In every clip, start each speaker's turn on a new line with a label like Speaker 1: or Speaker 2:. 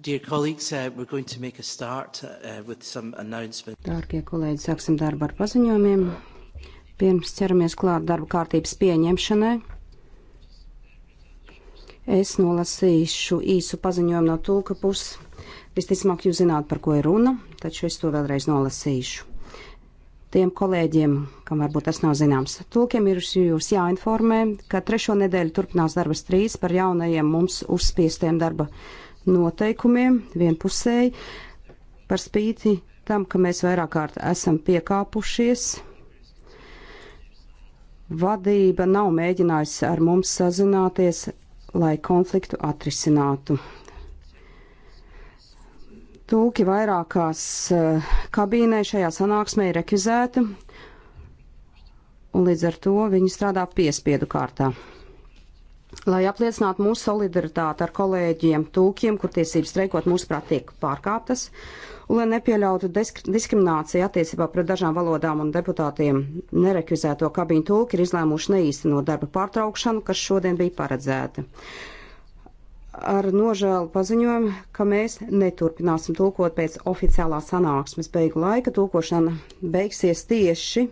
Speaker 1: Dear colleagues, uh, we're going to make a start uh, with some announcements.
Speaker 2: Dārgie kolēģi, sāksim darbu ar paziņojumiem. Pirms ķeramies klāt darba kārtības pieņemšanai, es nolasīšu īsu paziņojumu no tulka puses. Visticamāk, jūs zināt, par ko ir runa, taču es to vēlreiz nolasīšu. Tiem kolēģiem, kam varbūt tas nav zināms, tulkiem ir jūs jāinformē, ka trešo nedēļu turpinās darba strīds par jaunajiem mums uzspiestiem darba strīdiem noteikumiem vienpusēji par spīti tam, ka mēs vairāk kārt esam piekāpušies. Vadība nav mēģinājusi ar mums sazināties, lai konfliktu atrisinātu. Tūki vairākās eh, kabīnē šajā sanāksmē ir rekvizēti, un līdz ar to viņi strādā piespiedu kārtā lai apliecinātu mūsu solidaritāti ar kolēģiem, tūkiem, kur tiesības streikot mūsuprāt tiek pārkāptas, un lai nepieļautu diskrimināciju attiecībā pret dažām valodām un deputātiem nerekvizēto kabīņu tūki ir izlēmuši neīstenot darba pārtraukšanu, kas šodien bija paredzēta. Ar nožēlu paziņojumu, ka mēs neturpināsim tulkot pēc oficiālā sanāksmes beigu laika. Tulkošana beigsies tieši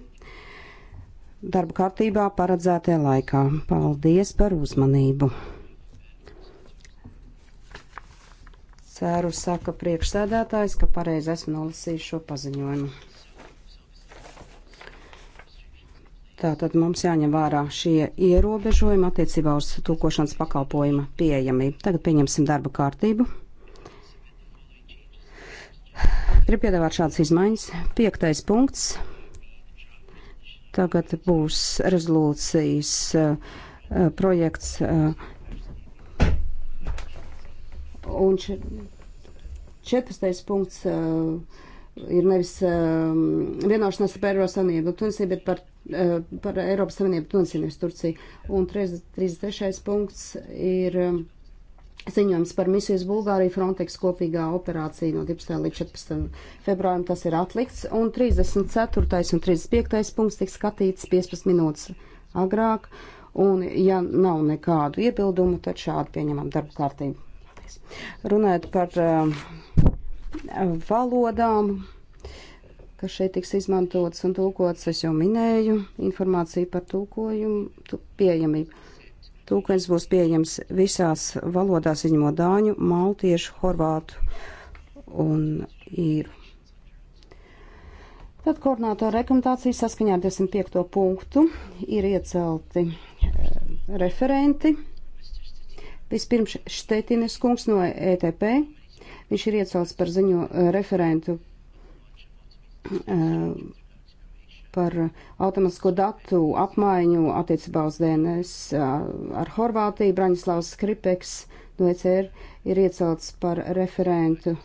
Speaker 2: darba kārtībā paredzētajā laikā. Paldies par uzmanību! Cēru saka priekšsēdētājs, ka pareizi esmu nolasījis šo paziņojumu. Tātad mums jāņem vērā šie ierobežojumi attiecībā uz tūkošanas pakalpojuma pieejamību. Tagad pieņemsim darba kārtību. Gribu piedāvāt šādas izmaiņas. Piektais punkts. Tagad būs rezolūcijas eh, projekts. Eh, un 14. punkts eh, ir nevis vienošanās par Eiropas Savienību un Tunisiju, bet par, par Eiropas Savienību Tunisiju, nevis Turciju. Un 33. punkts ir Ziņojums par misijas Bulgārija Frontex kopīgā operācija no 12. līdz 14. februārim tas ir atlikts, un 34. un 35. punkts tiks skatīts 15 minūtes agrāk, un ja nav nekādu iebildumu, tad šādi pieņemam darba kārtību. Runājot par uh, valodām, kas šeit tiks izmantotas un tulkotas, es jau minēju informāciju par tulkojumu, tu, pieejamību Tūkens būs pieejams visās valodās, izņemot dāņu, maltiešu, horvātu un īru. Tad koordinātora rekomendācijas saskaņā ar 25. punktu ir iecelti eh, referenti. Vispirms Štetines kungs no ETP. Viņš ir iecelts par ziņo eh, referentu. Uh, par uh, automatisko datu apmaiņu attiecībā uz DNS uh, ar Horvātiju. Braņislavs Skripeks no ECR ir iecelts par referentu uh,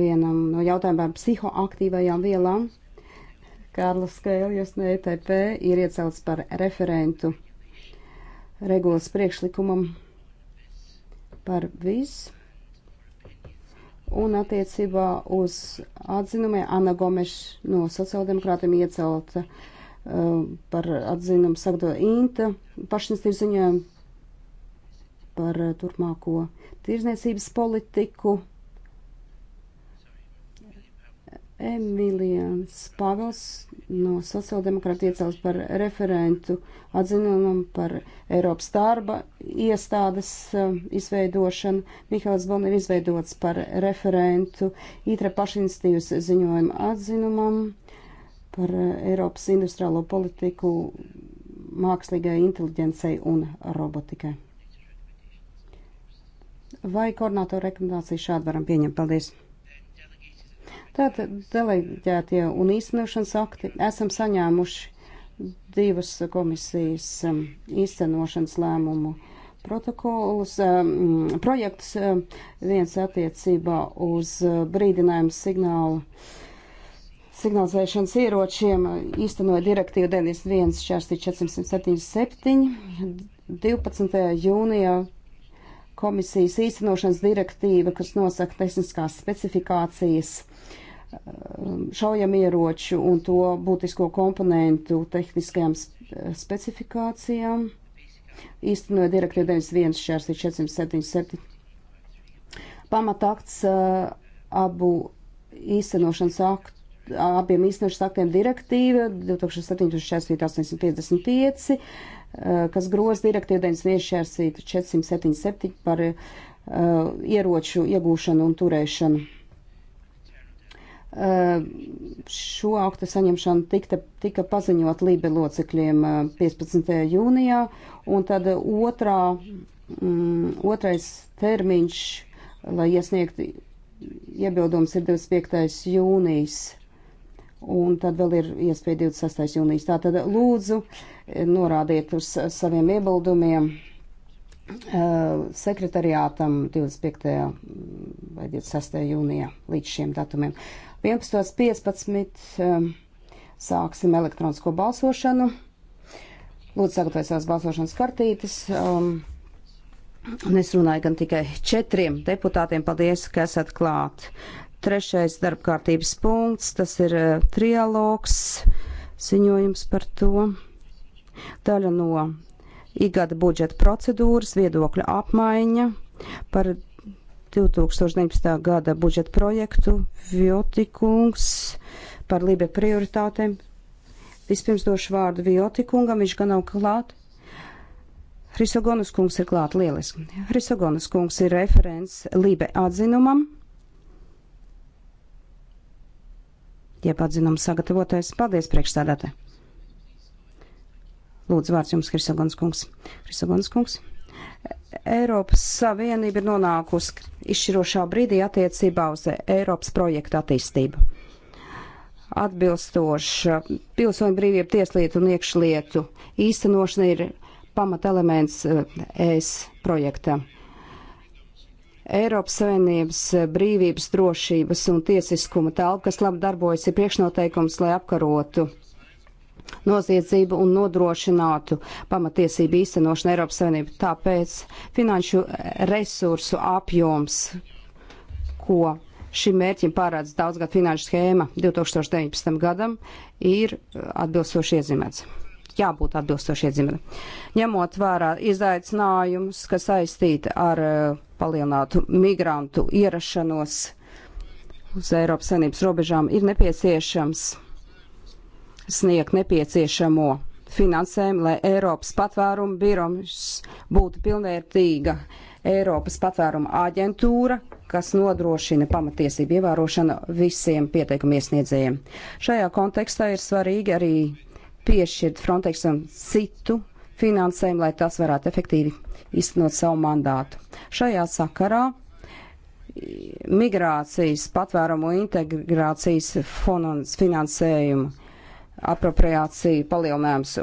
Speaker 2: vienam no jautājumiem psihoaktīvajām vielām. Kārlis Kēljus no ETP ir iecelts par referentu regulas priekšlikumam par visu Un attiecībā uz atzinumiem Anna Gomes no sociāldemokrātiem iecelta uh, par atzinumu sagatavo Inta pašinstīvu ziņojumu par uh, turpmāko tirzniecības politiku. Emilians Pavels no sociāldemokrāta iecels par referentu atzinumam par Eiropas darba iestādes eh, izveidošanu. Mihāls Bon ir izveidots par referentu ITRE pašinstīvas ziņojuma atzinumam par eh, Eiropas industriālo politiku mākslīgai inteliģencei un robotikai. Vai koordinātoru rekomendāciju šādu varam pieņemt? Paldies! Tātad deleģētie un īstenošanas akti esam saņēmuši divas komisijas um, īstenošanas lēmumu protokolus, um, projektus, um, viens attiecībā uz uh, brīdinājumu signālu signalizēšanas ieročiem īstenoja direktīva 91 šķērstī 477. 12. jūnijā komisijas īstenošanas direktīva, kas nosaka tehniskās specifikācijas šaujamieroču un to būtisko komponentu tehniskajām specifikācijām. Īstenoja direktīva 91 šķērsti 477. Pamatakts abu īstenošanas aktu, abiem īstenošanas aktiem direktīva 2007.455, kas groz direktīvu 91.477 par uh, ieroču iegūšanu un turēšanu. Šo aktu saņemšanu tikta, tika paziņot Lībe locekļiem 15. jūnijā, un tad otrā, mm, otrais termiņš, lai iesniegtu iebildums, ir 25. jūnijas un tad vēl ir iespēja 26. jūnijas. Tātad lūdzu norādiet uz saviem iebildumiem sekretariātam 25. Mm, vai 26. jūnijā līdz šiem datumiem. 11.15. Um, sāksim elektronisko balsošanu. Lūdzu, sagatavojiet savas balsošanas kartītes. Um, un es runāju gan tikai četriem deputātiem. Paldies, ka esat klāt. Trešais darbkārtības punkts, tas ir uh, trialogs, ziņojums par to. Daļa no igada budžeta procedūras, viedokļa apmaiņa par 2019. gada budžeta projektu Viotikungs par Lībe prioritātēm. Vispirms došu vārdu Viotikungam, viņš gan nav klāt. Hrisogonas kungs ir klāt lieliski. Hrisogonas kungs ir referents Lībe atzinumam. Jeb atzinums sagatavotais. Paldies, priekšstādātē. Lūdzu, vārds jums, Hrisogonas kungs. Hrisogonas kungs. Eiropas Savienība ir nonākusi izšķirošā brīdī attiecībā uz Eiropas projektu attīstību. Atbilstoša pilsoņu brīvību tieslietu un iekšlietu īstenošana ir pamata elements eh, ES projektam. Eiropas Savienības brīvības, drošības un tiesiskuma telpa, kas labi darbojas, ir priekšnoteikums, lai apkarotu noziedzību un nodrošinātu pamatiesību īstenošanu Eiropas Savienību. Tāpēc finanšu resursu apjoms, ko šim mērķim pārāds daudzgad finanšu schēma 2019. gadam, ir atbilstoši iezīmēts. Jābūt atbilstoši iezīmētam. Ņemot vērā izaicinājumus, kas saistīti ar eh, palielinātu migrantu ierašanos uz Eiropas Savienības robežām, ir nepieciešams sniegt nepieciešamo finansējumu, lai Eiropas patvērumu birojs būtu pilnvērtīga Eiropas patvērumu aģentūra, kas nodrošina pamatiesību ievērošanu visiem pieteikumu iesniedzējiem. Šajā kontekstā ir svarīgi arī piešķirt Frontexam citu finansējumu, lai tas varētu efektīvi iztenot savu mandātu. Šajā sakarā migrācijas patvērumu integrācijas fonans, finansējumu apropriācija palielinājums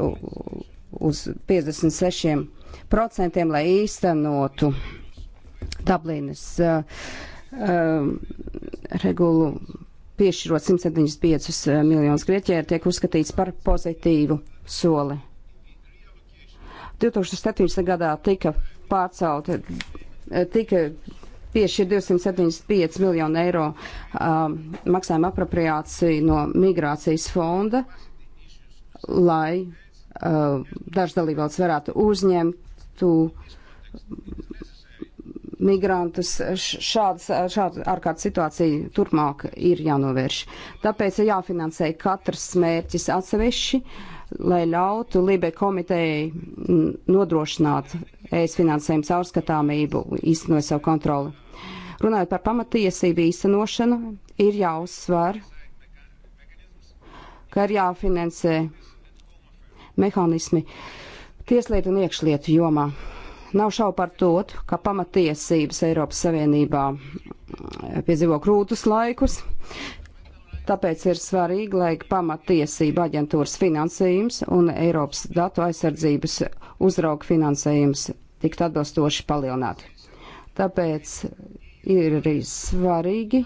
Speaker 2: uz 56%, lai īstenotu Dublinas uh, uh, regulu piešķirot 175 uh, miljonus Grieķijai, tiek uzskatīts par pozitīvu soli. 2017. gadā tika pārcelta, tika piešķir 275 miljonu eiro um, maksājuma apropriāciju no migrācijas fonda, lai uh, dažs dalībvalsts varētu uzņemtu migrantus. Šāds, šāda ārkārtas situācija turpmāk ir jānovērš. Tāpēc ir jāfinansē katrs mērķis atsevišķi, lai ļautu Libe komitejai nodrošināt ēs finansējumu caurskatāmību, īstenot savu kontroli. Runājot par pamatiesību īstenošanu, ir jāuzsver, ka ir jāfinansē mehānismi tieslietu un iekšlietu jomā. Nav šau par to, ka pamatiesības Eiropas Savienībā eh, piedzīvo krūtus laikus, Tāpēc ir svarīgi, lai pamatiesība aģentūras finansējums un Eiropas datu aizsardzības uzrauga finansējums tiktu atbilstoši palielināti. Tāpēc ir arī svarīgi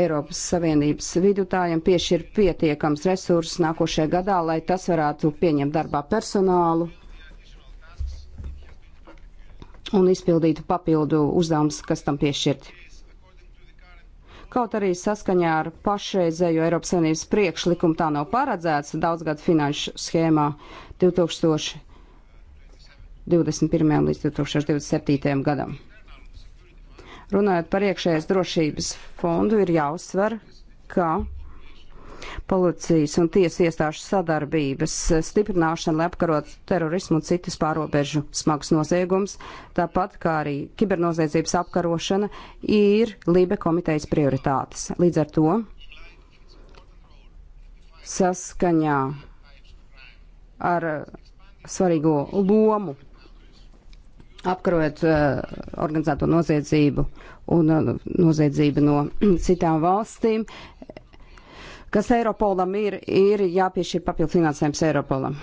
Speaker 2: Eiropas Savienības vidutājiem piešķir pietiekams resurss nākošajā gadā, lai tas varētu pieņemt darbā personālu un izpildītu papildu uzdevumus, kas tam piešķirti. Kaut arī saskaņā ar pašreizējo Eiropas Savienības priekšlikumu tā nav paredzēts daudzgadu finanšu schēmā 2021. līdz 2027. gadam. Runājot par iekšējās drošības fondu, ir jāuzsver, ka policijas un tiesu iestāžu sadarbības stiprināšana, lai apkarot terorismu un citas pārobežu smagus noziegums, tāpat kā arī kibernoziedzības apkarošana, ir Lībe komitejas prioritātes. Līdz ar to saskaņā ar svarīgo lomu apkarojot uh, organizēto noziedzību un uh, noziedzību no citām valstīm. Kas Eiropolam ir, ir jāpiešķir papildu finansējums Eiropolam.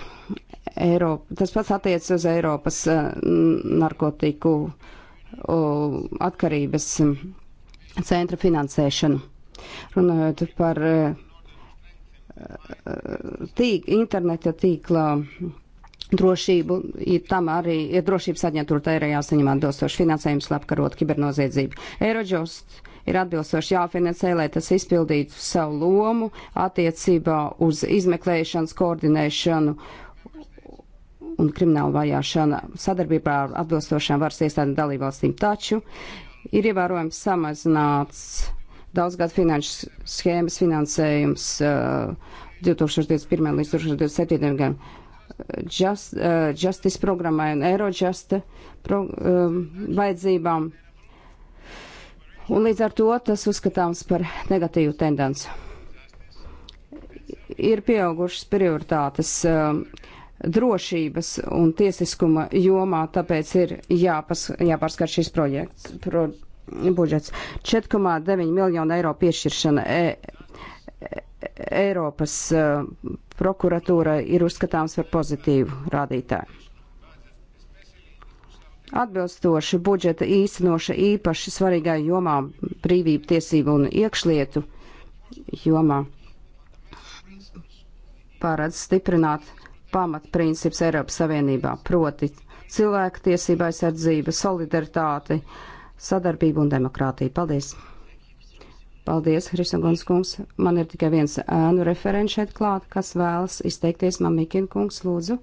Speaker 2: Eiropa, tas pats attiecas uz Eiropas uh, narkotiku uh, atkarības centra finansēšanu. Runājot par uh, tīk, interneta tīklā drošību, ir tam arī ir drošības aģentūra, tai ir jāsaņem atbilstoši finansējums, lai apkarotu kibernoziedzību. Eirodžost ir atbilstoši jāfinansē, lai tas izpildītu savu lomu attiecībā uz izmeklēšanas koordinēšanu un kriminālu vajāšanu sadarbībā ar atbilstošām varas iestādēm dalībvalstīm. Taču ir ievērojams samazināts daudzgad finanšu schēmas finansējums uh, 2021. līdz 2027. gadam just, uh, Justice programmai un Eirojusta pro, um, vajadzībām. Un līdz ar to tas uzskatāms par negatīvu tendenci. Ir pieaugušas prioritātes um, drošības un tiesiskuma jomā, tāpēc ir jāpas, jāpārskat šis projekts, pro, budžets. 4,9 miljonu eiro piešķiršana e, e, Eiropas. Uh, prokuratūrai ir uzskatāms par pozitīvu rādītāju. Atbilstoši budžeta īstenoša īpaši svarīgā jomā - brīvība, tiesība un iekšlietu jomā paredz stiprināt pamatprincips Eiropas Savienībā, proti cilvēku tiesība aizsardzība, solidaritāte, sadarbība un demokrātija. Paldies! Paldies, Hrisogons kungs. Man ir tikai viens ēnu referents šeit klāt, kas vēlas izteikties. Man Mikina kungs, lūdzu,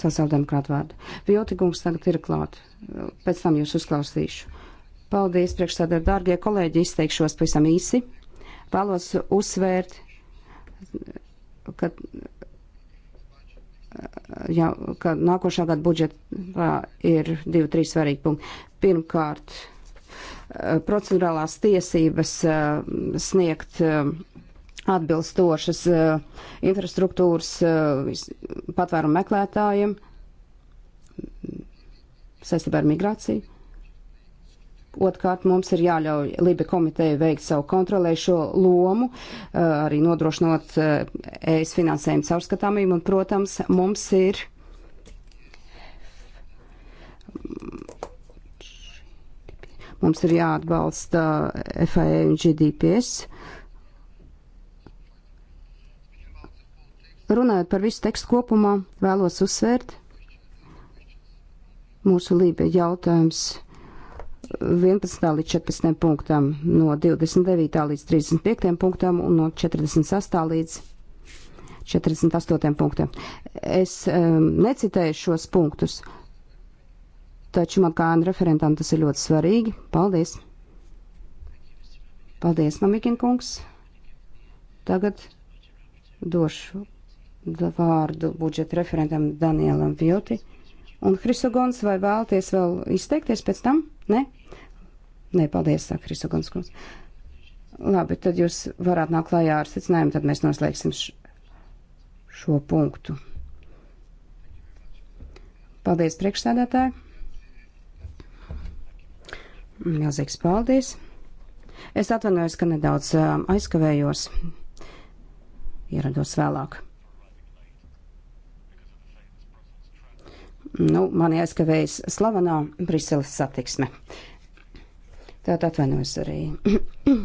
Speaker 2: sasaudemokrāt vārdu. Vilti kungs tagad ir klāt. Pēc tam jūs uzklausīšu. Paldies, priekšsēdē, dārgie kolēģi, izteikšos pavisam īsi. Vēlos uzsvērt, ka, ja, ka nākošā gada budžetā ir divi, trīs svarīgi punkti. Pirmkārt, Eh, procedurālās tiesības eh, sniegt eh, atbilstošas infrastruktūras patvērumu meklētājiem saistībā ar migrāciju. Otkārt, mums ir jāļauj Libe komiteju veikt savu kontrolējušo lomu, arī nodrošinot ES finansējumu caurskatāmību, un, protams, mums ir Mums ir jāatbalsta eh, FAE un GDPS. Runājot par visu tekstu kopumā, vēlos uzsvērt mūsu lībe jautājums 11. līdz 14. punktam, no 29. līdz 35. punktam un no 48. līdz 48. punktam. Es um, necitēju šos punktus, taču man kā referentam tas ir ļoti svarīgi. Paldies! Paldies, Mamikina kungs! Tagad došu vārdu budžeta referentam Danielam Vilti. Un Hrisogons, vai vēlties vēl izteikties pēc tam? Nē? Nē, paldies, saka Hrisogons kungs. Labi, tad jūs varētu nākt klājā ar secinājumu, tad mēs noslēgsim šo punktu. Paldies, priekšsēdētāji! Milzīgs paldies! Es atvainojos, ka nedaudz aizkavējos. Ierados vēlāk. Nu, mani aizkavējas slavenā Briseles satiksme. Tātad atvainojos arī.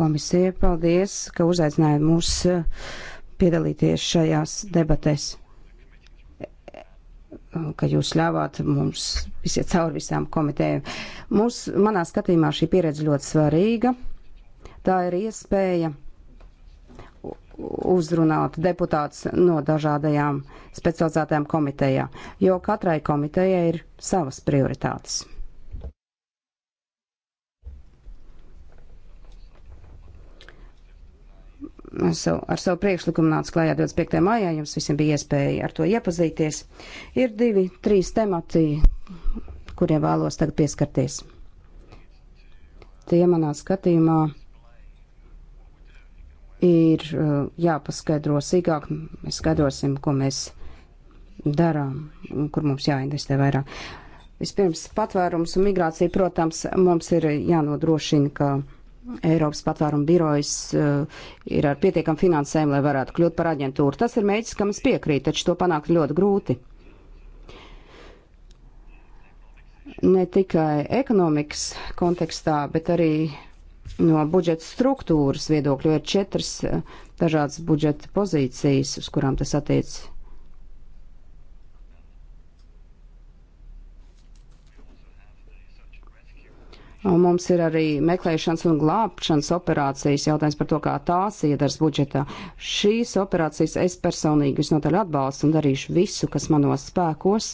Speaker 2: Komisija, paldies, ka uzaicināja mūs piedalīties šajās debatēs ka jūs ļāvāt mums visiet cauri visām komitējām. Mums, manā skatījumā šī pieredze ļoti svarīga. Tā ir iespēja uzrunāt deputātus no dažādajām specializētajām komitejām, jo katrai komitejai ir savas prioritātes. savu, ar savu priekšlikumu nāca klājā 25. mājā, jums visiem bija iespēja ar to iepazīties. Ir divi, trīs temati, kuriem vēlos tagad pieskarties. Tie manā skatījumā ir uh, jāpaskaidro sīkāk, mēs skaidrosim, ko mēs darām un kur mums jāinvestē vairāk. Vispirms patvērums un migrācija, protams, mums ir jānodrošina, ka Eiropas patvērumu birojas uh, eh, ir ar pietiekam finansējumu, lai varētu kļūt par aģentūru. Tas ir mēģis, kam es piekrītu, taču to panākt ļoti grūti. Ne tikai ekonomikas kontekstā, bet arī no budžeta struktūras viedokļu ir četras eh, dažādas budžeta pozīcijas, uz kurām tas attiecas Mums ir arī meklēšanas un glābšanas operācijas jautājums par to, kā tās iedars budžetā. Šīs operācijas es personīgi visnotaļ atbalstu un darīšu visu, kas manos spēkos,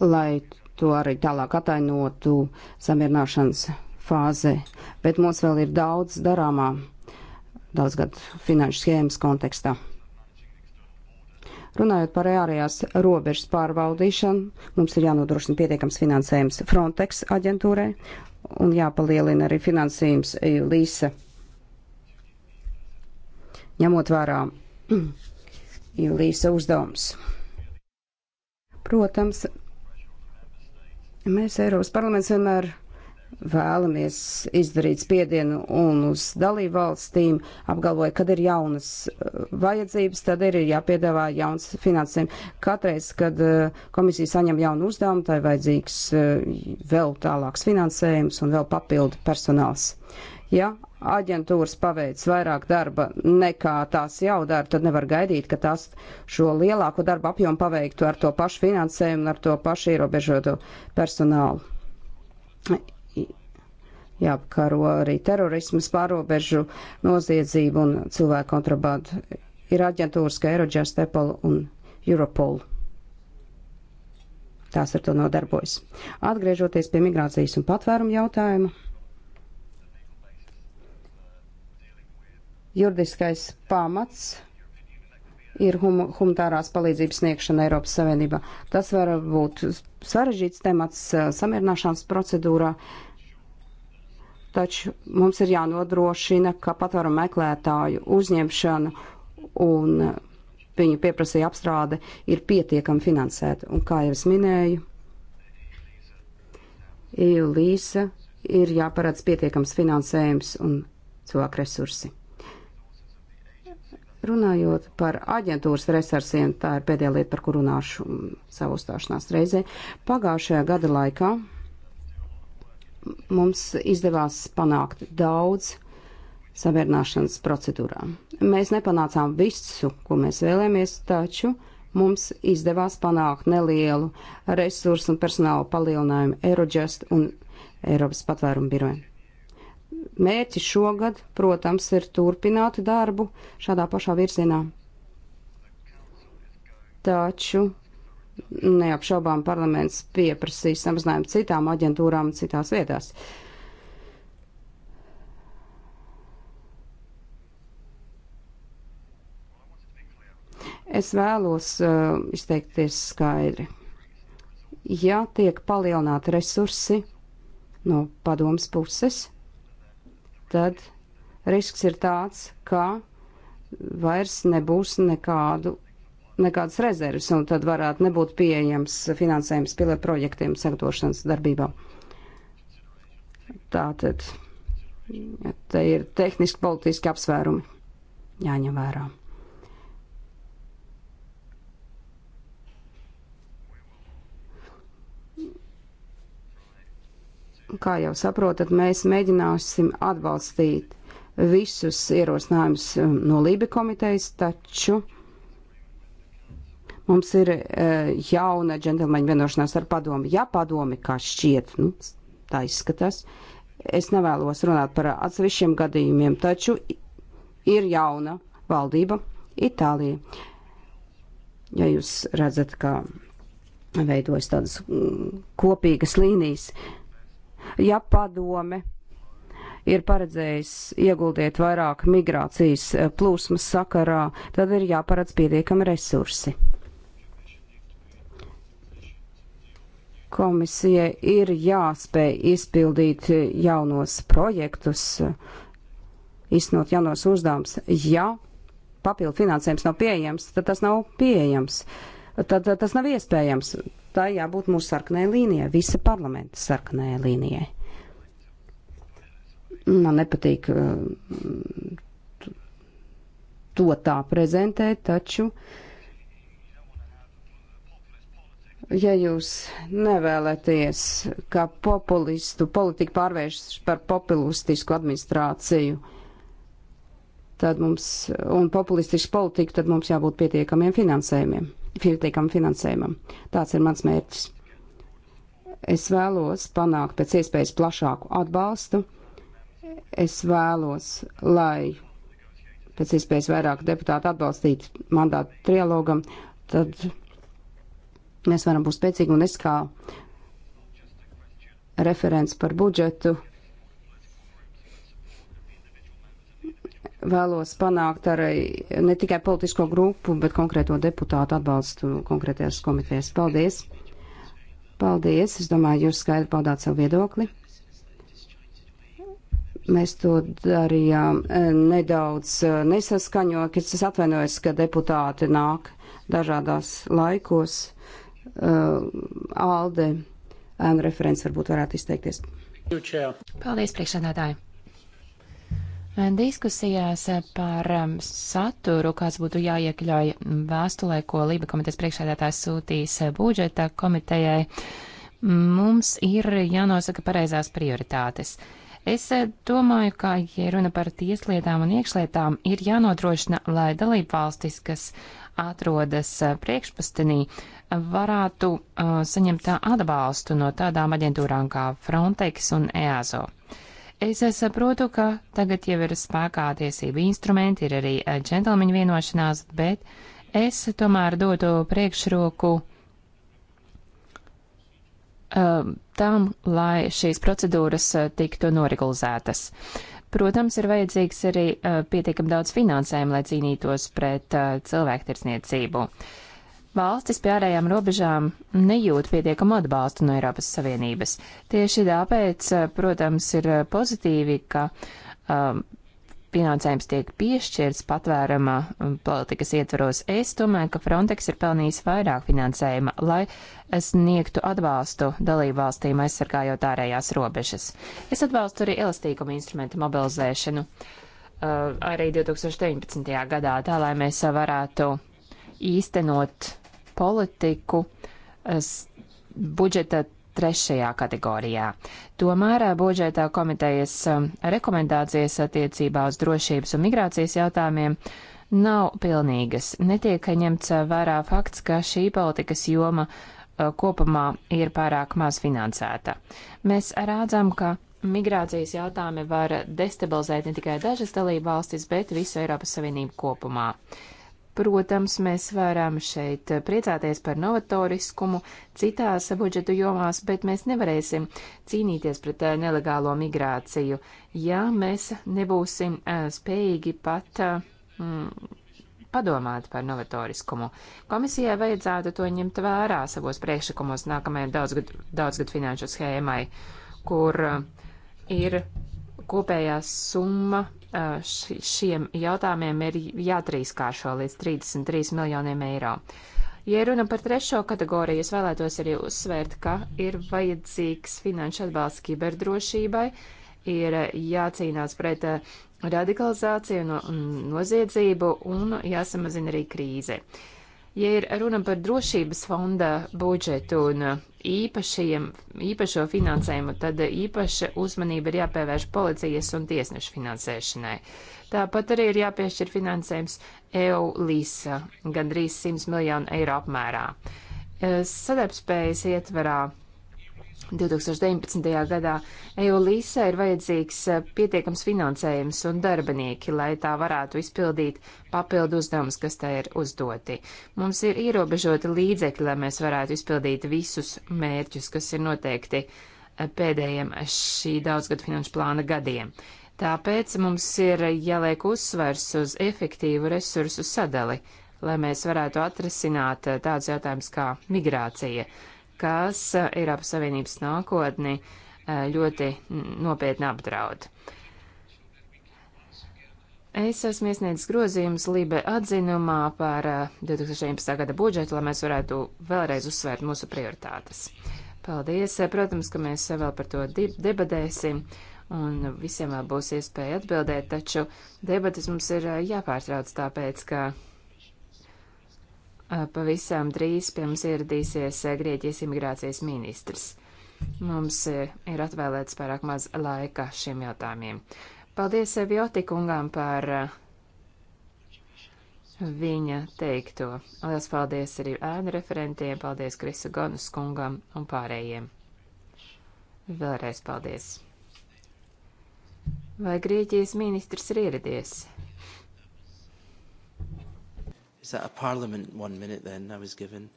Speaker 2: lai to arī tālāk atainotu samierināšanas fāzē. Bet mums vēl ir daudz darāmā daudzgadu finanšu schēmas kontekstā. Runājot par ārējās robežas pārvaldīšanu, mums ir jānodrošina pietiekams finansējums Frontex aģentūrai un jāpalielina arī finansējums eh, Līsa. Ņemot vērā Līsa uzdevums. Protams, mēs Eiropas parlaments vienmēr vēlamies izdarīt spiedienu un uz dalību valstīm apgalvoja, kad ir jaunas uh, vajadzības, tad ir jāpiedāvā jauns finansējums. Katreiz, kad uh, komisija saņem jaunu uzdevumu, tai vajadzīgs uh, vēl tālāks finansējums un vēl papildu personāls. Ja aģentūras paveic vairāk darba nekā tās jau dara, tad nevar gaidīt, ka tās šo lielāko darbu apjomu paveiktu ar to pašu finansējumu un ar to pašu ierobežoto personālu jāapkaro arī terorismas pārobežu noziedzību un cilvēku kontrabandu. Ir aģentūras, kā Eirodžās, Tepol un Europol. Tās ar to nodarbojas. Atgriežoties pie migrācijas un patvērumu jautājuma. Juridiskais pamats ir hum humanitārās palīdzības sniegšana Eiropas Savienībā. Tas var būt sarežģīts temats samierināšanās procedūrā. Uh, taču mums ir jānodrošina, ka patvaru meklētāju uzņemšana un viņu pieprasīja apstrāde ir pietiekami finansēta. Un kā jau es minēju, Ilīsa ir jāparāds pietiekams finansējums un cilvēku resursi. Runājot par aģentūras resursiem, tā ir pēdējā lieta, par kuru runāšu savu uzstāšanās reizē. Pagājušajā gada laikā mums izdevās panākt daudz samierināšanas procedūrā. Mēs nepanācām visu, ko mēs vēlēmies, taču mums izdevās panākt nelielu resursu un personālu palielinājumu Eurojust un Eiropas patvērumu biroju. Mērķis šogad, protams, ir turpināt darbu šādā pašā virzienā. Taču neapšaubām parlaments pieprasīs samazinājumu citām aģentūrām citās vietās. Es vēlos uh, izteikties skaidri. Ja tiek palielināti resursi no padomas puses, tad risks ir tāds, ka vairs nebūs nekādu nekādas rezerves, un tad varētu nebūt pieejams finansējums pilotu projektiem sagatavošanas darbībām. Tātad te ir tehniski politiski apsvērumi jāņem vērā. Kā jau saprotat, mēs mēģināsim atbalstīt visus ierosinājumus no Lībe komitejas, taču Mums ir uh, jauna džentlmeņa vienošanās ar padomi. Ja padomi, kā šķiet, nu, tā izskatās, es nevēlos runāt par atsevišķiem gadījumiem, taču ir jauna valdība Itālija. Ja jūs redzat, kā veidojas tādas mm, kopīgas līnijas, ja padome ir paredzējis ieguldīt vairāk migrācijas e, plūsmas sakarā, tad ir jāparedz pietiekami resursi. Komisija ir jāspēj izpildīt jaunos projektus, iznot jaunos uzdevums. Ja papildu finansējums nav pieejams, tad tas nav pieejams. Tad, tad tas nav iespējams. Tā jābūt mūsu sarkanai līnijai, visa parlamenta sarkanai līnijai. Man nepatīk uh, to tā prezentēt, taču uh, Ja jūs nevēlaties, ka populistu politika pārvēršas par populistisku administrāciju, tad mums, un populistisku politiku, tad mums jābūt pietiekamiem finansējumiem, pietiekam finansējumam. Tāds ir mans mērķis. Es vēlos panākt pēc iespējas plašāku atbalstu. Es vēlos, lai pēc iespējas vairāk deputātu atbalstītu mandātu trialogam, tad Mēs varam būt spēcīgi un es kā referents par budžetu vēlos panākt ar ne tikai politisko grupu, bet konkrēto deputātu atbalstu konkrētajās komitejas. Paldies! Paldies! Es domāju, jūs skaidri paudāt savu viedokli. Mēs to darījām eh, nedaudz eh, nesaskaņo, kad es atvainojos, ka deputāti nāk dažādās laikos. Uh, Alde
Speaker 3: ēnu referents varbūt varētu izteikties. Paldies, priekšsēdētāji! Diskusijās par um, saturu, kāds būtu jāiekļauj vēstulē, ko Lība komitejas priekšsēdētājs sūtīs uh, budžeta komitejai, mums ir jānosaka pareizās prioritātes. Es uh, domāju, ka, ja runa par tieslietām un iekšlietām, ir jānodrošina, lai dalību valstis, kas atrodas priekšpastenī, varētu uh, saņemt atbalstu no tādām aģentūrām kā Frontex un EASO. Es saprotu, ka tagad jau ir spēkā tiesība instrumenti, ir arī džentlmeņa vienošanās, bet es tomēr dotu priekšroku uh, tam, lai šīs procedūras tiktu noregulizētas. Uh, Protams, ir vajadzīgs arī uh, pietiekam daudz finansējuma, lai cīnītos pret uh, cilvēktirsniecību. Valstis pie ārējām robežām nejūt pietiekamu atbalstu no Eiropas Savienības. Tieši tāpēc, uh, protams, ir pozitīvi, ka uh, finansējums tiek piešķirts patvērama um, politikas ietvaros, es domāju, ka Frontex ir pelnījis vairāk finansējuma, lai sniegtu atbalstu dalībvalstīm aizsargājot ārējās robežas. Es atbalstu arī elastīguma instrumentu mobilizēšanu uh, arī 2019. gadā, tā lai mēs varētu īstenot politiku uh, budžeta trešajā kategorijā. Tomēr budžetā komitejas rekomendācijas attiecībā uz drošības un migrācijas jautājumiem nav pilnīgas. Netiek ņemts vērā fakts, ka šī politikas joma kopumā ir pārāk maz finansēta. Mēs rādzam, ka migrācijas jautājumi var destabilizēt ne tikai dažas dalību valstis, bet visu Eiropas Savienību kopumā. Protams, mēs varam šeit priecāties par novatoriskumu citās budžetu jomās, bet mēs nevarēsim cīnīties pret eh, nelegālo migrāciju, ja mēs nebūsim eh, spējīgi pat eh, mm, padomāt par novatoriskumu. Komisijai vajadzētu to ņemt vērā savos priekšlikumos nākamajai daudzgad, daudzgad finanšu schēmai, kur ir kopējā summa šiem jautājumiem ir jātrīskāršo līdz 33 miljoniem eiro. Ja runa par trešo kategoriju, es vēlētos arī uzsvērt, ka ir vajadzīgs finanšu atbalsts kiberdrošībai, ir jācīnās pret radikalizāciju un no, mm, noziedzību un jāsamazina arī krīze. Uh, Ja ir runa par drošības fonda budžetu un īpašo finansējumu, tad īpaša uzmanība ir jāpievērš policijas un tiesnešu finansēšanai. Tāpat arī ir jāpiešķir finansējums EULISA gandrīz 100 miljonu eiro apmērā. Eh, sadarbspējas ietverā 2019. gadā EULISA ir vajadzīgs eh, pietiekams finansējums un darbinieki, lai tā varētu izpildīt papildu uzdevumus, kas tā ir uzdoti. Mums ir ierobežoti līdzekļi, lai mēs varētu izpildīt visus mērķus, kas ir noteikti eh, pēdējiem šī daudzgadu finanšu plāna gadiem. Tāpēc mums ir jāliek uzsvers uz efektīvu resursu sadali, lai mēs varētu atrasināt eh, tādus jautājumus kā migrācija kas eh, Eiropas Savienības nākotni eh, ļoti nopietni apdraud. Es esmu iesniedzis grozījumus Lībe atzinumā par 2017. Eh, gada budžetu, lai mēs varētu vēlreiz uzsvērt mūsu prioritātes. Paldies! Protams, ka mēs vēl par to debatēsim un visiem vēl būs iespēja atbildēt, taču debatas mums ir jāpārtrauc tāpēc, ka Eh, pavisam drīz pie mums ieradīsies eh, Grieķijas imigrācijas ministrs. Mums eh, ir atvēlēts pārāk maz laika šiem jautājumiem. Paldies Joti kungām par viņa teikto. Lielas paldies arī ēnu referentiem, paldies Krisu Gonus kungam un pārējiem. Vēlreiz paldies. Vai Grieķijas ministrs ir ieradies?
Speaker 1: Is that a parliament one minute then I was given?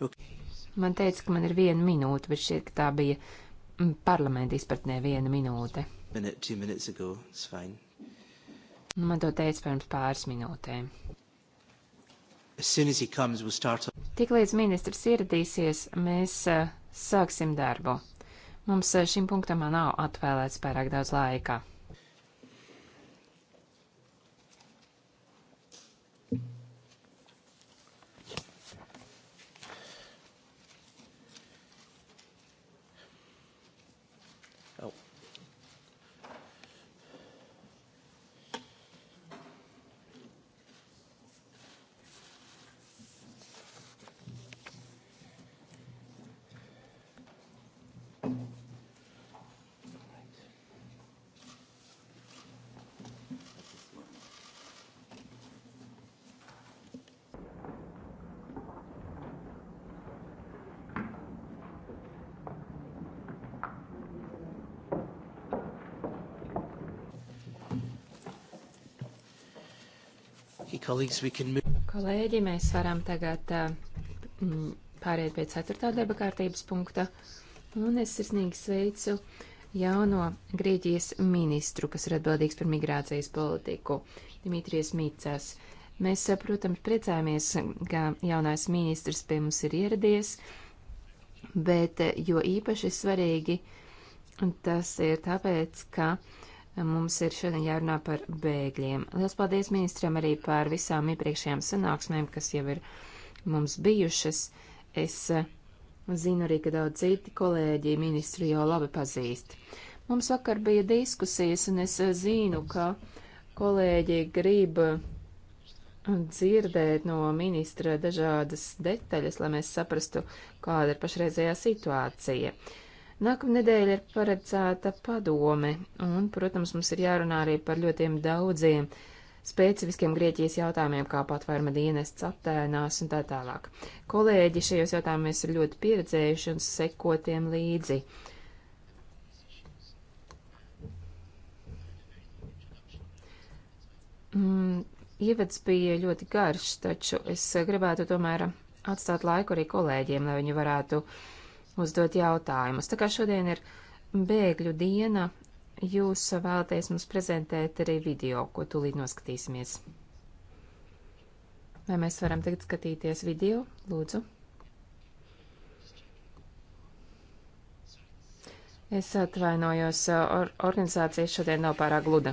Speaker 1: Okay.
Speaker 3: Man teica, ka man ir viena minūte, bet šķiet, ka tā bija mm, parlamenta izpratnē viena minūte.
Speaker 1: Minute, two minutes ago, it's fine.
Speaker 3: Nu, man to teica pirms pāris minūtēm.
Speaker 1: As soon as he comes, we'll start up.
Speaker 3: Tiklīdz ministrs ieradīsies, mēs uh, sāksim darbu. Mums uh, šim punktam nav atvēlēts pārāk daudz laika. Kolēģi, mēs varam tagad eh, m, pāriet pie ceturtā darba kārtības punkta. Un es sirsnīgi sveicu jauno Grieķijas ministru, kas ir atbildīgs par migrācijas politiku, Dimitrijas Mīcās. Mēs, eh, protams, priecājamies, ka jaunais ministrs pie mums ir ieradies, bet eh, jo īpaši svarīgi tas ir tāpēc, ka uh, Mums ir šodien jārunā par bēgļiem. Lielas paldies ministram arī par visām iepriekšējām sanāksmēm, kas jau ir mums bijušas. Es eh, zinu arī, ka daudz citi kolēģi ministru jau labi pazīst. Mums vakar bija diskusijas, un es eh, zinu, ka kolēģi grib eh, dzirdēt no ministra dažādas detaļas, lai mēs saprastu, kāda ir pašreizējā situācija. Uh, Nākamnedēļ ir paredzēta padome, un, protams, mums ir jārunā arī par ļoti daudziem specifiskiem Grieķijas jautājumiem, kā patvērma dienests attēnās un tā tālāk. Kolēģi šajos jautājumos ir ļoti pieredzējuši un sekotiem līdzi. Mm, ievads bija ļoti garš, taču es gribētu tomēr atstāt laiku arī kolēģiem, lai viņi varētu uh, uzdot jautājumus. Tā kā šodien ir bēgļu diena, jūs vēlaties mums prezentēt arī video, ko tūlīt noskatīsimies. Vai mēs varam tagad skatīties video, lūdzu? Es atvainojos, or organizācija šodien nav pārāk gluda.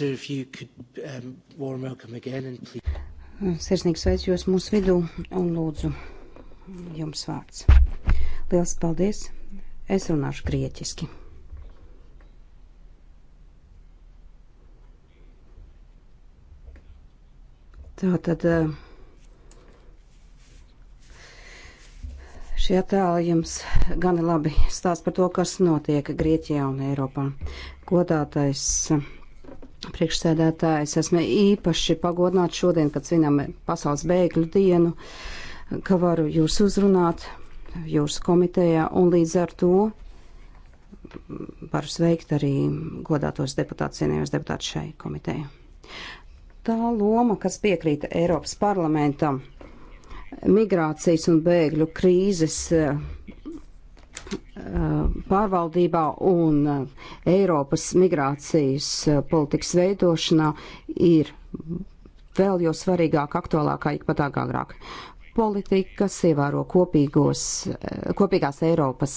Speaker 1: Minister, if you could um, warm welcome again and please.
Speaker 2: Sirsnīgi sveicu jūs mūsu vidū un lūdzu jums vārds. Liels paldies! Es runāšu grieķiski. Tātad eh, šie attēli jums gan labi stāsta par to, kas notiek Grieķijā un Eiropā. Godātais priekšsēdētāji, es esmu īpaši pagodināts šodien, kad svinam pasaules bēgļu dienu, ka varu jūs uzrunāt jūsu komitejā un līdz ar to varu sveikt arī godātos deputātus, cienījos deputātus šai komitejai. Tā loma, kas piekrīta Eiropas parlamentam migrācijas un bēgļu krīzes pārvaldībā un eh, Eiropas migrācijas eh, politikas veidošanā ir vēl jau svarīgāk, aktuālākā ik pat agrāk. Politika, kas ievēro kopīgos, eh, kopīgās Eiropas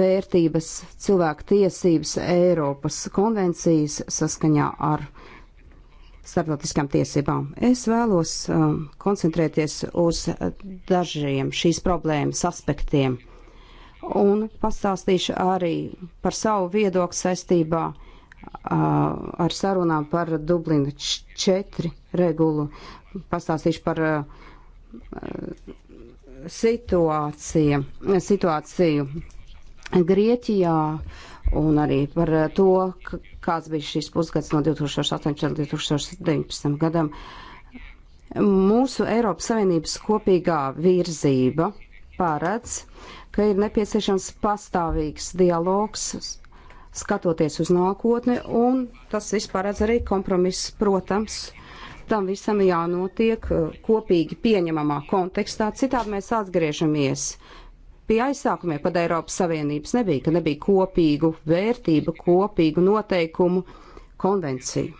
Speaker 2: vērtības, cilvēku tiesības, Eiropas konvencijas saskaņā ar starptautiskām tiesībām. Es vēlos um, koncentrēties uz dažiem šīs problēmas aspektiem un pastāstīšu arī par savu viedokli saistībā ar sarunām par Dublina 4 regulu. Pastāstīšu par situāciju, situāciju Grieķijā un arī par to, kāds bija šis pusgads no 2018. līdz 2019. gadam. Mūsu Eiropas Savienības kopīgā virzība paredz uh, ka ir nepieciešams pastāvīgs dialogs, skatoties uz nākotni, un tas viss paredz arī kompromiss, protams. Tam visam jānotiek uh, kopīgi pieņemamā kontekstā, citādi mēs atgriežamies pie aizsākumiem, kad Eiropas Savienības nebija, ka nebija kopīgu vērtību, kopīgu noteikumu konvenciju.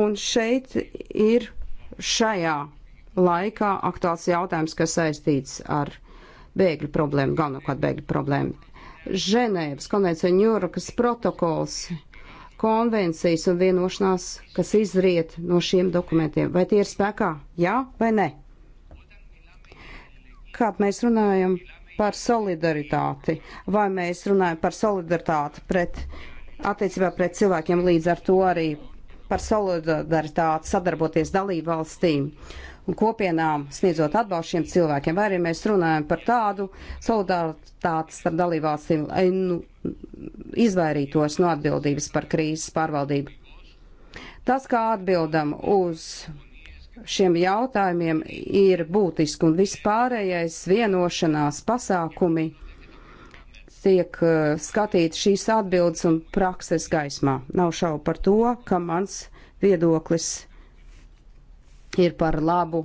Speaker 2: Un šeit ir šajā laikā aktuāls jautājums, kas saistīts ar bēgļu problēma, galvenokārt bēgļu problēma. Ženēvas konvencija, Ņūrakas protokols, konvencijas un vienošanās, kas izriet no šiem dokumentiem. Vai tie ir spēkā? Jā vai nē? Kāp mēs runājam par solidaritāti? Vai mēs runājam par solidaritāti pret attiecībā pret cilvēkiem līdz ar to arī par solidaritāti sadarboties dalību valstīm? Uh, un kopienām sniedzot atbalstu šiem cilvēkiem, vai arī mēs runājam par tādu solidaritāti starp dalībvalstīm, lai nu, izvairītos no atbildības par krīzes pārvaldību. Tas, kā atbildam uz šiem jautājumiem, ir būtiski un vispārējais vienošanās pasākumi tiek uh, skatīti šīs atbildes un prakses gaismā. Nav šaubu par to, ka mans viedoklis ir par labu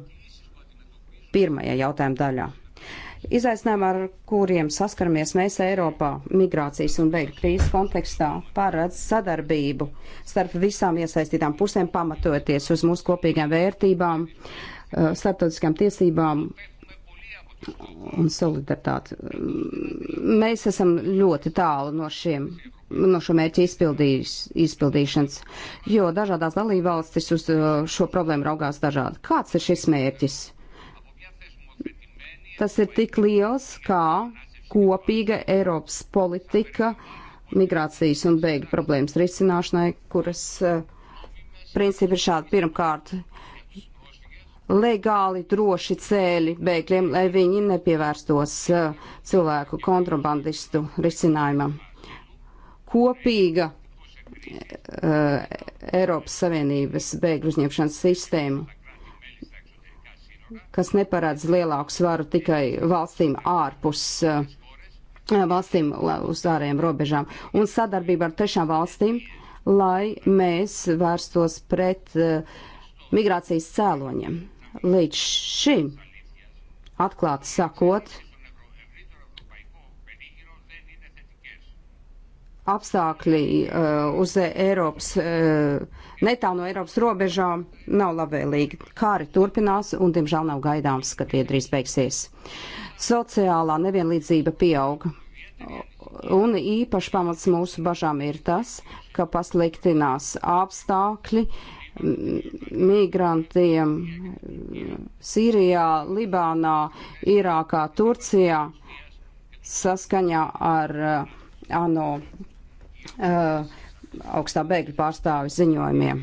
Speaker 2: pirmajā jautājuma daļā. Izaicinājumi, ar kuriem saskaramies mēs Eiropā migrācijas un beigu krīzes kontekstā, pārredz sadarbību starp visām iesaistītām pusēm, pamatoties uz mūsu kopīgām vērtībām, eh, starptautiskām tiesībām un solidaritāti. Mēs esam ļoti tālu no šiem no šo mērķu izpildīšanas, jo dažādās dalībvalstis uz uh, šo problēmu raugās dažādi. Kāds ir šis mērķis? Tas ir tik liels kā kopīga Eiropas politika migrācijas un bēgļu problēmas risināšanai, kuras uh, principi ir šādi. Pirmkārt, legāli, droši ceļi bēgļiem, lai viņi nepievērstos uh, cilvēku kontrabandistu risinājumam kopīga uh, Eiropas Savienības bēgļu uzņemšanas sistēma, kas neparādz lielāku svaru tikai valstīm ārpus uh, valstīm uz ārējiem robežām un sadarbība ar trešām valstīm, lai mēs vērstos pret uh, migrācijas cēloņiem. Līdz šim, atklāti sakot, apstākļi uh, uz Eiropas, uh, netālu no Eiropas robežām nav labvēlīgi. Kāri turpinās un, diemžēl, nav gaidāms, ka tie drīz beigsies. Sociālā nevienlīdzība pieauga. Un īpaši pamats mūsu bažām ir tas, ka pasliktinās apstākļi migrantiem Sīrijā, Libānā, Irākā, Turcijā saskaņā ar uh, ANO Uh, augstā bēgļu pārstāvi ziņojumiem.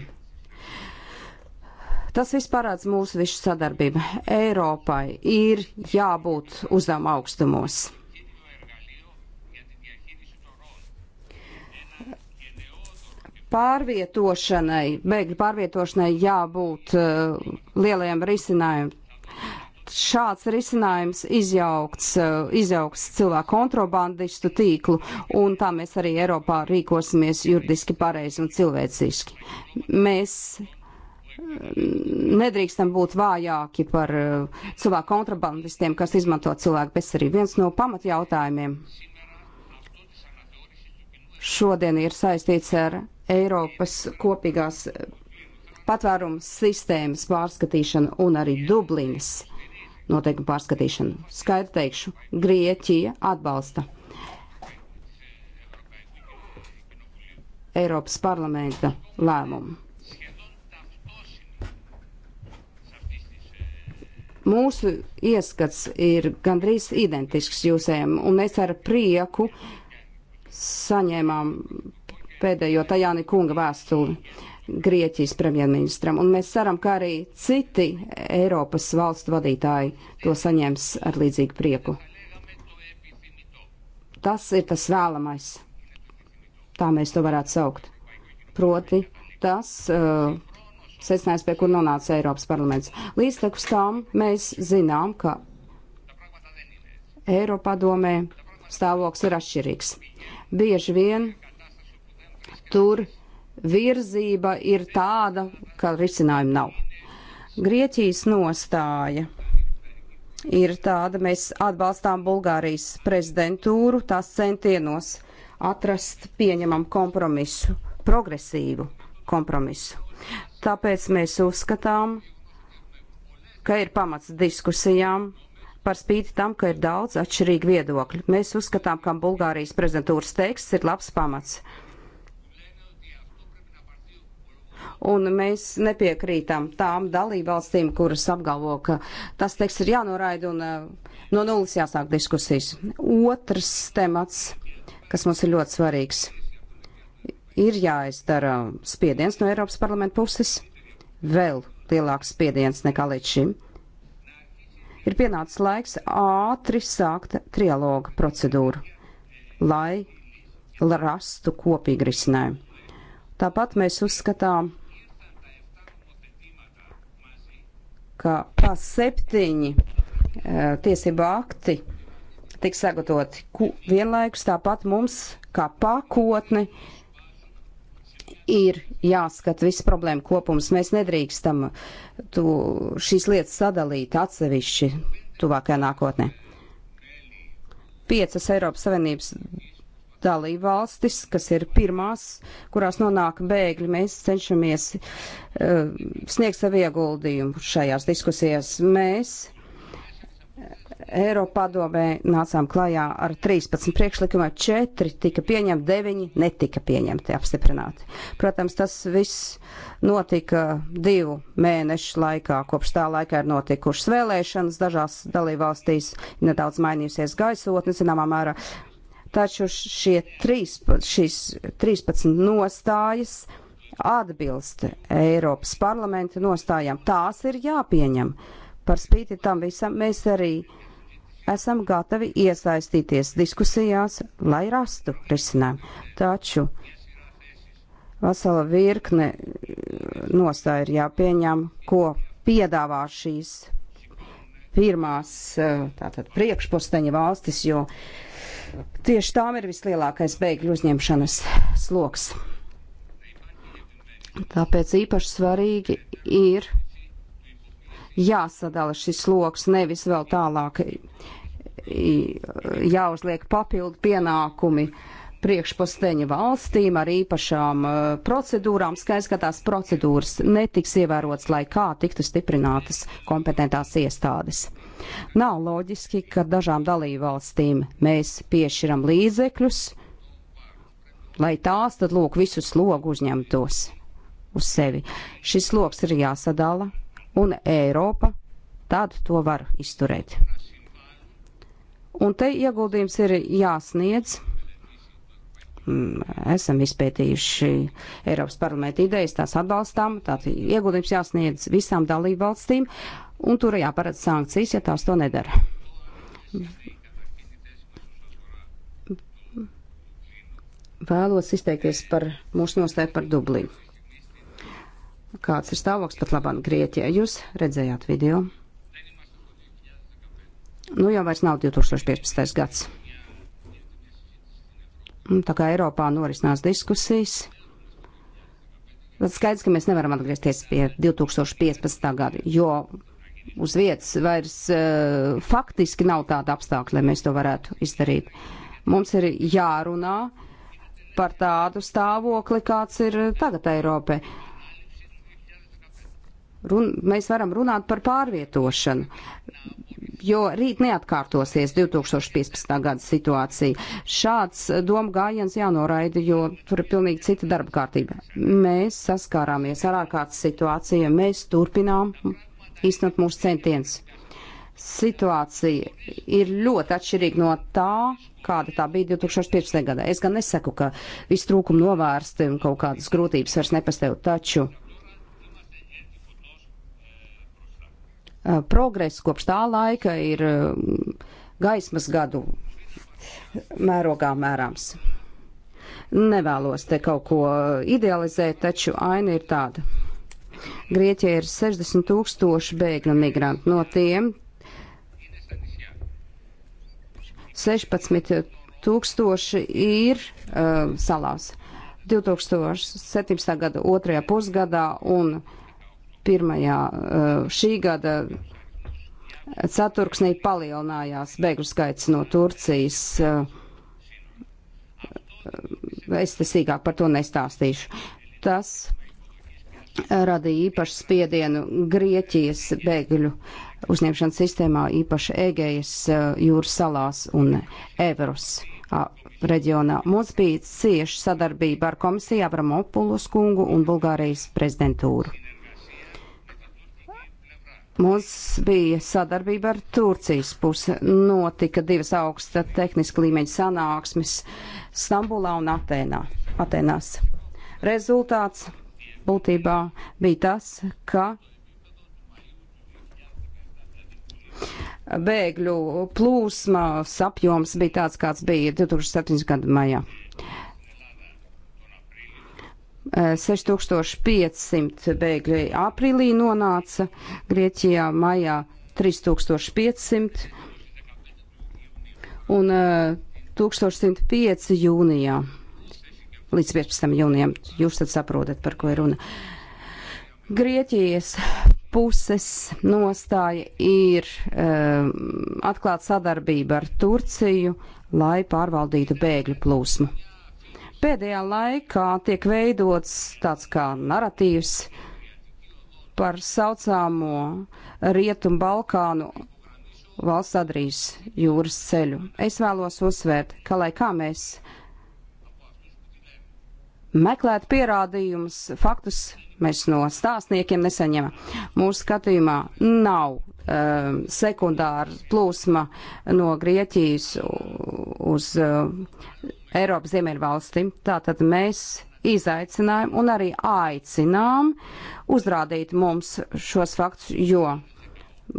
Speaker 2: Tas viss parāds mūsu visu sadarbību. Eiropai ir jābūt uzdevuma augstumos. Pārvietošanai, bēgļu pārvietošanai jābūt uh, lielajam risinājumam šāds risinājums izjaukts, eh, izjaukts cilvēku kontrabandistu tīklu, un tā mēs arī Eiropā rīkosimies juridiski pareizi un cilvēciski. Mēs eh, nedrīkstam būt vājāki par eh, cilvēku kontrabandistiem, kas izmanto cilvēku bezcerību. Viens no pamatjautājumiem šodien ir saistīts ar Eiropas kopīgās patvērums sistēmas pārskatīšanu un arī Dublinas noteikumu pārskatīšanu. Skaidri teikšu, Grieķija atbalsta Eiropas parlamenta lēmumu. Mūsu ieskats ir gandrīz identisks jūsējiem, un mēs ar prieku saņēmām pēdējo Tajāni kunga vēstuli. Uh, Grieķijas premjerministram, un mēs ceram, ka arī citi Eiropas valstu vadītāji to saņems ar līdzīgu prieku. Tas ir tas vēlamais. Tā mēs to varētu saukt. Proti, tas uh, secinājums, pie kur nonāca Eiropas parlaments. Līdztekus tam mēs zinām, ka Eiropadomē stāvoklis ir atšķirīgs. Bieži vien tur virzība ir tāda, ka risinājumu nav. Grieķijas nostāja ir tāda, mēs atbalstām Bulgārijas prezidentūru, tās centienos atrast pieņemam kompromisu, progresīvu kompromisu. Tāpēc mēs uzskatām, ka ir pamats diskusijām, par spīti tam, ka ir daudz atšķirīgi viedokļi. Mēs uzskatām, ka Bulgārijas prezidentūras teksts ir labs pamats. un mēs nepiekrītam tām dalībvalstīm, kuras apgalvo, ka tas teksts ir jānoraida un eh, no nulles jāsāk diskusijas. Otrs temats, kas mums ir ļoti svarīgs, ir jāizdara spiediens no Eiropas parlamenta puses, vēl lielāks spiediens nekā līdz šim. Ir pienācis laiks ātri sākt trialoga procedūru, lai rastu kopīgu risinājumu. Tāpat mēs uzskatām, ka pa septiņi eh, tiesība akti tiks sagatavoti. Vienlaikus tāpat mums, kā pakotni, ir jāskata viss problēma kopums. Mēs nedrīkstam tu, šīs lietas sadalīt atsevišķi tuvākajā nākotnē. Piecas Eiropas Savienības dalībvalstis, kas ir pirmās, kurās nonāk bēgļi. Mēs cenšamies uh, sniegt savu ieguldījumu šajās diskusijās. Mēs eh, Eiropadomē nācām klajā ar 13 priekšlikumiem, 4 tika pieņemti, 9 netika pieņemti, apstiprināti. Protams, tas viss notika divu mēnešu laikā. Kopš tā laika ir notikušas vēlēšanas, dažās dalībvalstīs nedaudz mainījusies gaisotne, zināmā mērā Taču šie 3, šīs 13 nostājas atbilst Eiropas parlamenta nostājām. Tās ir jāpieņem. Par spīti tam visam mēs arī esam gatavi iesaistīties diskusijās, lai rastu risinājumu. Taču vesela virkne nostāja ir jāpieņem, ko piedāvā šīs pirmās eh, tātad priekšpusteņa valstis, jo uh, Tieši tām ir vislielākais bēgļu uzņemšanas sloks. Tāpēc īpaši svarīgi ir jāsadala šis sloks, nevis vēl tālāk jāuzliek papildu pienākumi uh, priekšposteņa valstīm ar īpašām uh, procedūrām. Skaidrs, ka tās procedūras netiks ievērotas, lai kā tiktu stiprinātas kompetentās iestādes. Nav loģiski, ka dažām dalībvalstīm mēs piešķiram līdzekļus, lai tās tad lūk visu slogu uzņemtos uz sevi. Šis sloks ir jāsadala, un Eiropa tad to var izturēt. Un te ieguldījums ir jāsniedz esam izpētījuši Eiropas parlamenta idejas, tās atbalstām, tātad ieguldījums jāsniedz visām dalību valstīm, un tur jāparedz sankcijas, ja tās to nedara. Vēlos izteikties par mūsu nostāju par Dublinu. Kāds ir stāvoklis pat labāk Grieķijā? Jūs redzējāt video. Nu jau vairs nav 2015. gads tā kā Eiropā norisinās diskusijas, tad skaidrs, ka mēs nevaram atgriezties pie 2015. gada, jo uz vietas vairs uh, faktiski nav tāda apstākļa, lai mēs to varētu izdarīt. Mums ir jārunā par tādu stāvokli, kāds ir tagad Eiropai run, mēs varam runāt par pārvietošanu, jo rīt neatkārtosies 2015. gada situācija. Šāds doma gājiens jānoraida, jo tur ir pilnīgi cita darba kārtība. Mēs saskārāmies ar ārkārtas situāciju, mēs turpinām īstenot mūsu centienus. Situācija ir ļoti atšķirīga no tā, kāda tā bija 2015. gadā. Es gan nesaku, ka viss trūkumi novērsti un kaut kādas grūtības vairs nepastāv, taču Eh, progress kopš tā laika ir eh, gaismas gadu mērogā mērāms. Nevēlos te kaut ko eh, idealizēt, taču aina ir tāda. Grieķija ir 60 tūkstoši bēgļu migrantu, no tiem 16 tūkstoši ir uh, salās. 2017. gada otrajā pusgadā un pirmajā eh, šī gada ceturksnī palielinājās bēgļu skaits no Turcijas. Eh, es te sīkāk par to nestāstīšu. Tas radīja īpašu spiedienu Grieķijas bēgļu uzņemšanas sistēmā, īpaši Egejas eh, jūras salās un Everos reģionā. Mums bija cieša sadarbība ar komisiju Abramopulos kungu un Bulgārijas prezidentūru. Mums bija sadarbība ar Turcijas pusi. Notika divas augsta tehniska līmeņa sanāksmes Stambulā un Atēnā. Atēnās. Rezultāts būtībā bija tas, ka bēgļu plūsmas apjoms bija tāds, kāds bija 2007. gada maijā. 6500 bēgļi aprīlī nonāca, Grieķijā maijā 3500 un 1105 e, jūnijā līdz 15. jūnijam. Jūs tad saprotat, par ko ir runa. Grieķijas puses nostāja ir um, atklāt sadarbība ar Turciju, lai pārvaldītu bēgļu plūsmu. Pēdējā laikā tiek veidots tāds kā narratīvs par saucāmo Rietumu Balkānu valsts adrīs jūras ceļu. Es vēlos uzsvērt, ka lai kā mēs meklēt pierādījumus, faktus mēs no stāstniekiem nesaņemam. Mūsu skatījumā nav um, uh, sekundāra plūsma no Grieķijas uz um, uh, Eiropas ziemeļvalstīm. Tātad mēs izaicinājām un arī aicinām uzrādīt mums šos faktus, jo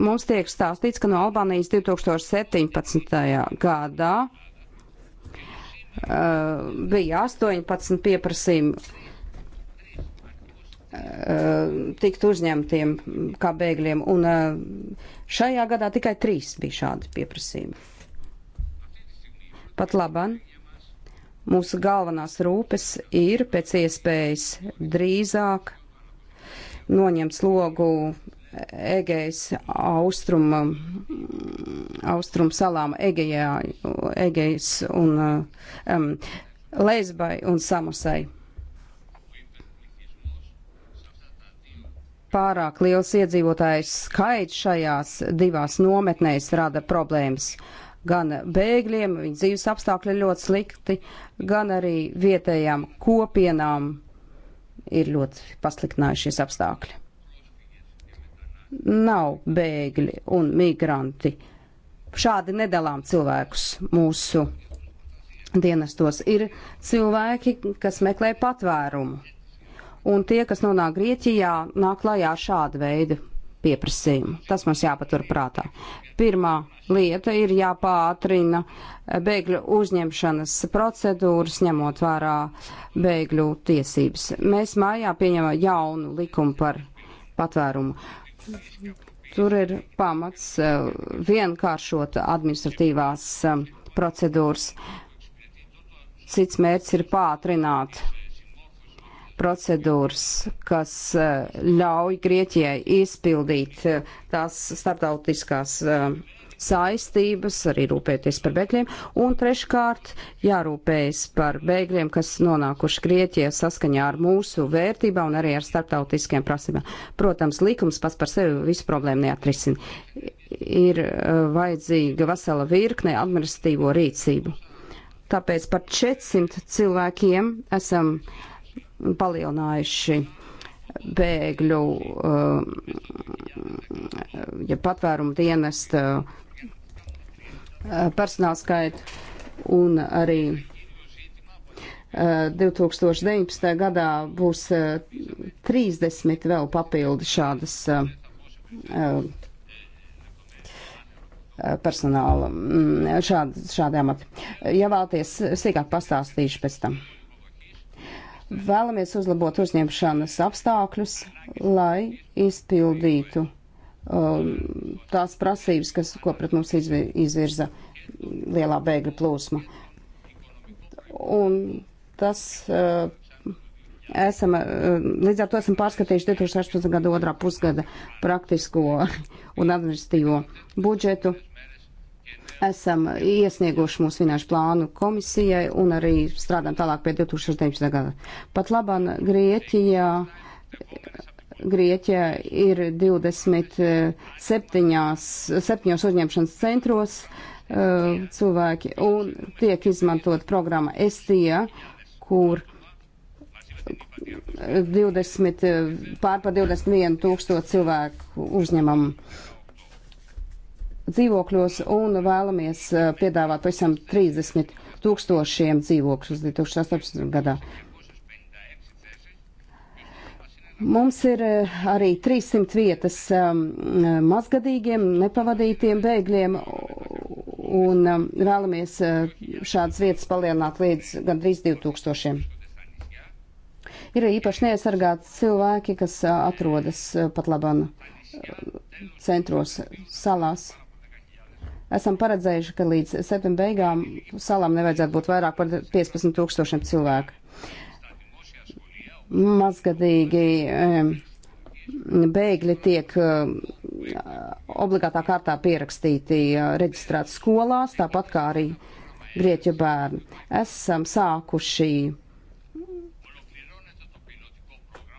Speaker 2: mums tiek stāstīts, ka no Albānijas 2017. gadā uh, bija 18 pieprasījumi uh, tikt uzņemtiem kā bēgļiem, un uh, šajā gadā tikai trīs bija šādi pieprasījumi. Pat labāk. Mūsu galvenās rūpes ir pēc iespējas drīzāk noņemt slogu Egejas austruma, austrum salām Egejā, Egejas un um, Lesbai un Samosai. Pārāk liels iedzīvotājs skaits šajās divās nometnēs rada problēmas. Uh, gan bēgļiem, viņu dzīves apstākļi ļoti slikti, gan arī vietējām kopienām ir ļoti pasliktinājušies apstākļi. Nav bēgļi un migranti. Šādi nedalām cilvēkus mūsu dienestos. Ir cilvēki, kas meklē patvērumu. Un tie, kas nonāk Grieķijā, nāk klajā šādu veidu pieprasījumu. Tas mums jāpatur prātā. Pirmā lieta ir jāpātrina bēgļu uzņemšanas procedūras, ņemot vērā bēgļu tiesības. Mēs mājā pieņemam jaunu likumu par patvērumu. Tur ir pamats eh, vienkāršot administratīvās eh, procedūras. Cits mērķis ir pātrināt procedūras, kas eh, ļauj Grieķijai izpildīt eh, tās starptautiskās eh, saistības, arī rūpēties par bēgļiem, un treškārt jārūpējas par bēgļiem, kas nonākuši Grieķijā saskaņā ar mūsu vērtībām un arī ar starptautiskiem prasībām. Protams, likums pats par sevi visu problēmu neatrisina. Ir uh, vajadzīga vesela virkne administratīvo rīcību. Tāpēc par 400 cilvēkiem esam uh, palielinājuši bēgļu, um, ja patvērumu dienesta uh, personāla skaitu un arī 2019. Uh, gadā būs 30 uh, vēl papildi šādas personāla, mm, šādi, šādi amati. Ja vēlaties, sīkāk pastāstīšu pēc tam. Vēlamies uzlabot uzņemšanas apstākļus, lai izpildītu um, tās prasības, kas, ko pret mums izvirza lielā bēgļu plūsma. Un tas uh, esam, uh, līdz ar to esam pārskatījuši 2018. gada otrā pusgada praktisko un administratīvo budžetu esam iesnieguši mūsu finanšu plānu komisijai un arī strādājam tālāk pie 2019. gada. Pat labam Grieķijā, Grieķijā ir 27 uzņemšanas centros uh, cilvēki un tiek izmantot programma Estija, kur 20, pār par 21 tūkstotu cilvēku uzņemam uh, dzīvokļos un vēlamies eh, piedāvāt pavisam 30 tūkstošiem dzīvokļus 2018. gadā. Mums ir eh, arī 300 vietas ehm, mazgadīgiem, nepavadītiem bēgļiem, un ehm, vēlamies eh, šādas vietas palielināt līdz gandrīz 2000. Ir īpaši neaizsargāti cilvēki, kas atrodas pat labam centros, salās esam paredzējuši, ka līdz septembra beigām salām nevajadzētu būt vairāk par 15 tūkstošiem cilvēku. Mazgadīgi bēgļi tiek obligātā kārtā pierakstīti reģistrēt skolās, tāpat kā arī grieķu bērni. Esam sākuši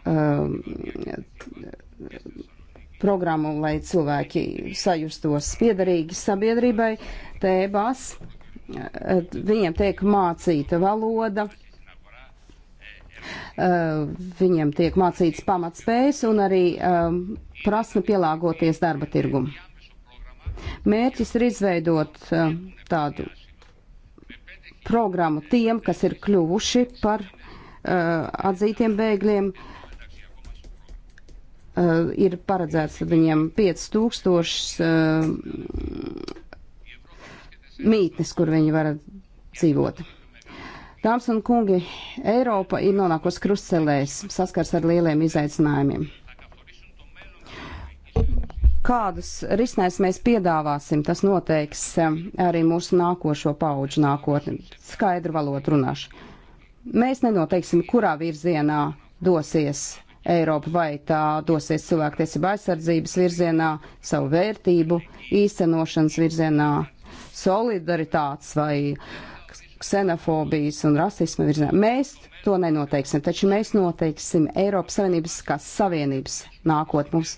Speaker 2: um, programmu, lai cilvēki sajustos piederīgi sabiedrībai, tēbās. Viņiem tiek mācīta valoda, eh, viņiem tiek mācīts pamatspējas un arī eh, prasme pielāgoties darba tirgumu. Mērķis ir izveidot eh, tādu programmu tiem, kas ir kļuvuši par atzītiem bēgļiem, uh, uh, ir paredzēts viņiem 5000 uh, eh, mītnes, kur viņi var dzīvot. Dāmas un kungi, Eiropa ir nonākusi krustcelēs, saskars ar lieliem izaicinājumiem. Kādus risinājumus mēs piedāvāsim, tas noteiks eh, arī mūsu nākošo pauģu nākotni. Skaidru valodu runāšu. Mēs nenoteiksim, kurā virzienā dosies Eiropu, vai tā dosies cilvēktiesība aizsardzības virzienā, savu vērtību īstenošanas virzienā, solidaritātes vai ksenofobijas un rasisma virzienā. Mēs to nenoteiksim, taču mēs noteiksim Eiropas Savienības kā Savienības nākotnē mums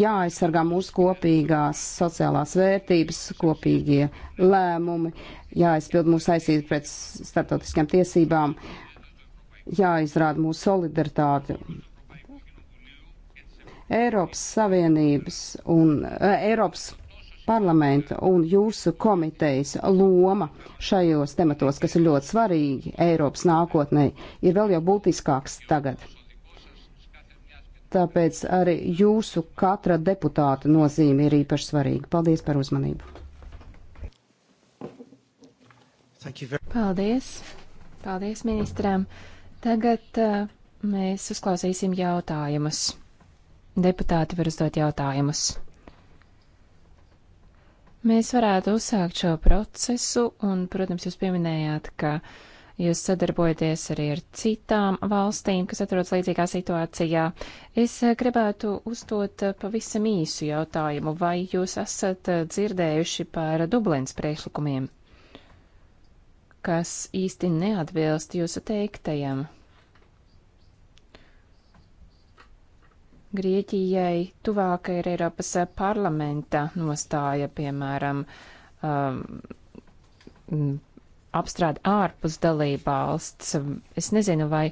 Speaker 2: jāaizsargā mūsu kopīgās sociālās vērtības, kopīgie lēmumi, jāaizpild mūsu aizsīt pret starptautiskiem tiesībām. Uh, jāizrāda mūsu solidaritāte. Eiropas Savienības un uh, Eiropas parlamenta un jūsu komitejas loma šajos tematos, kas ir ļoti svarīgi Eiropas nākotnē, ir vēl jau būtiskāks tagad. Tāpēc arī jūsu katra deputāta nozīme ir īpaši svarīga. Paldies par uzmanību.
Speaker 3: Paldies. Paldies ministram. Tagad uh, mēs uzklausīsim jautājumus. Deputāti var uzdot jautājumus. Mēs varētu uzsākt šo procesu, un, protams, jūs pieminējāt, ka jūs sadarbojaties arī ar citām valstīm, kas atrodas līdzīgā situācijā. Es gribētu uzdot pavisam īsu jautājumu, vai jūs esat dzirdējuši par Dublins priekšlikumiem? kas īsti neatbilst jūsu teiktajam. Grieķijai tuvāka ir Eiropas parlamenta nostāja, piemēram, um, apstrāde ārpus dalībvalsts. Es nezinu, vai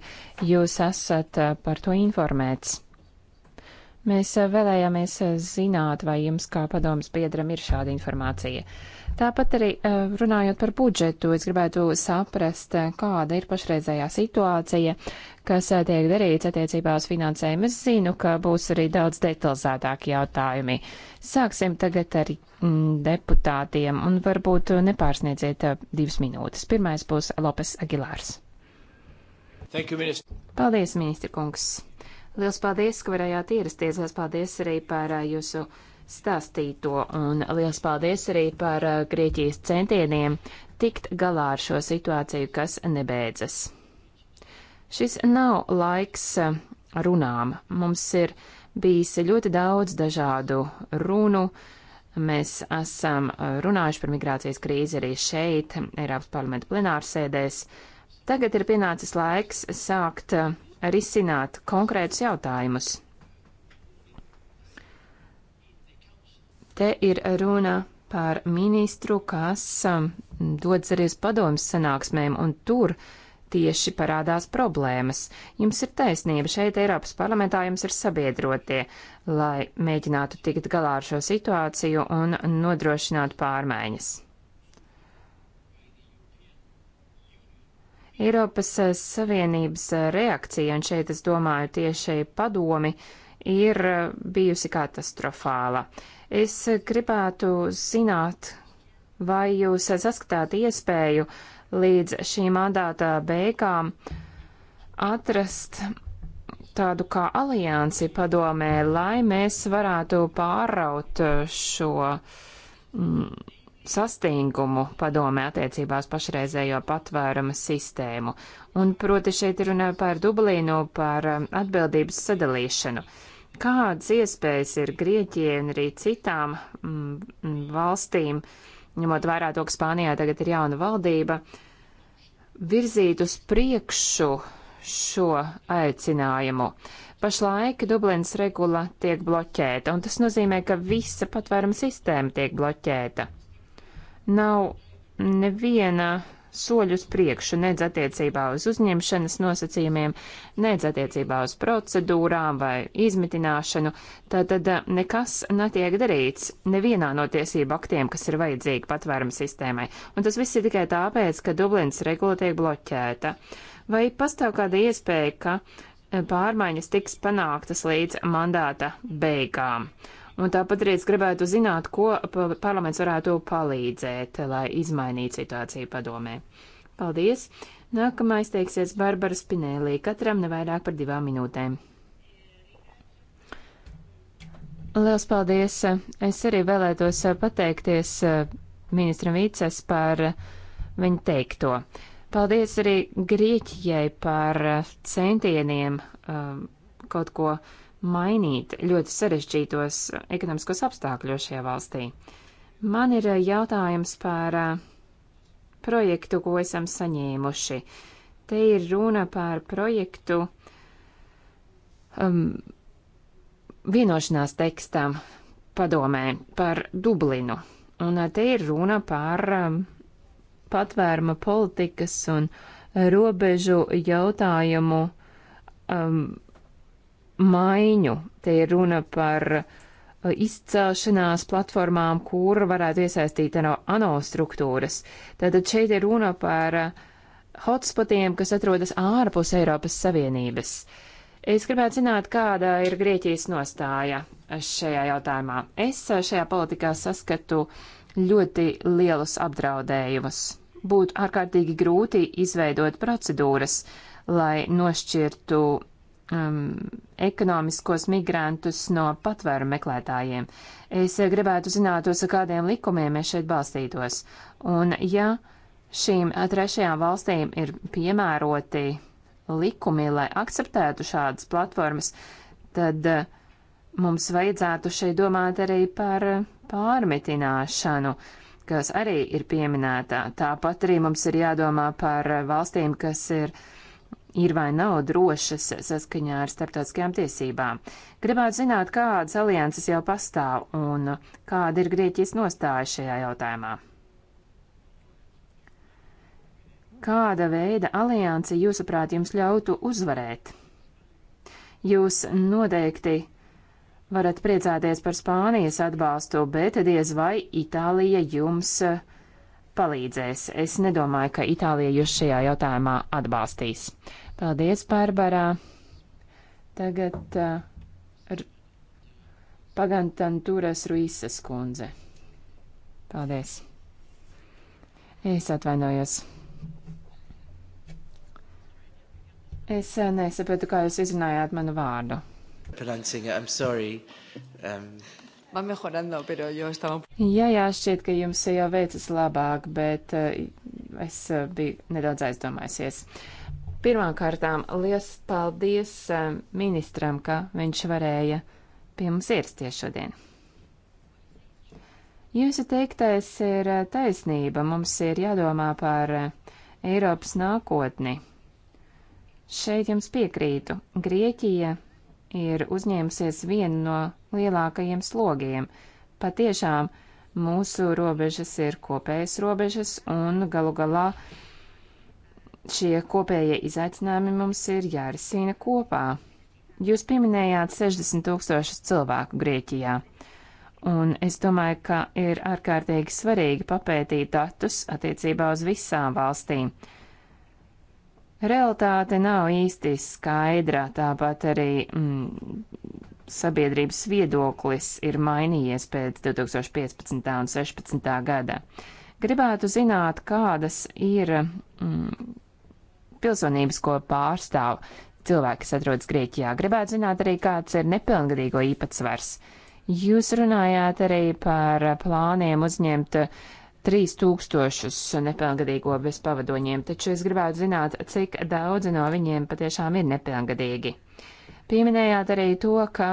Speaker 3: jūs esat uh, par to informēts. Mēs uh, vēlējāmies uh, zināt, vai jums kā padomas biedram ir šāda informācija. Uh, Tāpat arī eh, runājot par budžetu, es gribētu saprast, eh, kāda ir pašreizējā situācija, kas eh, tiek darīts attiecībā uz finansējumu. Es zinu, ka būs arī daudz detalizētāki jautājumi. Sāksim tagad ar mm, deputātiem un varbūt nepārsniedziet divas minūtes. Pirmais būs Lopes Agilārs.
Speaker 4: Thank you, minister.
Speaker 3: Paldies, ministra kungs. Liels paldies, ka varējāt ierasties. Liels paldies arī par jūsu. Uh, stāstīto, un liels paldies arī par uh, Grieķijas centieniem tikt galā ar šo situāciju, kas nebeidzas. Šis nav laiks uh, runām. Mums ir bijis ļoti daudz dažādu runu. Mēs esam uh, runājuši par migrācijas krīzi arī šeit, Eiropas parlamenta plenārsēdēs. Tagad ir pienācis laiks sākt risināt konkrētus jautājumus. Te ir runa par ministru, kas um, dodas arī uz padomus sanāksmēm, un tur tieši parādās problēmas. Jums ir taisnība, šeit Eiropas parlamentā jums ir sabiedrotie, lai mēģinātu tikt galā ar šo situāciju un nodrošinātu pārmaiņas. Eiropas uh, Savienības uh, reakcija, un šeit es domāju tieši padomi, ir uh, bijusi katastrofāla. Uh, Es gribētu zināt, vai jūs saskatāt iespēju līdz šī mandāta beigām atrast tādu kā aliansi padomē, lai mēs varētu pāraut šo mm, sastingumu padomē attiecībās pašreizējo patvēruma sistēmu. Un proti šeit ir runa par Dublīnu, par um, atbildības sadalīšanu. Uh, Kādas iespējas ir Grieķijai un arī citām mm, valstīm, ņemot vērā to, ka Spānijā tagad ir jauna valdība, virzīt uz priekšu šo aicinājumu? Pašlaik Dublinas regula tiek bloķēta, un tas nozīmē, ka visa patvēruma sistēma tiek bloķēta. Nav neviena soļus priekšu nedz attiecībā uz uzņemšanas nosacījumiem, nedz attiecībā uz procedūrām vai izmitināšanu, tātad eh, nekas netiek darīts nevienā no tiesību aktiem, kas ir vajadzīgi patvērumu sistēmai, un tas viss ir tikai tāpēc, ka Dublinas regula tiek bloķēta. Vai pastāv kāda iespēja, ka eh, pārmaiņas tiks panāktas līdz mandāta beigām? Un tāpat arī es gribētu zināt, ko parlaments varētu palīdzēt, lai izmainītu situāciju padomē. Paldies! Nākamais teiksies Barbara Spinēlī, katram nevairāk par divām minūtēm. Liels paldies! Es arī vēlētos pateikties eh, ministram Vīces par eh, viņu teikto. Paldies arī Grieķijai par eh, centieniem um, kaut ko mainīt ļoti sarežģītos ekonomiskos apstākļos šajā valstī. Man ir eh, jautājums par eh, projektu, ko esam saņēmuši. Te ir runa par projektu um, vienošanās tekstam padomē par Dublinu. Un eh, te ir runa par um, patvērma politikas un robežu jautājumu um, maiņu. Te ir runa par uh, izcelšanās platformām, kur varētu iesaistīt ANO, ANO struktūras. Tātad šeit ir runa par uh, hotspotiem, kas atrodas ārpus Eiropas Savienības. Es gribētu zināt, kāda ir Grieķijas nostāja šajā jautājumā. Es uh, šajā politikā saskatu ļoti lielus apdraudējumus. Būtu ārkārtīgi grūti izveidot procedūras, lai nošķirtu um, ekonomiskos migrantus no patvēru meklētājiem. Es gribētu zināt, uz kādiem likumiem mēs šeit balstītos. Un ja šīm trešajām valstīm ir piemēroti likumi, lai akceptētu šādas platformas, tad uh, mums vajadzētu šeit domāt arī par pārmetināšanu, kas arī ir pieminēta. Tāpat arī mums ir jādomā par valstīm, kas ir uh, ir vai nav drošas saskaņā ar starptautiskajām tiesībām. Gribētu zināt, kādas alianses jau pastāv un kāda ir Grieķijas nostāja šajā jautājumā. Kāda veida alianse, jūsuprāt, jums ļautu uzvarēt? Jūs noteikti varat priecāties par Spānijas atbalstu, bet diez vai Itālija jums uh, palīdzēs. Es nedomāju, ka Itālija jūs šajā jautājumā atbalstīs. Paldies, Bārbarā. Tagad uh, Pagantantūras Ruīsas kundze. Paldies. Es atvainojos. Es uh, nesapratu, kā jūs izrunājāt manu vārdu.
Speaker 1: Pronouncing it, I'm sorry. Um, Va mejorando, pero yo estaba...
Speaker 3: Jā, jā, šķiet, ka jums jau veicas labāk, bet eh, es eh, biju nedaudz aizdomājusies. Pirmām kārtām, liels paldies eh, ministram, ka viņš varēja pie mums ierasties šodien. Jūsu teiktais ir taisnība. Mums ir jādomā par Eiropas nākotni. Šeit jums piekrītu. Grieķija ir uzņēmusies vienu no lielākajiem slogiem. Patiešām mūsu robežas ir kopējas robežas, un galu galā šie kopējie izaicinājumi mums ir jārisina kopā. Jūs pieminējāt 60 tūkstošus cilvēku Grieķijā, un es domāju, ka ir ārkārtīgi svarīgi papētīt datus attiecībā uz visām valstīm. Realtāte nav īsti skaidra, tāpat arī mm, sabiedrības viedoklis ir mainījies pēc 2015. un 2016. gada. Gribētu zināt, kādas ir mm, pilsonības, ko pārstāv cilvēki, kas atrodas Grieķijā. Gribētu zināt arī, kāds ir nepilngadīgo īpatsvars. Jūs runājāt arī par plāniem uzņemt uh, 3000 nepilngadīgo bez pavadoņiem, taču es gribētu zināt, cik daudzi no viņiem patiešām ir nepilngadīgi. Pieminējāt arī to, ka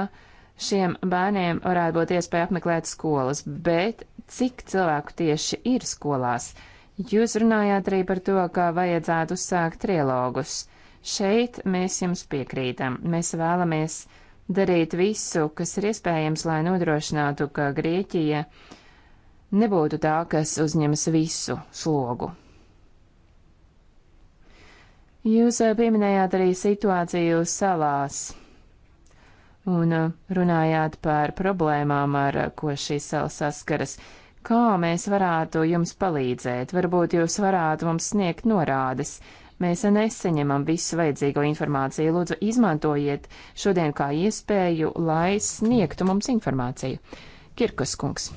Speaker 3: šiem bērniem varētu būt iespēja apmeklēt skolas, bet cik cilvēku tieši ir skolās? Jūs runājāt arī par to, ka vajadzētu uzsākt trilogus. Šeit mēs jums piekrītam. Mēs vēlamies darīt visu, kas ir iespējams, lai nodrošinātu, ka Grieķija uh, nebūtu tā, kas uzņemas visu slogu. Jūs eh, pieminējāt arī situāciju salās un eh, runājāt par problēmām, ar eh, ko šīs salas saskaras. Kā mēs varētu jums palīdzēt? Varbūt jūs varētu mums sniegt norādes, mēs nesaņemam visu vajadzīgo informāciju. Lūdzu, izmantojiet šodien kā iespēju, lai sniegtu mums informāciju. Kirkus kungs.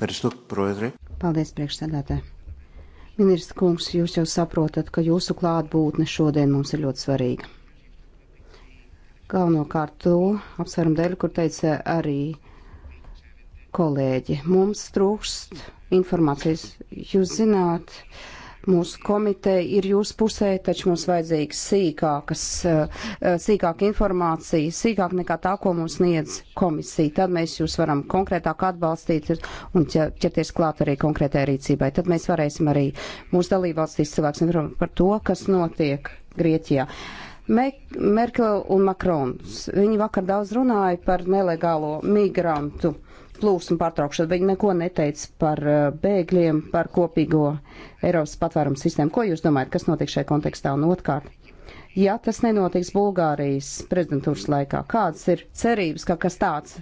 Speaker 1: Ευχαριστώ, Πρόεδρε.
Speaker 3: Paldies, priekšsēdētāji.
Speaker 2: Ministrs kungs, jūs jau saprotat, ka jūsu klātbūtne šodien mums ir ļoti svarīga. Galvenokārt to apsvērumu dēļ, kur teica arī kolēģi, mums trūkst informācijas. Jūs zināt, uh, Mūsu komiteja ir jūsu pusē, taču mums vajadzīgs sīkākas, eh, sīkāka informācija, sīkāk nekā tā, ko mums sniedz komisija. Tad mēs jūs varam konkrētāk atbalstīt un ķerties klāt arī konkrētai rīcībai. Tad mēs varēsim arī mūsu dalībvalstīs cilvēks informēt par to, kas notiek Grieķijā. Merkel un Makrons. Viņi vakar daudz runāja par nelegālo migrantu plūsmu pārtraukšanu. Viņi neko neteica par eh, bēgļiem, par kopīgo Eiropas patvērumu sistēmu. Ko jūs domājat, kas notiek šajā kontekstā un otkārt? Ja tas nenotiks Bulgārijas prezidentūras laikā, kādas ir cerības, ka kas tāds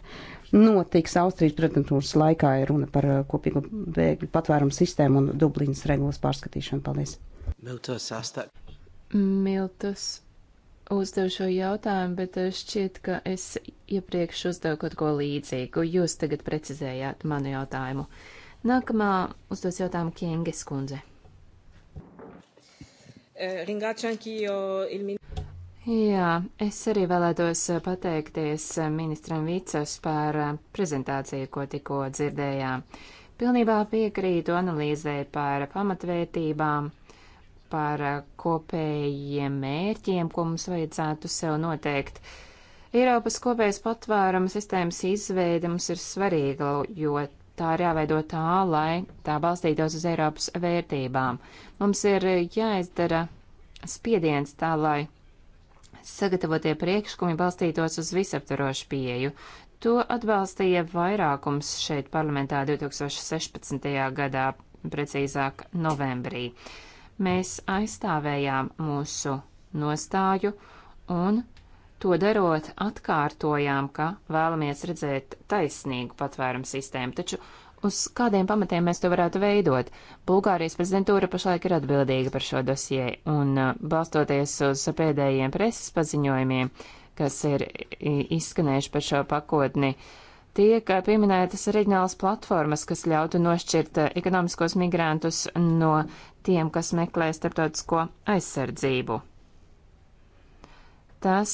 Speaker 2: notiks Austrijas prezidentūras laikā, ir runa par eh, kopīgu bēgļu patvērumu sistēmu un Dublinas
Speaker 3: regulas pārskatīšanu? Paldies!
Speaker 1: Miltos astā.
Speaker 3: Miltos uzdevu šo jautājumu, bet eh, šķiet, ka es iepriekš uzdevu kaut ko līdzīgu. Jūs tagad precizējāt manu jautājumu. Nākamā uzdos jautājumu Kienges kundze. Eh, Jā, es arī vēlētos pateikties eh, ministram Vicas par prezentāciju, ko tikko dzirdējām. Pilnībā piekrītu analīzē par pamatvērtībām par eh, kopējiem mērķiem, ko mums vajadzētu sev noteikt. Eiropas kopējas patvēruma sistēmas izveide mums ir svarīga, jo tā ir jāveido tā, lai tā balstītos uz Eiropas vērtībām. Mums ir jāizdara spiediens tā, lai sagatavotie priekšlikumi balstītos uz visaptvarošu pieju. To atbalstīja vairākums šeit parlamentā 2016. gadā, precīzāk novembrī. Uh, Mēs aizstāvējām mūsu nostāju un, to darot, atkārtojām, ka vēlamies redzēt taisnīgu patvērumu sistēmu, taču uz kādiem pamatiem mēs to varētu veidot. Bulgārijas prezidentūra pašlaik ir atbildīga par šo dosie, un uh, balstoties uz pēdējiem preses paziņojumiem, kas ir izskanējuši par šo pakotni, uh, tiek eh, pieminētas reģionālas platformas, kas ļautu nošķirt eh, ekonomiskos migrantus no tiem, kas meklē starptautisko aizsardzību. Tas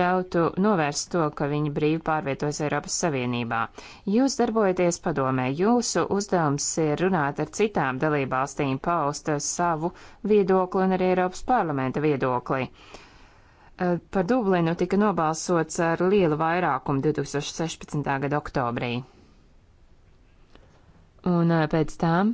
Speaker 3: ļautu novērst to, ka viņi brīvi pārvietojas Eiropas Savienībā. Jūs darbojaties padomē, jūsu uzdevums ir runāt ar citām dalībvalstīm, paust savu viedokli un arī Eiropas parlamenta viedokli. Uh, Eh, par Dublinu tika nobalsots ar lielu vairākumu 2016. gada oktobrī. Un eh, pēc tam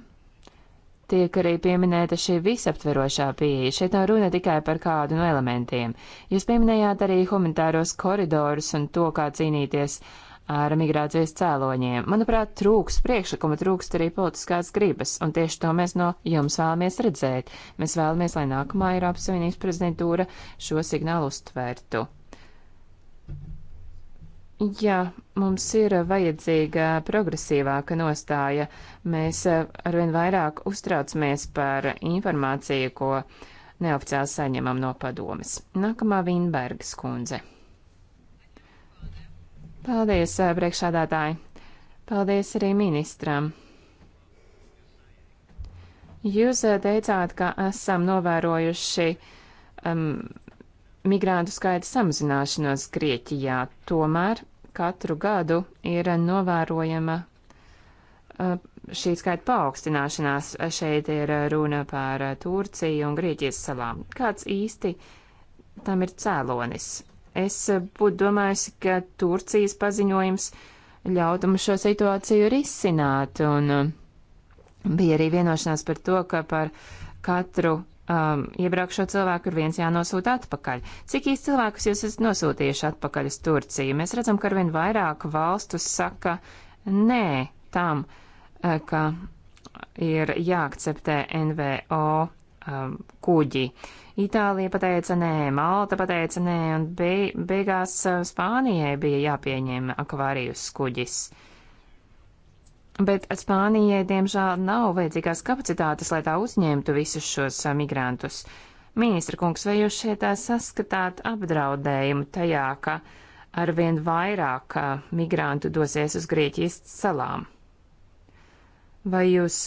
Speaker 3: tiek arī pieminēta šī visaptverošā pieeja. Šeit nav runa tikai par kādu no elementiem. Jūs pieminējāt arī humanitāros koridorus un to, kā cīnīties ar migrācijas cēloņiem. Manuprāt, trūks priekšlikuma, trūks arī politiskās gribas, un tieši to mēs no jums vēlamies redzēt. Mēs vēlamies, lai nākamā Eiropas Savienības prezidentūra šo signālu uztvērtu. Jā, mums ir vajadzīga progresīvāka nostāja. Mēs arvien vairāk uztraucamies par informāciju, ko neoficiāli saņemam no padomes. Nākamā Vinbergas kundze. Paldies, eh, priekšādātāji. Paldies arī ministram. Jūs eh, teicāt, ka esam novērojuši um, migrantu skaita samazināšanos Grieķijā, tomēr katru gadu ir novērojama uh, šī skaita paaugstināšanās. Šeit ir runa par Turciju un Grieķijas salām. Kāds īsti tam ir cēlonis? Es būtu domājusi, ka Turcijas paziņojums ļautu mums šo situāciju risināt, un um, bija arī vienošanās par to, ka par katru um, iebraukšo cilvēku ir viens jānosūta atpakaļ. Cik īsti cilvēkus jūs esat nosūtījuši atpakaļ uz Turciju? Mēs redzam, ka arvien vairāk valstu saka nē tam, eh, ka ir jāakceptē NVO um, kuģi. Itālija pateica nē, Malta pateica nē, un be, beigās uh, Spānijai bija jāpieņem akvārijus kuģis. Bet Spānijai, diemžēl, nav vajadzīgās kapacitātes, lai tā uzņemtu visus šos uh, migrantus. Ministra kungs, vai jūs šeit uh, saskatāt apdraudējumu tajā, ka arvien vairāk migrantu dosies uz Grieķijas salām? Vai jūs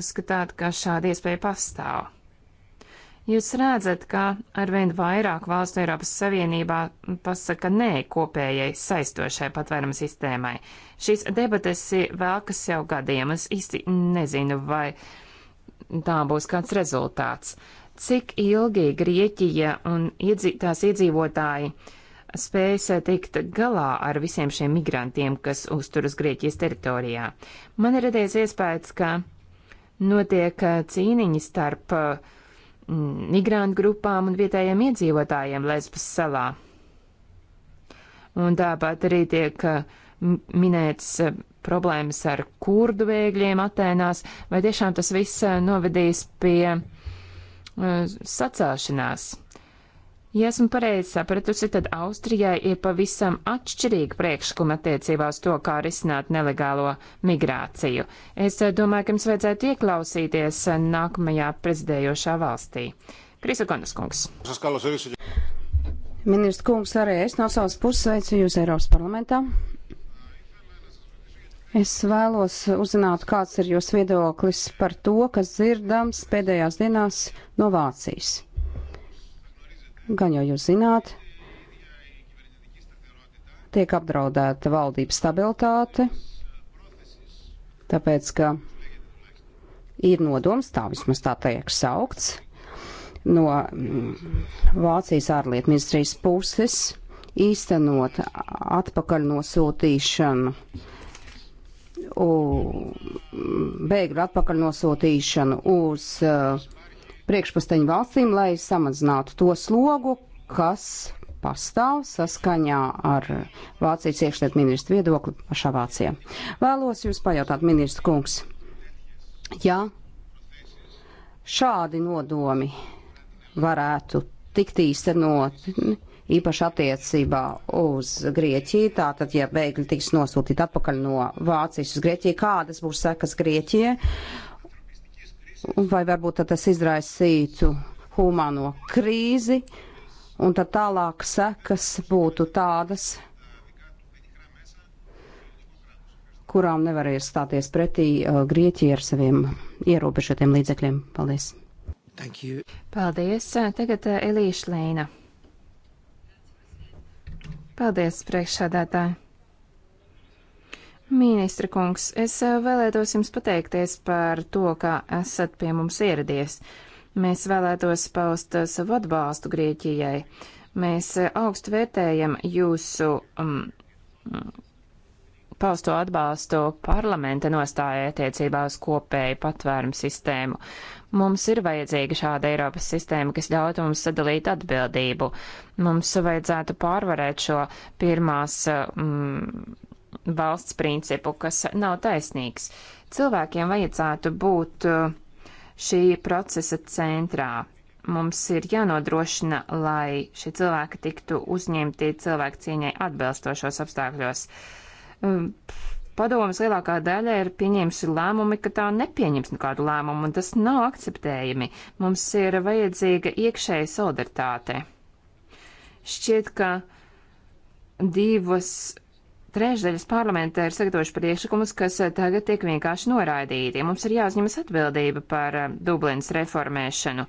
Speaker 3: uzskatāt, ka šāda iespēja pastāv? Jūs redzat, ka arvien vairāk valstu Eiropas Savienībā pasaka nē kopējai saistošai patvēruma sistēmai. Šīs debates vēlkas jau gadiem, es īsti nezinu, vai tā būs kāds rezultāts. Cik ilgi Grieķija un iedzī, tās iedzīvotāji spējas tikt galā ar visiem šiem migrantiem, kas uzturas Grieķijas teritorijā. Man ir radies iespējas, ka notiek cīniņi starp uh, migrantu grupām un vietējiem iedzīvotājiem Lesbas salā. Un tāpat arī tiek uh, minēts uh, problēmas ar kurdu bēgļiem Atēnās, vai tiešām tas viss uh, novedīs pie sacēlšanās. Ja esmu pareizi sapratusi, tad Austrijai ir pavisam atšķirīga priekšlikuma attiecībā uz to, kā risināt nelegālo migrāciju. Es eh, domāju, ka jums vajadzētu ieklausīties eh, nākamajā prezidējošā valstī. Krisa Konas kungs.
Speaker 2: Ministrs kungs, arī es no savas puses sveicu jūs Eiropas parlamentā. Es vēlos uzzināt, kāds ir jūsu viedoklis par to, kas dzirdams pēdējās dienās no Vācijas gan jau jūs zināt, tiek apdraudēta valdības stabilitāte, tāpēc, ka ir nodoms, tā vismaz tā tiek saukts, no mm, Vācijas ārlietu ministrijas puses īstenot atpakaļ nosūtīšanu, bēgļu atpakaļ nosūtīšanu uz uh, priekšpusteņu valstīm, lai samazinātu to slogu, kas pastāv saskaņā ar Vācijas iekšliet ministru viedokli pašā Vācijā. Vēlos jums pajautāt, ministru kungs, ja šādi nodomi varētu tikt īstenoti, īpaši attiecībā uz Grieķiju, tātad, ja bēgļi tiks nosūtīti atpakaļ no Vācijas uz Grieķiju, kādas būs sekas Grieķijai vai varbūt tas izraisītu humāno krīzi, un tad tālāk sekas būtu tādas, kurām nevarēja stāties pretī uh, Grieķija ar saviem ierobežotiem līdzekļiem. Paldies!
Speaker 3: Paldies! Tagad uh, Elīša Lēna. Paldies, priekšsādātāji! Ministra kungs, es eh, vēlētos jums pateikties par to, ka esat pie mums ieradies. Mēs vēlētos paust eh, savu atbalstu Grieķijai. Mēs eh, augstu vērtējam jūsu um, pausto atbalstu parlamenta nostāja attiecībā uz kopēju patvērumu sistēmu. Mums ir vajadzīga šāda Eiropas sistēma, kas ļautu mums sadalīt atbildību. Mums vajadzētu pārvarēt šo pirmās. Um, valsts principu, kas nav taisnīgs. Cilvēkiem vajadzētu būt uh, šī procesa centrā. Mums ir jānodrošina, lai šie cilvēki tiktu uzņemti cilvēku cieņai atbilstošos apstākļos. Um, padomas lielākā daļa ir pieņēmusi lēmumi, ka tā nepieņems nekādu lēmumu, un tas nav akceptējami. Mums ir vajadzīga iekšēja solidaritāte. Šķiet, ka divas trešdaļas parlamenta ir sagatavojuši priekšlikumus, kas eh, tagad tiek vienkārši noraidīti. Mums ir jāuzņemas atbildība par eh, Dublinas reformēšanu.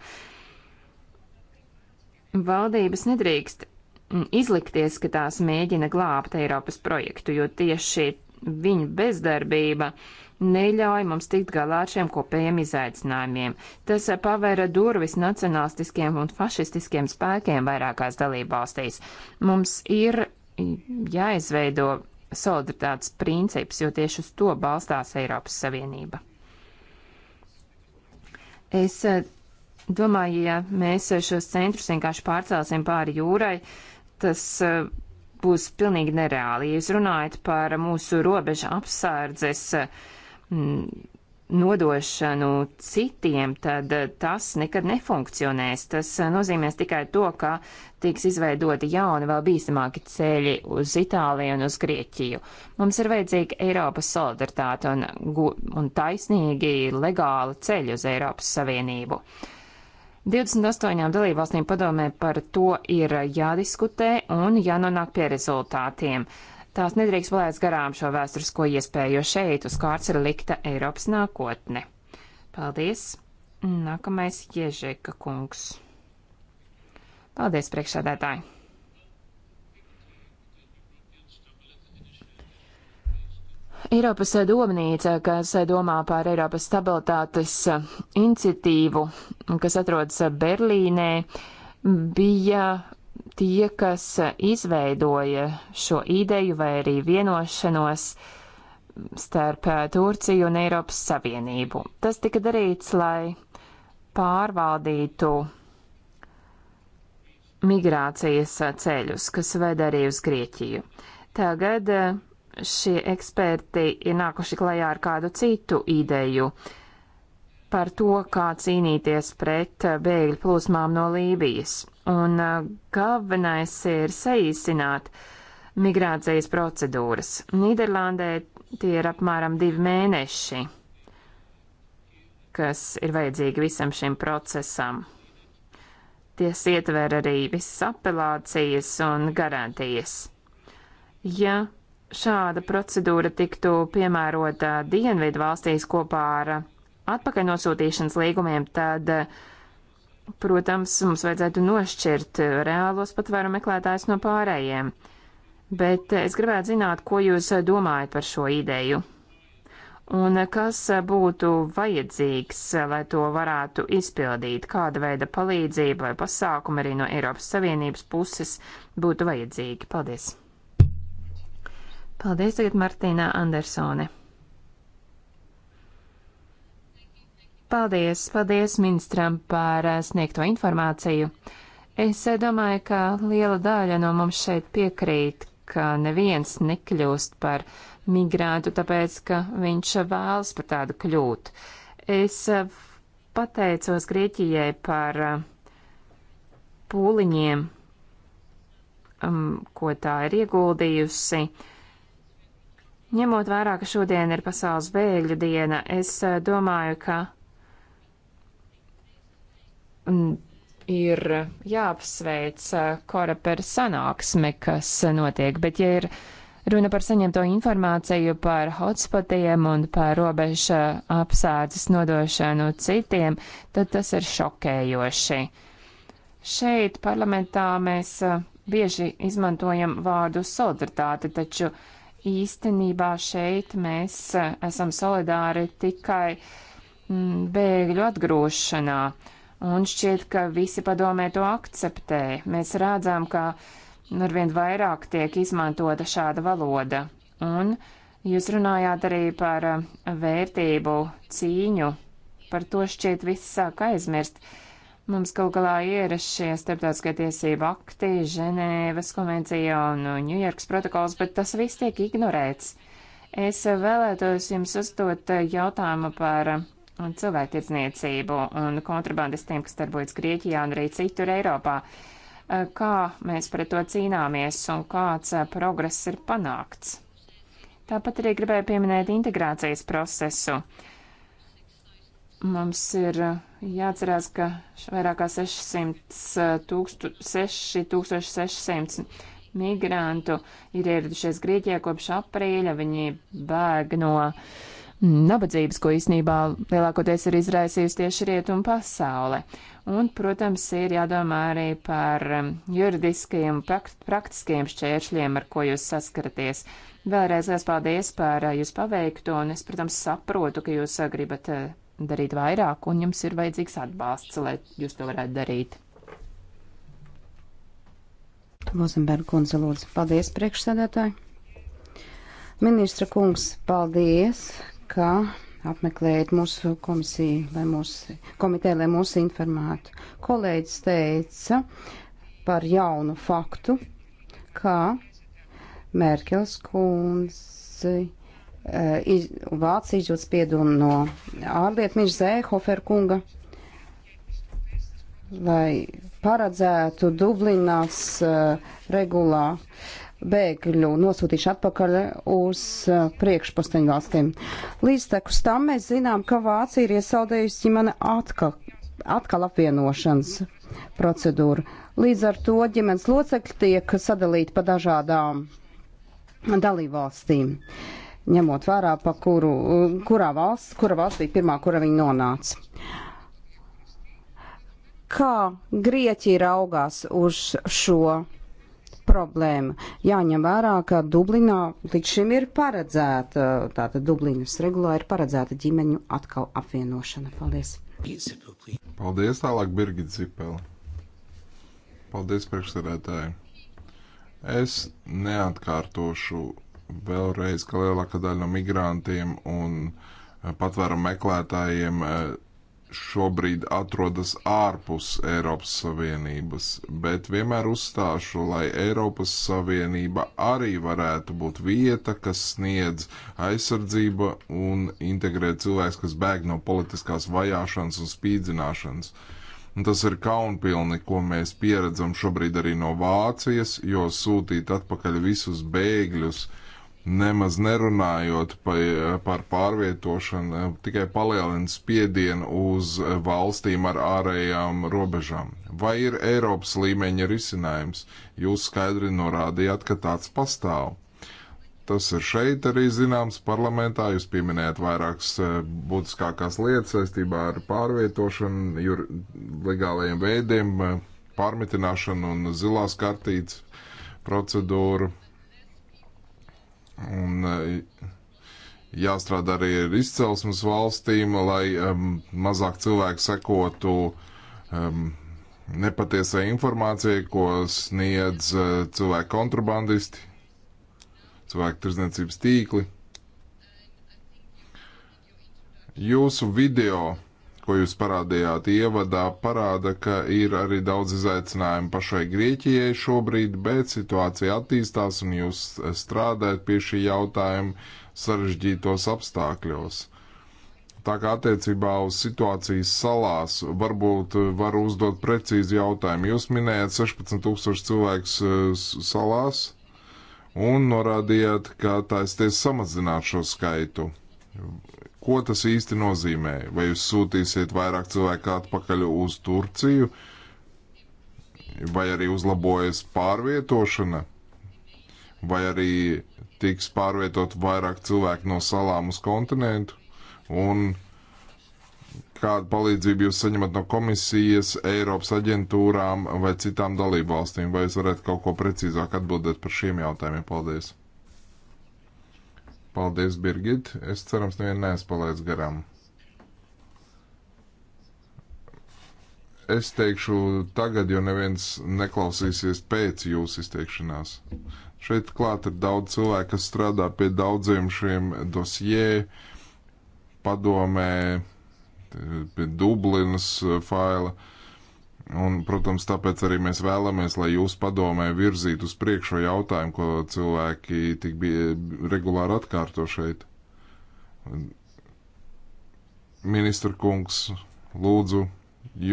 Speaker 3: Valdības nedrīkst mm, izlikties, ka tās mēģina glābt Eiropas projektu, jo tieši viņu bezdarbība neļauj mums tikt galā ar šiem kopējiem izaicinājumiem. Tas eh, pavēra durvis nacionālistiskiem un fašistiskiem spēkiem vairākās dalībvalstīs. Mums ir mm, jāizveido solidaritātes princips, jo tieši uz to balstās Eiropas Savienība. Es eh, domāju, ja mēs šos centrus vienkārši pārcelsim pāri jūrai, tas eh, būs pilnīgi nereāli. Ja jūs runājat par mūsu robeža apsardzes mm, nodošanu citiem, tad tas nekad nefunkcionēs. Tas nozīmēs tikai to, ka tiks izveidoti jauni, vēl bīstamāki ceļi uz Itāliju un uz Grieķiju. Mums ir vajadzīga Eiropas solidaritāte un, un taisnīgi legāli ceļi uz Eiropas Savienību. 28 dalībvalstīm padomē par to ir jādiskutē un jānonāk pie rezultātiem. Uh, Tās nedrīkst palaist garām šo vēsturisko iespēju, jo šeit uz kārts ir likta Eiropas nākotne. Paldies! Nākamais Ježeka kungs. Paldies, priekšsēdētāji! Eiropas domnīca, kas domā par Eiropas stabilitātes iniciatīvu, kas atrodas Berlīnē, bija tie, kas izveidoja šo ideju vai arī vienošanos starp Turciju un Eiropas Savienību. Tas tika darīts, lai pārvaldītu migrācijas ceļus, kas veda arī uz Grieķiju. Tagad eh, šie eksperti ir nākuši klajā ar kādu citu ideju par to, kā cīnīties pret bēgļu plūsmām no Lībijas. Un uh, galvenais ir saīsināt migrācijas procedūras. Nīderlandē tie ir apmēram divi mēneši, kas ir vajadzīgi visam šim procesam. Ties ietver arī visas apelācijas un garantijas. Ja šāda procedūra tiktu piemērota dienvidu valstīs kopā ar atpakaļ nosūtīšanas līgumiem, tad Protams, mums vajadzētu nošķirt eh, reālos patvēru meklētājus no pārējiem, bet eh, es gribētu zināt, ko jūs eh, domājat par šo ideju. Un kas būtu vajadzīgs, lai to varētu izpildīt, kāda veida palīdzība vai pasākumi arī no Eiropas Savienības puses būtu vajadzīgi? Paldies! Paldies tagad Martīnā Andersone! Paldies, paldies ministram par eh, sniegto informāciju. Es eh, domāju, ka liela daļa no mums šeit piekrīt, ka neviens nekļūst par migrāntu, tāpēc, ka viņš vēlas par tādu kļūt. Es eh, pateicos Grieķijai par pūliņiem, um, ko tā ir ieguldījusi. Ņemot vērā, ka šodien ir pasaules bēgļu diena, es domāju, ka Mm, ir jāapsveic eh, kora per sanāksme, kas notiek, bet ja ir runa par saņemto informāciju par hotspotiem un par robeža apsādzes nodošanu citiem, tad tas ir šokējoši. Šeit parlamentā mēs eh, bieži izmantojam vārdu solidaritāte, taču īstenībā šeit mēs eh, esam solidāri tikai mm, bēgļu atgrūšanā. Uh, un šķiet, ka visi padomē to akceptē. Mēs redzam, ka arvien vairāk tiek izmantota šāda valoda, un jūs runājāt arī par uh, vērtību cīņu, par to šķiet visi sāk aizmirst. Mums kaut galā ir šie starptautiskie tiesību akti, Ženēvas konvencija un Ņujorkas uh, protokols, bet tas viss tiek ignorēts. Es uh, vēlētos jums uzdot jautājumu par un cilvēktirdzniecību un kontrabandistiem, kas darbojas Grieķijā un arī citur Eiropā. Eh, kā mēs pret to cīnāmies un kāds eh, progress ir panākts? Tāpat arī gribēju pieminēt integrācijas procesu. Mums ir eh, jāatcerās, ka vairāk kā 600, tūkstu, 6600 migrantu ir ieradušies Grieķijā kopš aprīļa. Viņi bēg no uh, nabadzības, ko īsnībā lielākoties ir izraisījusi tieši rietuma pasaule. Un, protams, ir jādomā arī par um, juridiskajiem, praktiskajiem šķēršļiem, ar ko jūs saskaraties. Vēlreiz liels paldies par uh, jūsu paveikto, un es, protams, saprotu, ka jūs uh, gribat uh, darīt vairāk, un jums ir vajadzīgs atbalsts, lai jūs to varētu darīt.
Speaker 2: Lūzenberga kundze, lūdzu, paldies priekšsēdētāji. Ministra kungs, paldies, ka apmeklējat mūsu komisiju, lai mūsu komiteju, lai mūsu informētu. Kolēģis teica par jaunu faktu, ka Merkels kundzi eh, iz, Vācija izjūt spiedumu no ārlietu ministra Zēhofer kunga, lai paredzētu Dublinas uh, regulā bēgļu nosūtīšu atpakaļ uz uh, priekšposteņu valstīm. Līdztekus tam mēs zinām, ka Vācija ir iesaldējusi ģimene atkal, atkal apvienošanas procedūru. Līdz ar to ģimenes locekļi tiek sadalīti pa dažādām dalībvalstīm, ņemot vērā, pa kuru, kurā valsts, kura valsts bija pirmā, kura viņi nonāca kā Grieķija raugās uz šo problēma. Jāņem vērā, ka Dublinā līdz šim ir paredzēta, tātad Dublinas regulā ir paredzēta ģimeņu atkal apvienošana. Paldies!
Speaker 5: Paldies tālāk, Birgit Zipeli! Paldies priekšsēdētāji! Es neatkārtošu vēlreiz, ka lielākā daļa no migrantiem un patvērumu meklētājiem eh, šobrīd atrodas ārpus Eiropas Savienības, bet vienmēr uzstāšu, lai Eiropas Savienība arī varētu būt vieta, kas sniedz aizsardzība un integrē cilvēks, kas bēg no politiskās vajāšanas un spīdzināšanas. Un tas ir kaunpilni, ko mēs pieredzam šobrīd arī no Vācijas, jo sūtīt atpakaļ visus bēgļus, uh, nemaz nerunājot par pārvietošanu, tikai palielina spiedienu uz valstīm ar ārējām robežām. Vai ir Eiropas līmeņa risinājums? Jūs skaidri norādījāt, ka tāds pastāv. Tas ir šeit arī zināms parlamentā. Jūs pieminējat vairākas eh, būtiskākās lietas saistībā ar pārvietošanu, jur, legālajiem veidiem, eh, pārmitināšanu un zilās kartītes procedūru Un e, jāstrādā arī ar izcelsmes valstīm, lai um, mazāk cilvēku sekotu um, nepatiesai informācijai, ko sniedz uh, e, cilvēku kontrabandisti, cilvēku tirzniecības tīkli. Jūsu video ko jūs parādījāt ievadā, parāda, ka ir arī daudz izaicinājumu pašai Grieķijai šobrīd, bet situācija attīstās un jūs strādājat pie šī jautājuma sarežģītos apstākļos. Tā kā attiecībā uz situācijas salās varbūt var uzdot precīzi jautājumu. Jūs minējat 16 tūkstoši cilvēks salās un norādījāt, ka taisties samazināt šo skaitu ko tas īsti nozīmē? Vai jūs sūtīsiet vairāk cilvēku atpakaļ uz Turciju, vai arī uzlabojas pārvietošana, vai arī tiks pārvietot vairāk cilvēku no salām uz kontinentu, un kādu palīdzību jūs saņemat no komisijas, Eiropas aģentūrām vai citām dalībvalstīm? Vai jūs varētu kaut ko precīzāk atbildēt par šiem jautājumiem? Paldies! Paldies, Birgit. Es cerams, nevienu neaizpalaidz garām. Es teikšu tagad, jo neviens neklausīsies pēc jūsu izteikšanās. Šeit klāt ir daudz cilvēku, kas strādā pie daudziem šiem dosjē, padomē, pie Dublinas eh, faila. Uh, Un, protams, tāpēc arī mēs vēlamies, lai jūs padomē virzītu uz priekšu jautājumu, ko cilvēki tik bija regulāri atkārto šeit. Ministra kungs, lūdzu,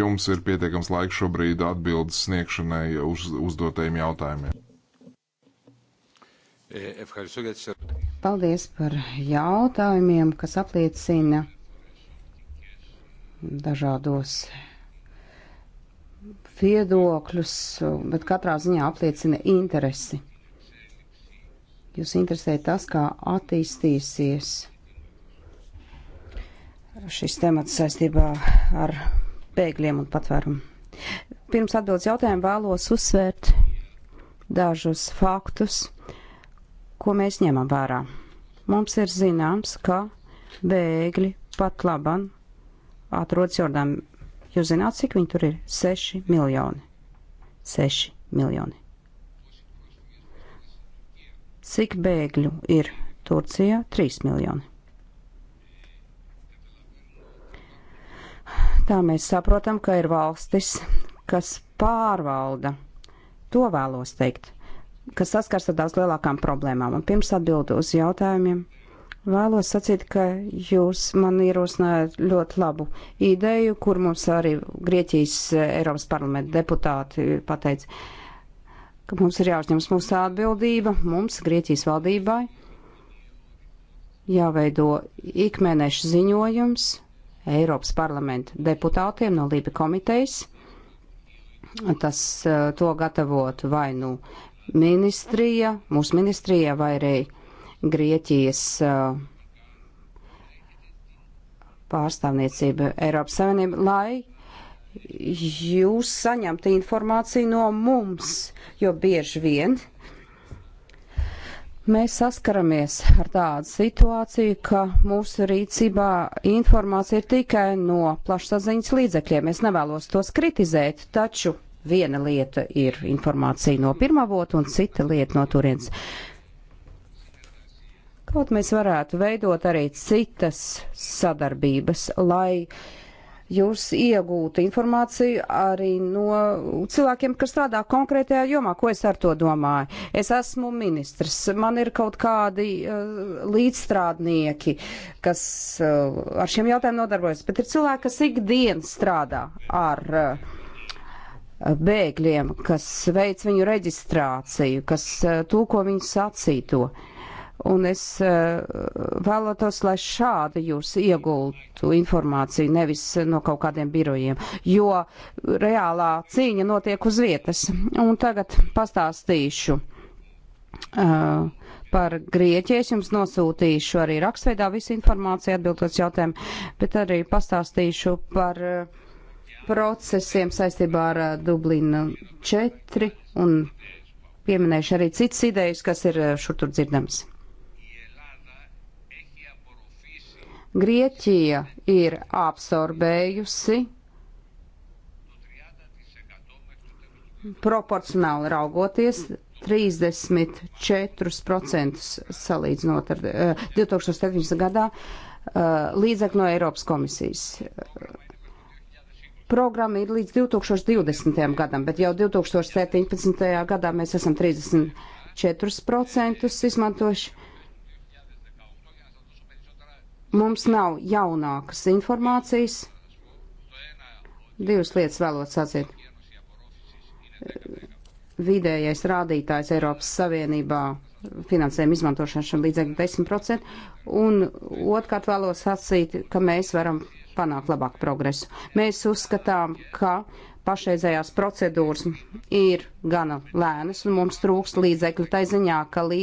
Speaker 5: jums ir pietiekams laiks šobrīd atbildes sniegšanai uz uzdotajiem jautājumiem. Paldies
Speaker 2: par jautājumiem, kas apliecina dažādos viedokļus, bet katrā ziņā apliecina interesi. Jūs interesē tas, kā attīstīsies šis temats saistībā ar bēgļiem un patvērumu. Pirms atbildes jautājumu vēlos uzsvērt dažus faktus, ko mēs ņemam vērā. Mums ir zināms, ka bēgļi pat laban atrodas Jordānijā Jūs zināt, cik viņi tur ir? 6 miljoni. 6 miljoni. Cik bēgļu ir Turcijā? 3 miljoni. Tā mēs saprotam, ka ir valstis, kas pārvalda. To vēlos teikt, kas saskars ar daudz lielākām problēmām. Un pirms atbildu uz jautājumiem Vēlos sacīt, ka jūs man ierosinājāt ļoti labu ideju, kur mums arī Grieķijas eh, Eiropas parlamenta deputāti pateica, ka mums ir jāuzņemas mūsu atbildība, mums, Grieķijas valdībai, jāveido ikmēneša ziņojums Eiropas parlamenta deputātiem no Lība komitejas. Tas eh, to gatavotu vai nu ministrija, mūsu ministrija vai arī Grieķijas uh, pārstāvniecība Eiropas Savienība, lai jūs saņemtu informāciju no mums, jo bieži vien mēs saskaramies ar tādu situāciju, ka mūsu rīcībā informācija ir tikai no plašsaziņas līdzekļiem. Es nevēlos tos kritizēt, taču viena lieta ir informācija no pirmā vota un cita lieta no turienes. Kaut mēs varētu veidot arī citas sadarbības, lai jūs iegūtu informāciju arī no cilvēkiem, kas strādā konkrētajā jomā. Ko es ar to domāju? Es esmu ministrs, man ir kaut kādi uh, līdzstrādnieki, kas uh, ar šiem jautājumiem nodarbojas, bet ir cilvēki, kas ikdienas strādā ar. Uh, bēgļiem, kas veic viņu reģistrāciju, kas tūko viņu sacīto. Uh, Un es uh, eh, vēlētos, lai šādi jūs iegultu informāciju, nevis no kaut kādiem birojiem, jo reālā cīņa notiek uz vietas. Un tagad pastāstīšu uh, par Grieķiju. Es jums nosūtīšu arī rakstveidā visu informāciju atbildot jautājumu, bet arī pastāstīšu par uh, procesiem saistībā ar uh, Dublinu 4 un pieminēšu arī citas idejas, kas ir šur tur dzirdamas. Grieķija ir absorbējusi proporcionāli raugoties 34% salīdzinot ar 2017. Eh, gadā eh, līdzekļu no Eiropas komisijas. Programma ir līdz 2020. gadam, bet jau 2017. gadā mēs esam 34% izmantojuši. Mums nav jaunākas informācijas. Divas lietas vēlot sacīt. Vidējais rādītājs Eiropas Savienībā finansējuma izmantošanas līdzekļu 10%, un otrkārt vēlos sacīt, ka mēs varam panākt labāku progresu. Mēs uzskatām, ka pašreizējās procedūras ir gana lēnas, un mums trūks līdzekļu tai ziņā, ka lī,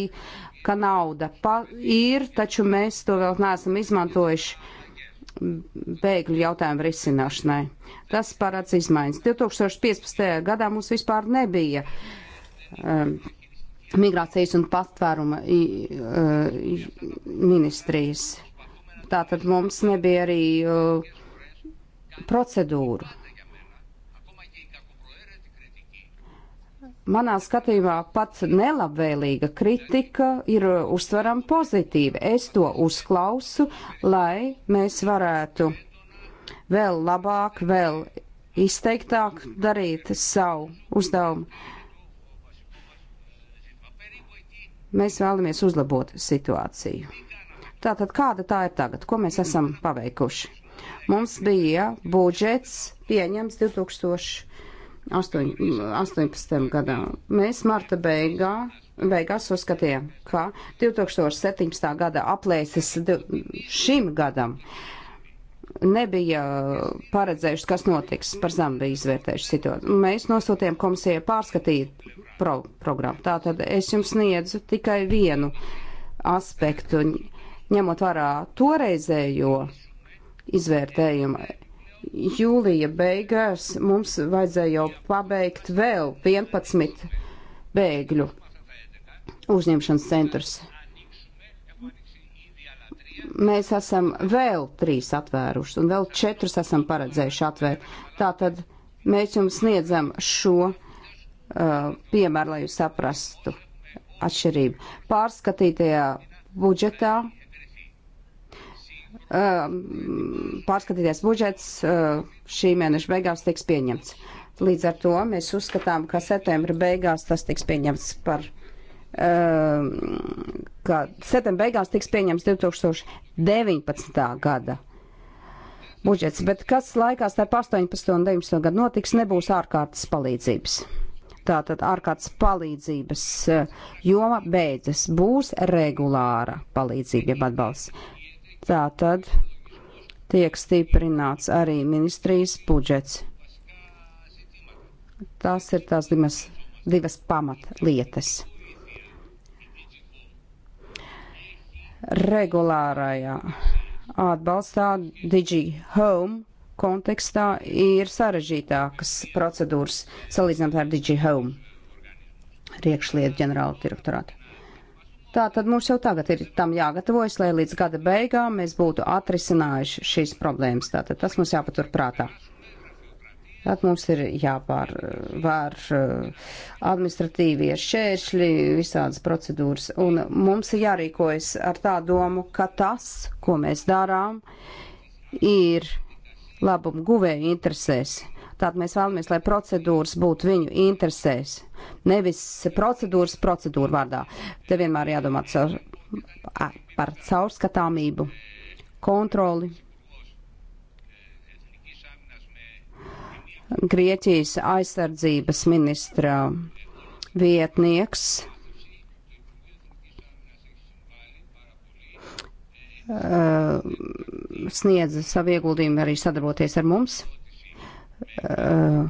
Speaker 2: ka nauda pa, ir, taču mēs to vēl neesam izmantojuši bēgļu jautājumu risināšanai. Tas parāds izmaiņas. 2015. gadā mums vispār nebija um, migrācijas un patvēruma uh, ministrijas. Tātad mums nebija arī uh, procedūru manā skatījumā pat nelabvēlīga kritika ir uh, uztveram pozitīvi. Es to uzklausu, lai mēs varētu vēl labāk, vēl izteiktāk darīt savu uzdevumu. Mēs vēlamies uzlabot situāciju. Tātad kāda tā ir tagad? Ko mēs esam paveikuši? Mums bija budžets pieņems 2000. 8, 18. gadā. Mēs marta beigā, beigās uzskatījām, ka 2017. gada aplēses šim gadam nebija paredzējuši, kas notiks par zem bija izvērtējuši situāciju. Mēs nosūtījām komisijai pārskatīt pro programmu. Tātad es jums sniedzu tikai vienu aspektu, ņemot vērā toreizējo izvērtējumu jūlija beigās mums vajadzēja jau pabeigt vēl 11 bēgļu uzņemšanas centrus. Mēs esam vēl trīs atvēruši un vēl četrus esam paredzējuši atvērt. Tātad mēs jums sniedzam šo uh, piemēru, lai jūs saprastu atšķirību. Pārskatītajā budžetā Ehm, pārskatīties budžets ehm, šī mēneša beigās tiks pieņemts. Līdz ar to mēs uzskatām, ka septembra beigās tas tiks pieņemts par ehm, ka septembra beigās tiks pieņemts 2019. gada budžets, bet kas laikā starp 18 un 19 gadu notiks, nebūs ārkārtas palīdzības. Tātad ārkārtas palīdzības joma beidzas, būs regulāra palīdzība, jeb atbalsts. Tā tad tiek stiprināts arī ministrijas budžets. Tās ir tās divas, divas pamatlietas. Regulārajā atbalstā Digi Home kontekstā ir sarežģītākas procedūras salīdzinām ar Digi Home riekšlietu ģenerāla direktorātu. Tā tad mums jau tagad ir tam jāgatavojas, lai līdz gada beigām mēs būtu atrisinājuši šīs problēmas. Tātad tas mums jāpatur prātā. Tad mums ir jāpārvar eh, administratīvie šķēršļi, visādas procedūras, un mums ir jārīkojas ar tā domu, ka tas, ko mēs darām, ir labumu guvēju interesēs. Tātad mēs vēlamies, lai procedūras būtu viņu interesēs. Nevis procedūras procedūra vārdā. Te vienmēr jādomā caur, par caurskatāmību, kontroli. Grieķijas aizsardzības ministra vietnieks uh, sniedza savu ieguldījumu arī sadarboties ar mums. Eh,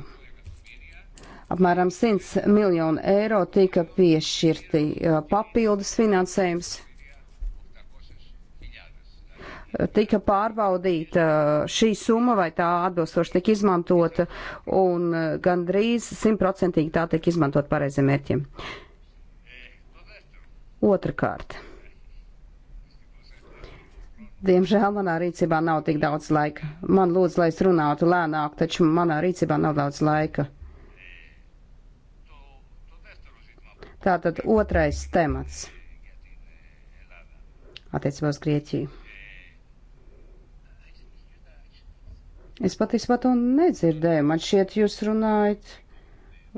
Speaker 2: apmēram 100 miljonu eiro tika piešķirti eh, papildus finansējums. Tika pārbaudīta eh, šī summa, vai tā atbilstoši tika izmantota, un gandrīz simtprocentīgi tā tika izmantot pareiziem mērķiem. Otrakārt. Diemžēl manā rīcībā nav tik daudz laika. Man lūdzu, lai es runātu lēnāk, taču manā rīcībā nav daudz laika. Tātad otrais temats attiecībā uz Grieķiju. Es patiesībā to nedzirdēju. Man šķiet, jūs runājat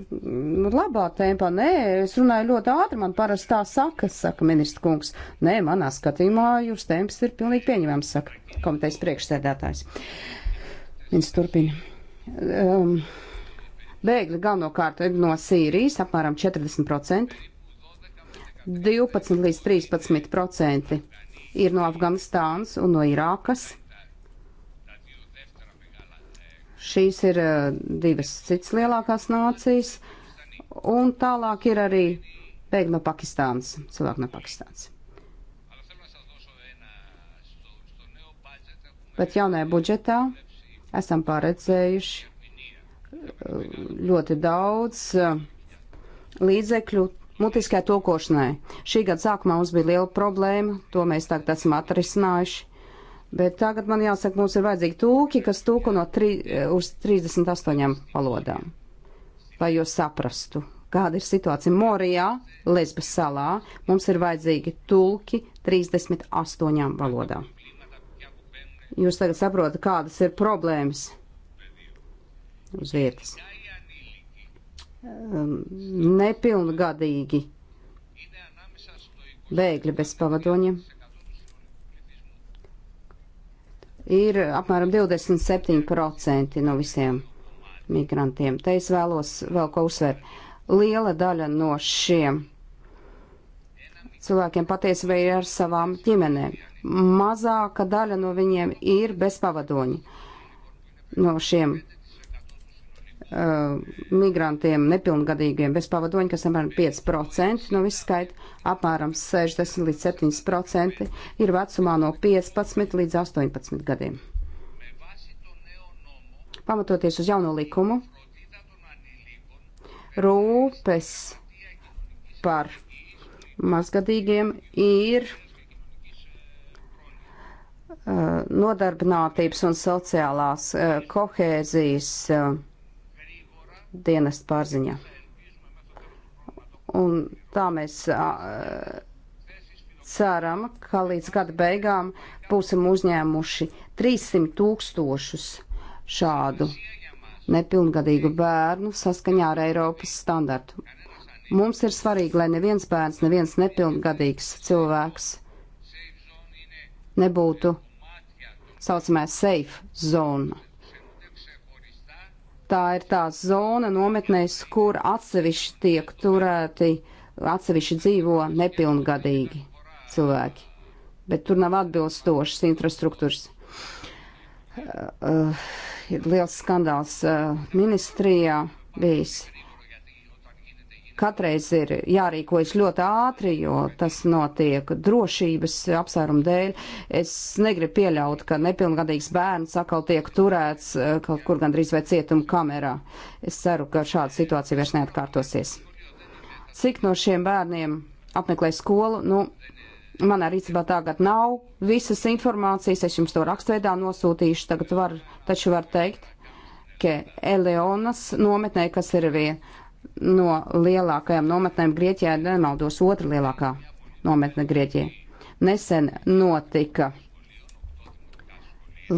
Speaker 2: Nu, labā tempā. Nē, es runāju ļoti ātri, man parasti tā saka, saka ministra kungs. Nē, manā skatījumā jūs temps ir pilnīgi pieņemams, saka komitejas priekšsēdētājs. Viņš turpina. Um, bēgļi galvenokārt ir no Sīrijas, apmēram 40%. 12 līdz 13% ir no Afganistānas un no Irākas. Šīs ir eh, divas citas lielākās nācijas, un tālāk ir arī bēgļi no Pakistānas, cilvēki no Pakistānas. Bet jaunajā budžetā esam paredzējuši eh, ļoti daudz eh, līdzekļu mutiskai tulkošanai. Šī gada sākumā mums bija liela problēma, to mēs tagad esam atrisinājuši. Bet tagad man jāsaka, mums ir vajadzīgi tūki, kas tūko no tri, uz 38 valodām, lai jūs saprastu, kāda ir situācija. Morijā, Lesbas salā, mums ir vajadzīgi tulki 38 valodām. Jūs tagad saprotat, kādas ir problēmas uz vietas. Um, nepilngadīgi bēgļi bez pavadoņiem ir apmēram 27% no visiem migrantiem. Te es vēlos vēl ko uzsvērt. Liela daļa no šiem cilvēkiem patiesībā ir ar savām ģimenēm. Mazāka daļa no viņiem ir bez pavadoņa. No šiem Uh, migrantiem, nepilngadīgiem bez pavadoņa, kas apmēram 5% no izskaita, apmēram 60 līdz 7% ir vecumā no 15 līdz 18 gadiem. Pamatoties uz jauno likumu, rūpes par mazgadīgiem ir uh, nodarbinātības un sociālās uh, kohēzijas dienas pārziņā. Un tā mēs ceram, ka līdz gada beigām būsim uzņēmuši 300 tūkstošus šādu nepilngadīgu bērnu saskaņā ar Eiropas standartu. Mums ir svarīgi, lai neviens bērns, neviens nepilngadīgs cilvēks nebūtu saucamā safe zona tā ir tā zona nometnēs, kur atsevišķi tiek turēti, atsevišķi dzīvo nepilngadīgi cilvēki. Bet tur nav atbilstošas infrastruktūras. Uh, uh, ir liels skandāls uh, ministrijā bijis. Katreiz ir jārīkojas ļoti ātri, jo tas notiek drošības apsvērumu dēļ. Es negribu pieļaut, ka nepilngadīgs bērns atkal tiek turēts eh, kaut kur gandrīz vai cietuma kamerā. Es ceru, ka šāda situācija vairs neatkārtosies. Cik no šiem bērniem apmeklē skolu? Nu, manā rīcībā tagad nav visas informācijas, es jums to rakstveidā nosūtīšu, tagad var, taču var teikt, ka Eleonas nometnē, kas ir viena no lielākajām nometnēm Grieķijā, nemaldos, otra lielākā nometne Grieķijā. Nesen notika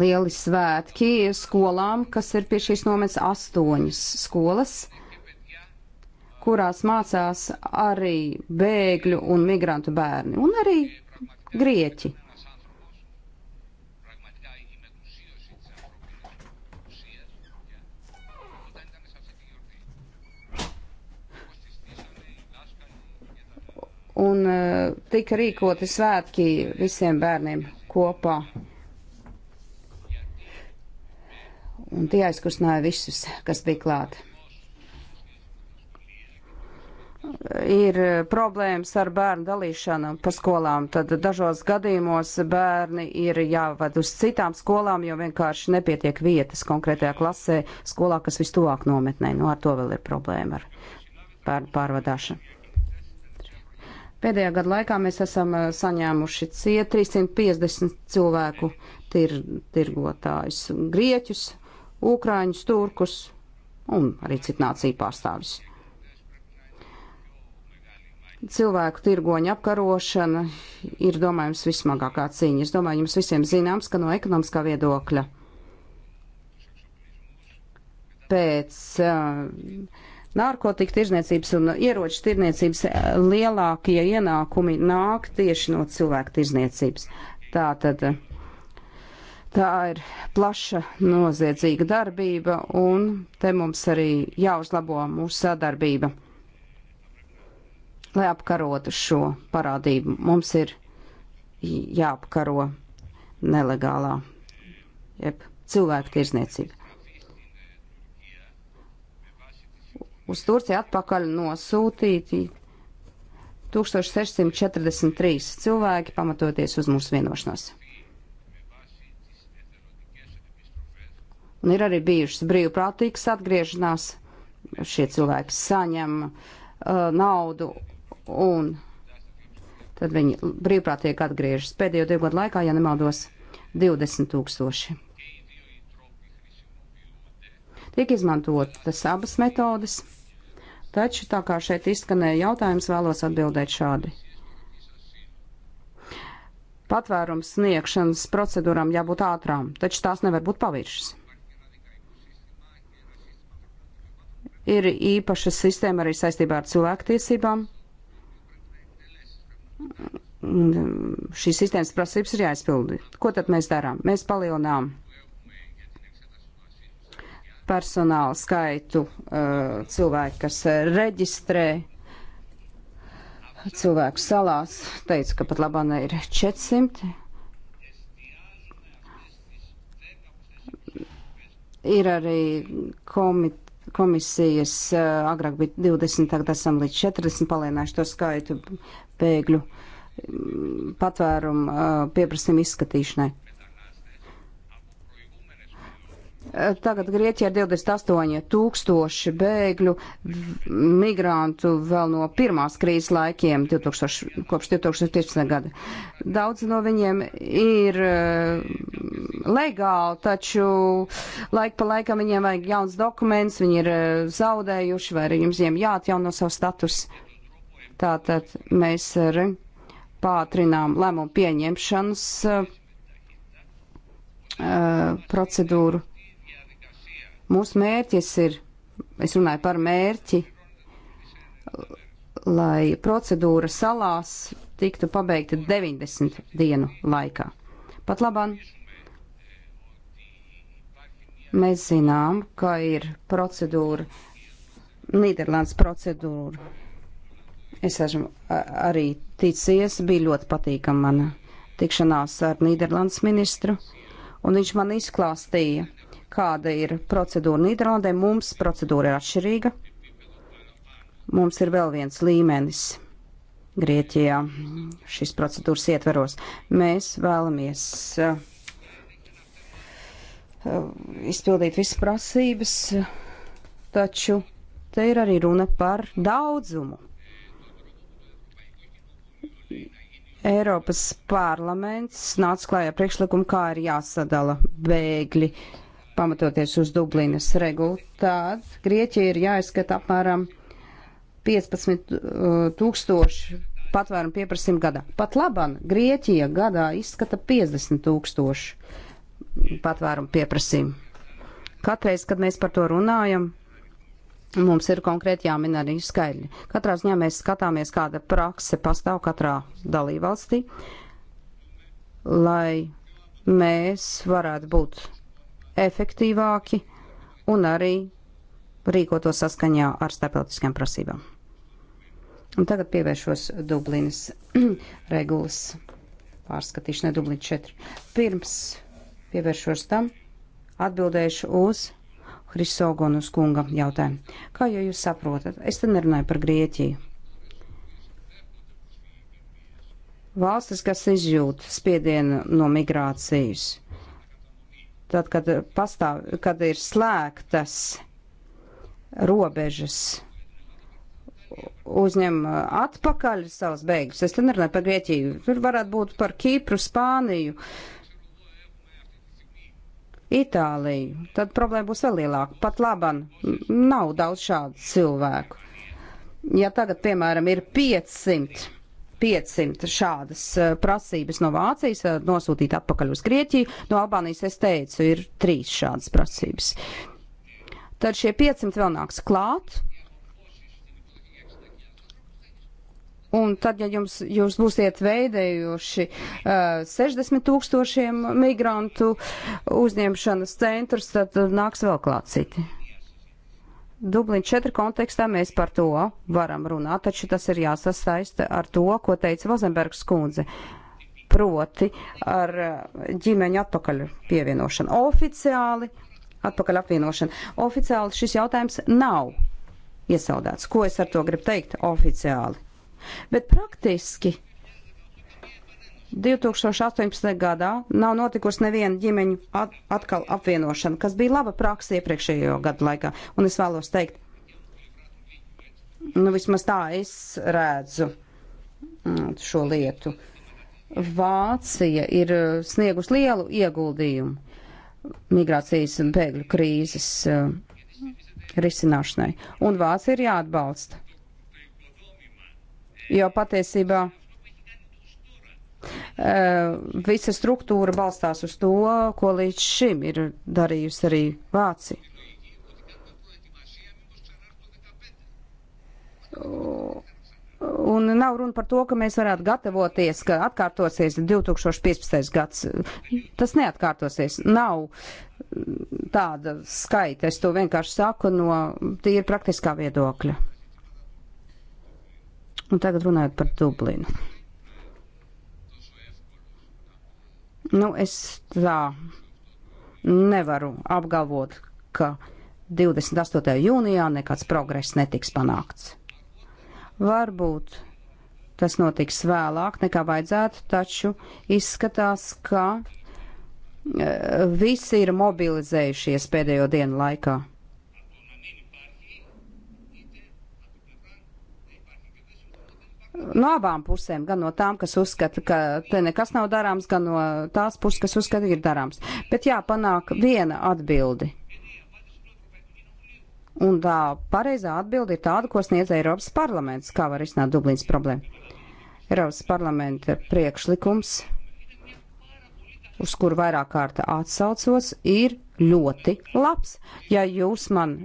Speaker 2: lieli svētki skolām, kas ir pie šīs nometnes astoņas skolas, kurās mācās arī bēgļu un migrantu bērni un arī grieķi. un e, tika rīkoti svētki visiem bērniem kopā. Un tie aizkustināja visus, kas bija klāt. Ir problēmas ar bērnu dalīšanu pa skolām, tad dažos gadījumos bērni ir jāved uz citām skolām, jo vienkārši nepietiek vietas konkrētajā klasē, skolā, kas vistuvāk nometnē. Nu, ar to vēl ir problēma ar bērnu pārvadāšanu. Pēdējā gada laikā mēs esam eh, saņēmuši cie 350 cilvēku tir, tirgotājus - grieķus, ukrāņus, turkus un arī citu nāciju pārstāvis. Cilvēku tirgoņa apkarošana ir, domājams, vismagākā cīņa. Es domāju, jums visiem zināms, ka no ekonomiskā viedokļa pēc uh, narkotika tirzniecības un ieroču tirzniecības lielākie ienākumi nāk tieši no cilvēku tirzniecības. Tā tad tā ir plaša noziedzīga darbība un te mums arī jāuzlabo mūsu sadarbība, lai apkarotu šo parādību. Mums ir jāapkaro nelegālā, jeb cilvēku tirzniecība. uz Turciju atpakaļ nosūtīti 1643 cilvēki, pamatoties uz mūsu vienošanos. Un ir arī bijušas brīvprātīgas atgriešanās. Šie cilvēki saņem uh, naudu un tad viņi brīvprātīgi atgriežas. Pēdējo divu gadu laikā, ja nemaldos, 20 tūkstoši. Tiek izmantotas abas metodes, taču tā kā šeit izskanēja jautājums, vēlos atbildēt šādi. Patvērums sniegšanas procedūram jābūt ātrām, taču tās nevar būt paviršas. ir īpaša sistēma arī saistībā ar cilvēktiesībām. Šīs sistēmas prasības ir jāizpildi. Ko tad mēs darām? Mēs palielinām personālu skaitu, eh, cilvēki, kas reģistrē cilvēku salās, teica, ka pat labāk ir 400. Ir arī komit, komisijas, eh, agrāk bija 20, tagad esam līdz 40, palienājuši to skaitu pēkļu mm, patvērumu eh, pieprasījumu izskatīšanai. Tagad Grieķija ir 28 tūkstoši bēgļu, migrantu vēl no pirmās krīzes laikiem 2000, kopš 2015. gada. Daudz no viņiem ir eh, legāli, taču laika pa laikam viņiem vajag jauns dokuments, viņi ir eh, zaudējuši vai arī jums jāatjauno savu status. Tātad mēs arī pātrinām lēmumu pieņemšanas uh, procedūru Mūsu mērķis ir, es runāju par mērķi, lai procedūra salās tiktu pabeigta 90 dienu laikā. Pat labam mēs zinām, ka ir procedūra, Nīderlandes procedūra. Es esmu arī ticies, bija ļoti patīkama mana tikšanās ar Nīderlandes ministru, un viņš man izklāstīja, kāda ir procedūra Nīderlandē. Mums procedūra ir atšķirīga. Mums ir vēl viens līmenis Grieķijā šīs procedūras ietveros. Mēs vēlamies uh, izpildīt visas prasības, taču te ir arī runa par daudzumu. Eiropas parlaments nāca klājā priekšlikumu, kā ir jāsadala bēgļi pamatoties uz Dublinas regulu, tad Grieķija ir jāizskata apmēram 15 uh, tūkstoši patvērumu pieprasījumu gadā. Pat laban Grieķija gadā izskata 50 tūkstoši patvērumu pieprasījumu. Katreiz, kad mēs par to runājam, mums ir konkrēti jāmin arī skaidri. Katrā ziņā mēs skatāmies, kāda prakse pastāv katrā dalībvalstī, lai mēs varētu būt efektīvāki un arī rīkoto saskaņā ar starptautiskām prasībām. Un tagad pievēršos Dublinas regulas pārskatīšanai Dublina 4. Pirms pievēršos tam, atbildēšu uz Hrisogonus kunga jautājumu. Kā jau jūs saprotat, es te nerunāju par Grieķiju. Valstis, kas izjūt spiedienu no migrācijas, tad, kad pastāv, kad ir slēgtas robežas, uzņem atpakaļ savus beigus. Es te nerunāju par Grieķiju, tur varētu būt par Kīpru, Spāniju, Itāliju. Tad problēma būs vēl lielāka. Pat laban nav daudz šādu cilvēku. Ja tagad, piemēram, ir 500 500 šādas eh, prasības no Vācijas eh, nosūtīt atpakaļ uz Grieķiju. No Albānijas es teicu, ir trīs šādas prasības. Tad šie 500 vēl nāks klāt. Un tad, ja jums, jūs būsiet veidējuši uh, eh, 60 tūkstošiem migrantu uzņemšanas centrus, tad nāks vēl klāt citi. Dublin 4 kontekstā mēs par to varam runāt, taču tas ir jāsasaista ar to, ko teica Vazenbergs kundze, proti ar eh, ģimeņu atpakaļ pievienošanu. Oficiāli atpakaļ apvienošana. Oficiāli šis jautājums nav iesaldēts. Ko es ar to gribu teikt? Oficiāli. Bet praktiski 2018. gadā nav notikusi neviena ģimeņu at atkal apvienošana, kas bija laba praksa iepriekšējo gadu laikā. Un es vēlos teikt, nu vismaz tā es redzu mm, šo lietu. Vācija ir eh, sniegus lielu ieguldījumu migrācijas un bēgļu krīzes eh, risināšanai. Un Vācija ir jāatbalsta. Jo patiesībā Eh, visa struktūra balstās uz to, ko līdz šim ir darījusi arī Vācija. Un nav runa par to, ka mēs varētu gatavoties, ka atkārtosies 2015. gads. Tas neatkārtosies. Nav tāda skaita. Es to vienkārši saku no tīra praktiskā viedokļa. Un tagad runājot par Dublinu. Nu, es tā nevaru apgalvot, ka 28. jūnijā nekāds progress netiks panākts. Varbūt tas notiks vēlāk nekā vajadzētu, taču izskatās, ka e, visi ir mobilizējušies pēdējo dienu laikā. no abām pusēm, gan no tām, kas uzskata, ka te nekas nav darāms, gan no tās puses, kas uzskata, ka ir darāms. Bet jāpanāk viena atbildi. Un tā pareizā atbildi ir tāda, ko sniedz Eiropas parlaments, kā var izsnākt Dublīnas problēmu. Eiropas parlamenta priekšlikums, uz kuru vairāk kārta atsaucos, ir ļoti labs. Ja jūs man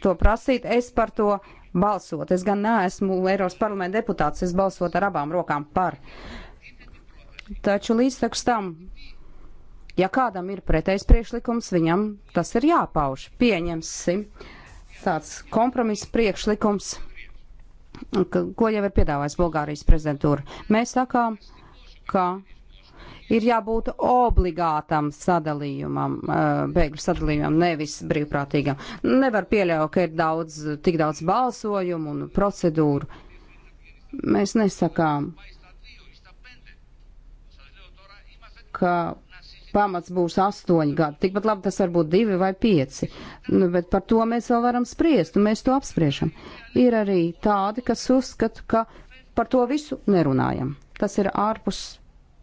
Speaker 2: to prasīt, es par to balsot. Es gan neesmu Eiropas parlamenta deputāts, es balsot ar abām rokām par. Taču līdztekus tam, ja kādam ir pretējs priekšlikums, viņam tas ir jāpauž. Pieņemsim tāds kompromiss priekšlikums, ko jau ir piedāvājis Bulgārijas prezidentūra. Mēs sakām, ka ir jābūt obligātam sadalījumam, eh, bēgļu sadalījumam, nevis brīvprātīgam. Nevar pieļaut, ka ir daudz, tik daudz balsojumu un procedūru. Mēs nesakām, ka pamats būs astoņi gadi. Tikpat labi tas var būt divi vai pieci. Nu, bet par to mēs vēl varam spriest, un mēs to apspriešam. Ir arī tādi, kas uzskata, ka par to visu nerunājam. Tas ir ārpus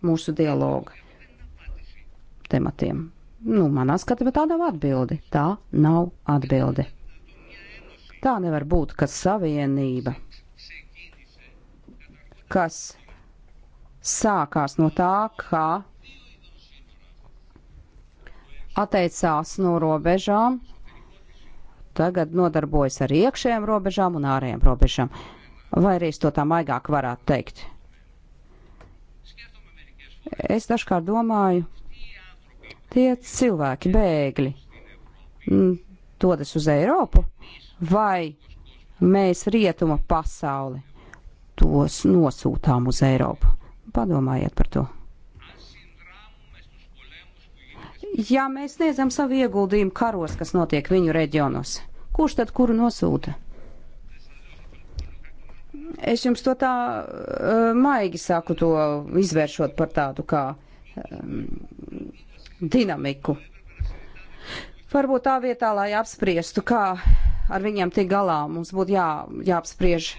Speaker 2: mūsu dialoga tematiem. Nu, manā skatījumā tā nav atbilde. Tā nav atbilde. Tā nevar būt, ka savienība, kas sākās no tā, kā atteicās no robežām, tagad nodarbojas ar iekšējām robežām un ārējām robežām. Vai arī es to tā maigāk varētu teikt? Es dažkārt domāju, tie cilvēki, bēgļi, mm, dodas uz Eiropu vai mēs rietuma pasauli tos nosūtām uz Eiropu. Padomājiet par to. Ja mēs sniedzam savu ieguldījumu karos, kas notiek viņu reģionos, kurš tad kuru nosūta? Es jums to tā uh, maigi saku, to izvēršot par tādu kā um, dinamiku. Varbūt tā vietā, lai apspriestu, kā ar viņiem tik galā, mums būtu jā, jāapspriež,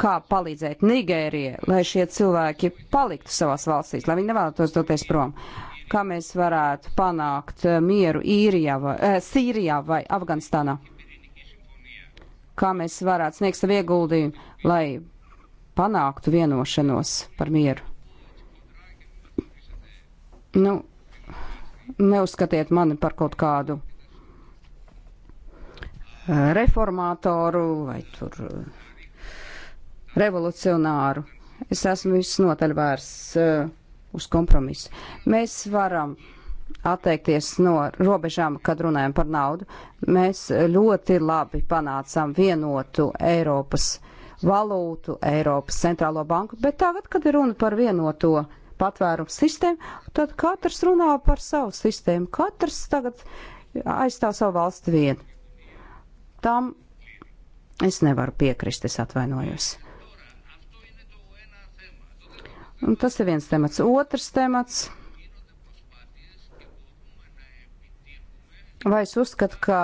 Speaker 2: kā palīdzēt Nigērijai, lai šie cilvēki paliktu savās valstīs, lai viņi nevēlētos doties prom. Kā mēs varētu panākt eh, mieru Īrijā vai, eh, Sīrijā vai Afganistānā? Kā mēs varētu sniegt savu ieguldījumu? lai panāktu vienošanos par mieru. Nu, neuzskatiet mani par kaut kādu eh, reformātoru vai tur eh, revolucionāru. Es esmu visnotaļ vērs uh, eh, uz kompromisu. Mēs varam atteikties no robežām, kad runājam par naudu. Mēs ļoti labi panācām vienotu Eiropas uh, valūtu, Eiropas centrālo banku, bet tagad, kad ir runa par vienoto patvērumu sistēmu, tad katrs runā par savu sistēmu, katrs tagad aizstāv savu valsti vienu. Tam es nevaru piekrist, es atvainojos. Un tas ir viens temats. Otrs temats. Vai es uzskatu, ka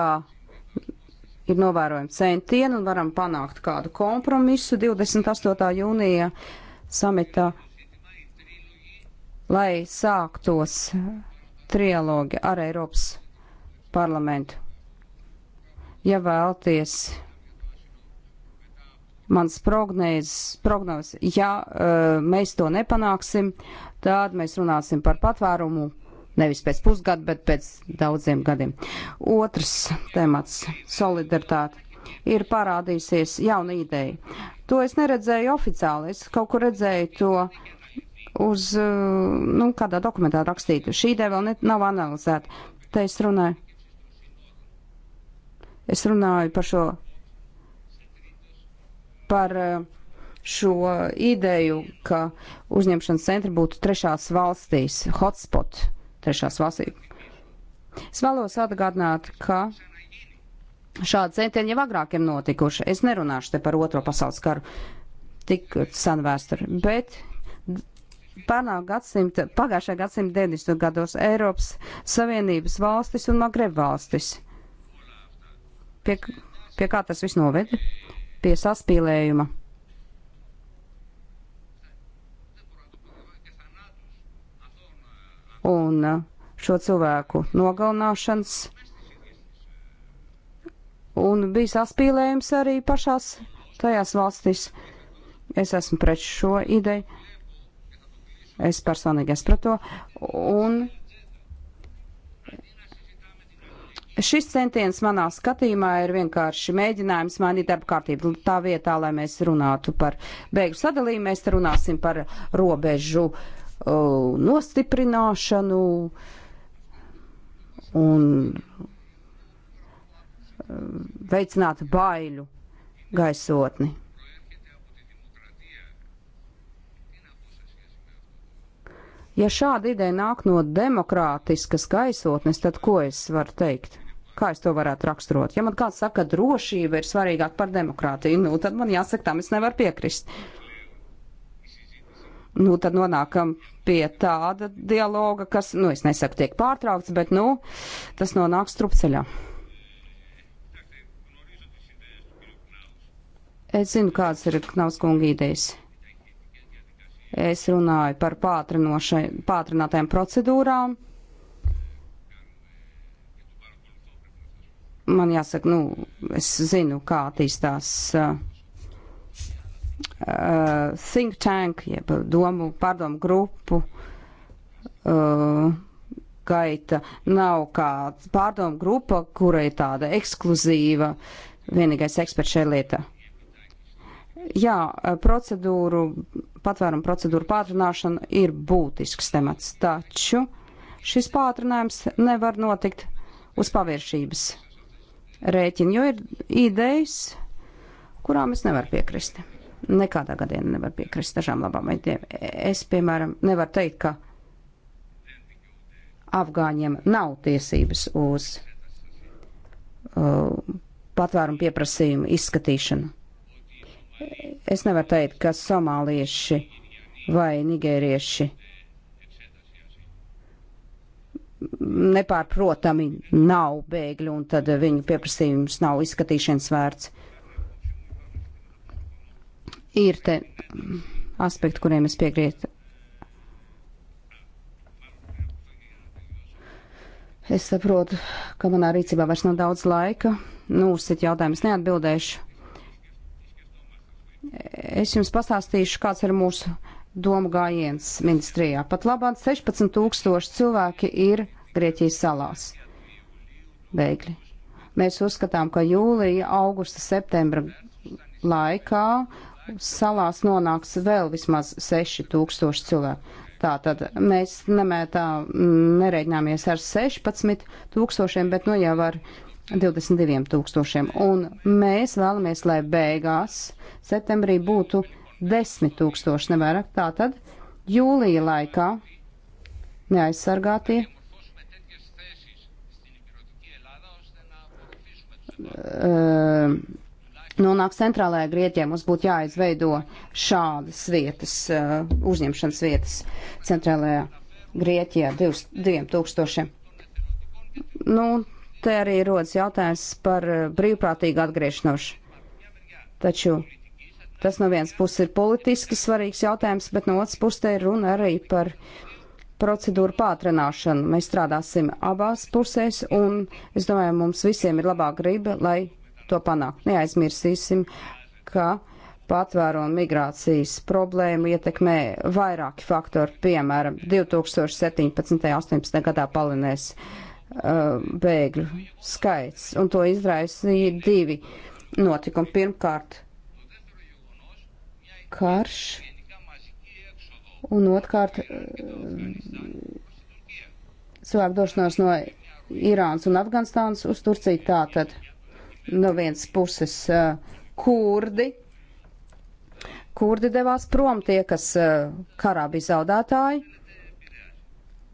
Speaker 2: ir novērojami centieni un varam panākt kādu kompromisu 28. jūnija samitā, lai sāktos trialogi ar Eiropas parlamentu. Ja vēlties mans prognozes, prognoz, ja uh, mēs to nepanāksim, tad mēs runāsim par patvērumu nevis pēc pusgada, bet pēc daudziem gadiem. Otrs temats - solidaritāte. Ir parādīsies jauna ideja. To es neredzēju oficiāli, es kaut kur redzēju to uz, eh, nu, kādā dokumentā rakstītu. Šī ideja vēl ne, nav analizēta. Te es runāju. Es runāju par šo, par eh, šo ideju, ka uzņemšanas centri būtu trešās valstīs, hotspot trešās valstī. Es vēlos atgādināt, ka šādi centieni jau agrāk ir notikuši. Es nerunāšu te par otro pasaules karu, tik sen vēsturi, bet gadsimta, pagājušā gadsimta 90. gados Eiropas Savienības valstis un Magreb valstis. Pie, pie kā tas viss noveda? Pie saspīlējuma un uh, šo cilvēku nogalināšanas. Un bija saspīlējums arī pašās tajās valstīs. Es esmu pret šo ideju. Es personīgi esmu pret to. Un šis centiens manā skatījumā ir vienkārši mēģinājums mainīt darba kārtību. Tā vietā, lai mēs runātu par beigu sadalījumu, mēs runāsim par robežu uh, Uh, nostiprināšanu un uh, veicināt baiļu gaisotni. Ja šāda ideja nāk no demokrātiskas gaisotnes, tad ko es varu teikt? Kā es to varētu raksturot? Ja man kāds saka, ka drošība ir svarīgāka par demokrātiju, nu, tad man jāsaka, tam es nevaru piekrist. Uh, nu, tad nonākam pie tāda dialoga, kas, nu, es nesaku, tiek pārtraukts, bet, nu, tas nonāk strupceļā. Es zinu, kāds ir Knauskunga idejas. Es runāju par pātrinātajām procedūrām. Man jāsaka, nu, es zinu, kā attīstās uh, uh, think tank, jeb domu pārdomu grupu uh, gaita nav kāds pārdomu grupa, kura ir tāda ekskluzīva, vienīgais eksperts šajā lietā. Jā, uh, procedūru, patvērumu procedūru pātrināšana ir būtisks temats, taču šis pātrinājums nevar notikt uz paviršības rēķina, jo ir idejas, kurām es nevaru piekrist. Nekādā gadījumā nevar piekrist dažām labām idejām. Es, piemēram, nevaru teikt, ka afgāņiem nav tiesības uz uh, patvērumu pieprasījumu izskatīšanu. Es nevaru teikt, ka somālieši vai nigērieši nepārprotami nav bēgļi un tad viņu pieprasījums nav izskatīšanas vērts. Uh, ir te aspekti, kuriem es piekrītu. Es saprotu, ka manā rīcībā vairs nav daudz laika. Nu, uzsit jautājumus neatbildēšu. Es jums pastāstīšu, kāds ir mūsu domu gājiens ministrijā. Pat labāk 16 tūkstoši cilvēki ir Grieķijas salās. Bēgļi. Mēs uzskatām, ka jūlija, augusta, septembra laikā salās nonāks vēl vismaz 6000 cilvēku. Tātad mēs nemētā mm, nereiķināmies ar 16 tūkstošiem, bet nu jau ar 22 tūkstošiem. Un mēs vēlamies, lai beigās septembrī būtu 10 tūkstoši nevairāk. Tātad jūlija laikā neaizsargātie uh, nonāk centrālajā Grieķijā, mums būtu jāizveido šādas vietas, uh, uzņemšanas vietas centrālajā Grieķijā divs, diviem tūkstošiem. Nu, te arī rodas jautājums par uh, brīvprātīgu atgriešanos. Taču tas no vienas puses ir politiski svarīgs jautājums, bet no otras puses te ir runa arī par procedūru pātrināšanu. Mēs strādāsim abās pusēs, un es domāju, mums visiem ir labā griba, lai to panākt. Neaizmirsīsim, ka patvērumu migrācijas problēmu ietekmē vairāki faktori, piemēram, 2017. un 2018. gadā palinēs uh, bēgļu skaits, un to izraisīja divi notikumi. Pirmkārt, karš, un otrkārt, uh, cilvēku došanās no Irānas un Afganistānas uz Turciju tātad no vienas puses kurdi. Kurdi devās prom tie, kas karā bija zaudētāji,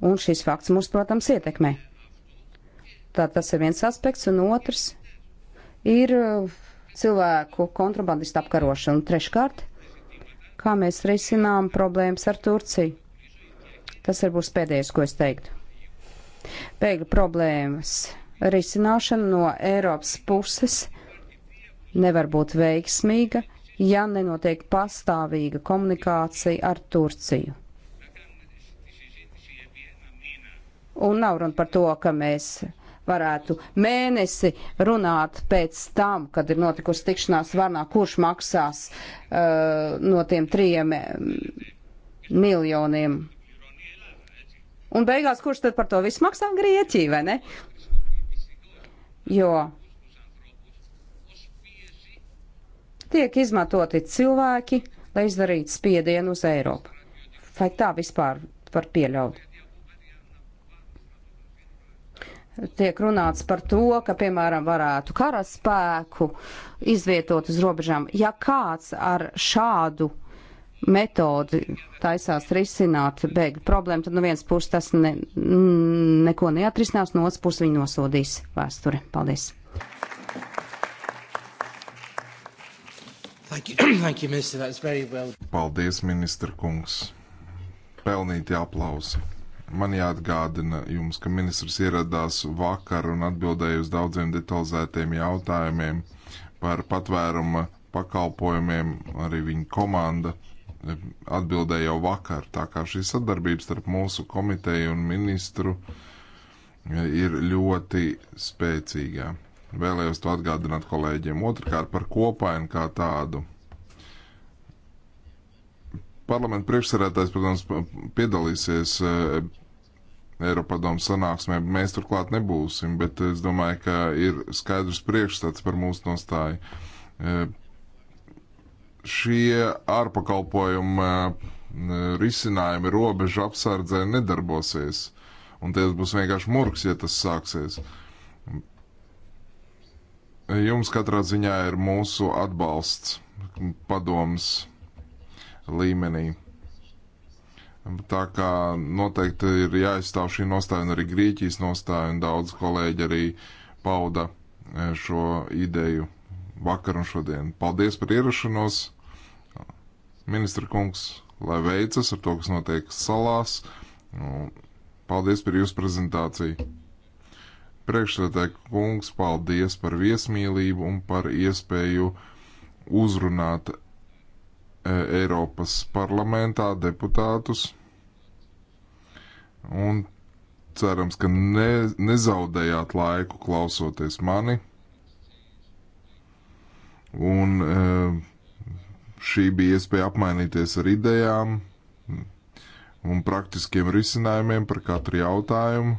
Speaker 2: un šis fakts mūs, protams, ietekmē. Tā tas ir viens aspekts, un otrs ir cilvēku kontrabandistu apkarošana. Un treškārt, kā mēs risinām problēmas ar Turciju. Tas ir būs pēdējais, ko es teiktu. Bēgļu problēmas risināšana no Eiropas puses nevar būt veiksmīga, ja nenotiek pastāvīga komunikācija ar Turciju. Un nav runa par to, ka mēs varētu mēnesi runāt pēc tam, kad ir notikusi tikšanās varnā, kurš maksās uh, no tiem trijiem mm, miljoniem. Un beigās, kurš tad par to visu maksā? Grieķija, vai ne? jo tiek izmantoti cilvēki, lai izdarītu spiedienu uz Eiropu. Vai tā vispār var pieļaut? Tiek runāts par to, ka, piemēram, varētu karaspēku izvietot uz robežām. Ja kāds ar šādu metodi taisās risināt bēgļu problēmu, tad no vienas puses tas ne, neko neatrisinās, no otras puses viņi nosodīs vēsture. Paldies!
Speaker 1: Thank you. Thank you, minister. That's very well.
Speaker 5: Paldies, ministra kungs. Pelnīti aplausi. Man jāatgādina jums, ka ministrs ieradās vakar un atbildēja uz daudziem detalizētiem jautājumiem par patvēruma pakalpojumiem, arī viņa komanda atbildēja jau vakar. Tā kā šī sadarbība starp mūsu komiteju un ministru ir ļoti spēcīgā. Vēlējos to atgādināt kolēģiem. Otrakārt par kopainu kā tādu. Parlamenta priekšsarētājs, protams, piedalīsies e, Eiropadomu sanāksmē. Mēs turklāt nebūsim, bet es domāju, ka ir skaidrs priekšstats par mūsu nostāju e, šie ārpakalpojumi e, risinājumi robežu apsardzē nedarbosies. Un tas būs vienkārši murgs, ja tas sāksies. Jums katrā ziņā ir mūsu atbalsts padoms līmenī. Tā kā noteikti ir jāizstāv šī nostāja un arī Grieķijas nostāja, un daudz kolēģi arī pauda e, šo ideju vakar un šodien. Paldies par ierašanos, ministra kungs, lai veicas ar to, kas notiek salās. Nu, paldies par jūsu prezentāciju. Priekšsēdētāji kungs, paldies par viesmīlību un par iespēju uzrunāt e, Eiropas parlamentā deputātus. Un cerams, ka ne, nezaudējāt laiku klausoties mani. Un e, šī bija iespēja apmainīties ar idejām un praktiskiem risinājumiem par katru jautājumu.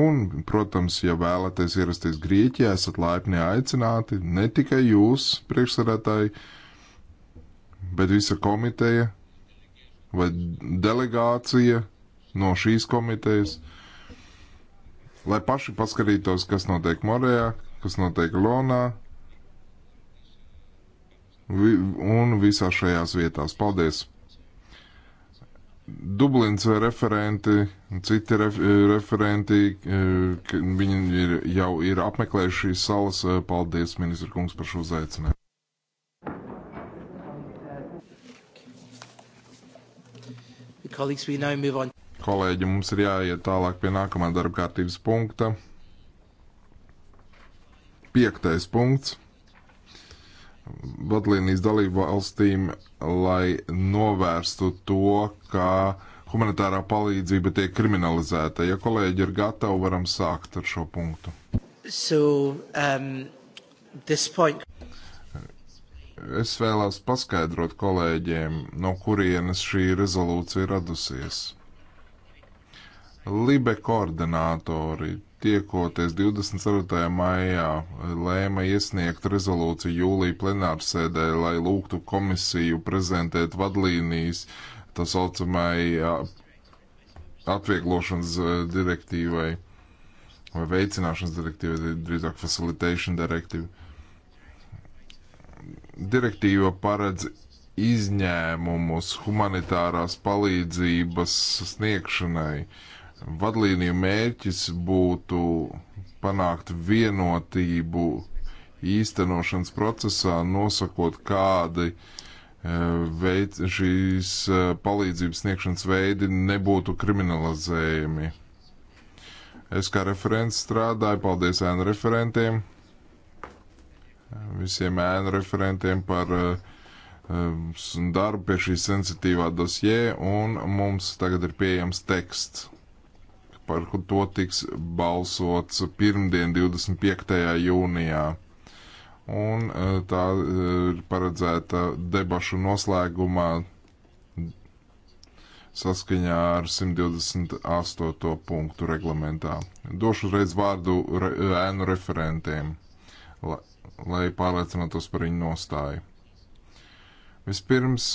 Speaker 5: Un, protams, ja vēlaties ierasties Grieķijā, esat laipni aicināti ne tikai jūs, priekšsarētāji, bet visa komiteja vai delegācija no šīs komitejas, lai paši paskatītos, kas notiek Morejā, kas notiek Lonā un visā šajās vietās. Paldies! Dublins referenti, citi ref, referenti, eh, viņi ir, jau ir apmeklējuši šīs salas. Eh, paldies, ministra kungs, par šo uzaicinājumu. Kolēģi, mums ir jāiet tālāk pie nākamā darba kārtības punkta. Piektais punkts vadlīnijas dalību valstīm, lai novērstu to, ka humanitārā palīdzība tiek kriminalizēta. Ja kolēģi ir gatavi, varam sākt ar šo
Speaker 1: punktu. So, um, point...
Speaker 5: Es vēlos paskaidrot kolēģiem, no kurienes šī rezolūcija radusies. Libe koordinātori tiekoties 24. maijā, lēma iesniegt rezolūciju jūlija plenārsēdē, lai lūgtu komisiju prezentēt vadlīnijas tā saucamai atvieglošanas direktīvai vai veicināšanas direktīvai, drīzāk facilitation direktīvai. Direktīva paredz izņēmumus humanitārās palīdzības sniegšanai, uh, vadlīniju mērķis būtu panākt vienotību īstenošanas procesā, nosakot, kādi e, veid, šīs e, palīdzības sniegšanas veidi nebūtu kriminalizējami. Es kā referents strādāju, paldies ēnu referentiem, visiem ēnu referentiem par uh, darbu pie šī sensitīvā dosjē, un mums tagad ir pieejams teksts par to tiks balsots pirmdien, 25. jūnijā. Un e, tā e, ir paredzēta debašu noslēgumā saskaņā ar 128. punktu reglamentā. Došu uzreiz vārdu re, ēnu referentiem, lai, lai pārliecinātos par viņu nostāju. Vispirms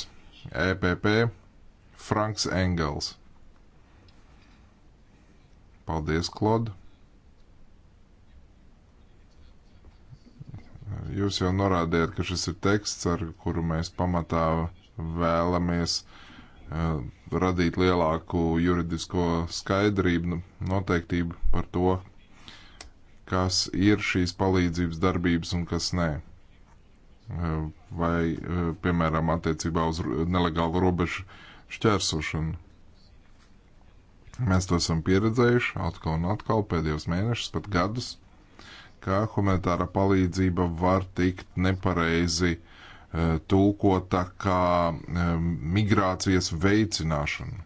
Speaker 5: EPP Franks Engels. Paldies, Klod! Jūs jau norādījāt, ka šis ir teksts, ar kuru mēs pamatā vēlamies uh, radīt lielāku juridisko skaidrību, nu, noteiktību par to, kas ir šīs palīdzības darbības un kas nē. E, vai, e, piemēram, attiecībā uz nelegālu robežu šķērsošanu. Mēs to esam pieredzējuši atkal un atkal pēdējos mēnešus, pat gadus, kā humanitāra palīdzība var tikt nepareizi uh, tulkota kā uh, migrācijas veicināšana.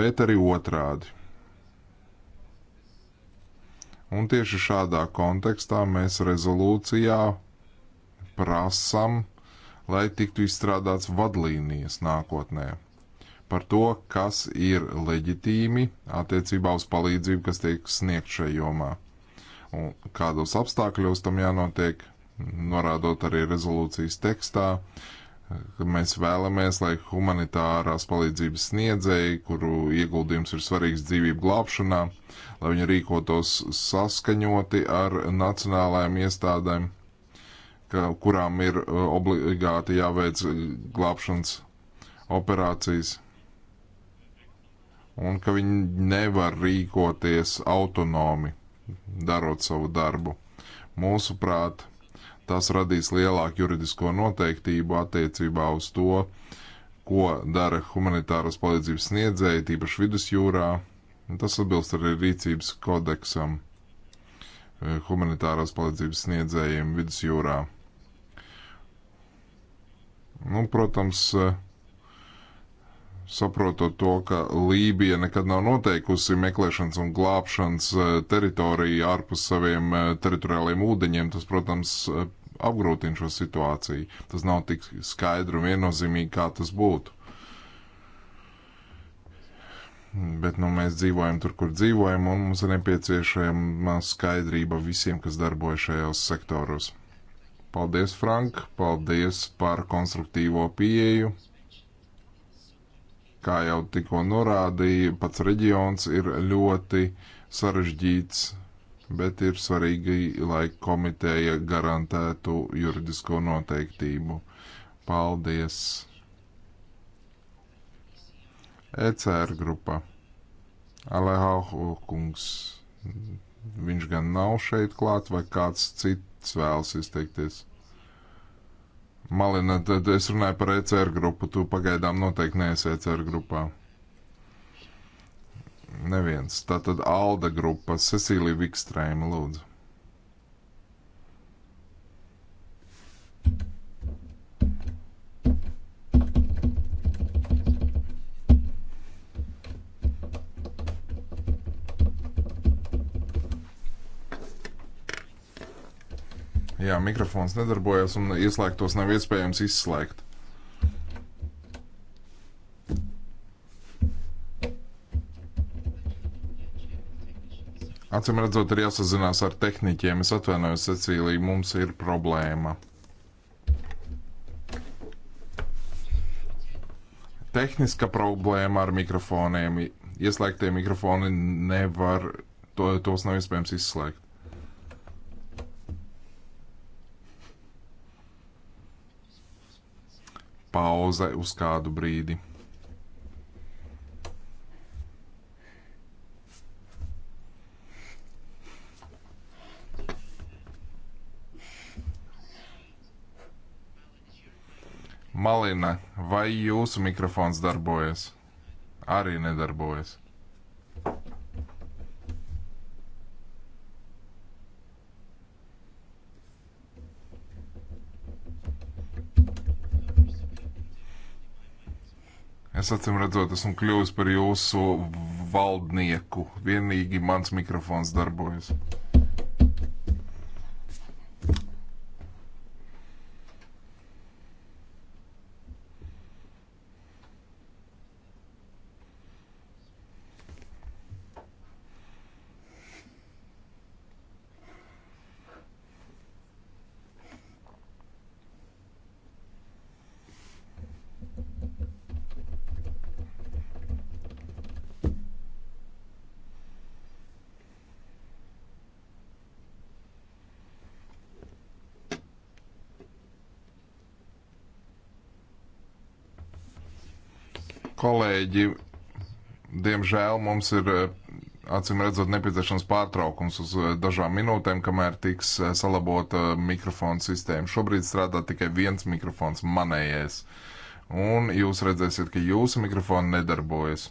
Speaker 5: Bet arī otrādi. Un tieši šādā kontekstā mēs rezolūcijā prasam, lai tiktu izstrādāts vadlīnijas nākotnē par to, kas ir leģitīmi attiecībā uz palīdzību, kas tiek sniegt šajā jomā. Un kādos apstākļos tam jānotiek, norādot arī rezolūcijas tekstā, ka mēs vēlamies, lai humanitārās palīdzības sniedzēji, kuru ieguldījums ir svarīgs dzīvību glābšanā, lai viņi rīkotos saskaņoti ar nacionālajām iestādēm, ka, kurām ir eh, obligāti jāveic glābšanas operācijas un ka viņi nevar rīkoties autonomi, darot savu darbu. Mūsuprāt, tas radīs lielāku juridisko noteiktību attiecībā uz to, ko dara humanitāras palīdzības sniedzēji, tīpaši vidusjūrā. Tas atbilst arī rīcības kodeksam eh, humanitārās palīdzības sniedzējiem vidusjūrā. Nu, protams, uh, saprotot to, ka Lībija nekad nav noteikusi meklēšanas un glābšanas e, teritoriju ārpus saviem e, teritoriālajiem ūdeņiem, tas, protams, e, apgrūtina šo situāciju. Tas nav tik skaidri un viennozīmīgi, kā tas būtu. Bet nu, mēs dzīvojam tur, kur dzīvojam, un mums ir nepieciešama skaidrība visiem, kas darbojas šajos sektoros. Paldies, Frank! Paldies par konstruktīvo pieeju! Kā jau tikko norādīja, pats reģions ir ļoti sarežģīts, bet ir svarīgi, lai komiteja garantētu juridisko noteiktību. Paldies! ECR grupa. Alejo kungs. Viņš gan nav šeit klāt, vai kāds cits vēlas izteikties? Malina, tad es runāju par ECR grupu, tu pagaidām noteikti neesi ECR grupā. Neviens. Tātad Alda grupa, Cecīlija Vikstrēma, lūdzu. Jā, mikrofons nedarbojas un ieslēgtos nav iespējams izslēgt. Acīm redzot, ir jāsazinās ar tehniķiem. Es atvainojos, Cecīlija, mums ir problēma. Tehniska problēma ar mikrofoniem. Ieslēgtie mikrofoni nevar, to, tos nav iespējams izslēgt. pauze uz kādu brīdi. Malina, vai jūsu mikrofons darbojas? Arī nedarbojas. Es acīm redzot, esmu kļuvis par jūsu valdnieku. Vienīgi mans mikrofons darbojas. kolēģi, diemžēl mums ir eh, acīm redzot nepieciešams pārtraukums uz eh, dažām minūtēm, kamēr tiks eh, salabota mikrofona sistēma. Šobrīd strādā tikai viens mikrofons, manējais. Un jūs redzēsiet, ka jūsu mikrofona nedarbojas.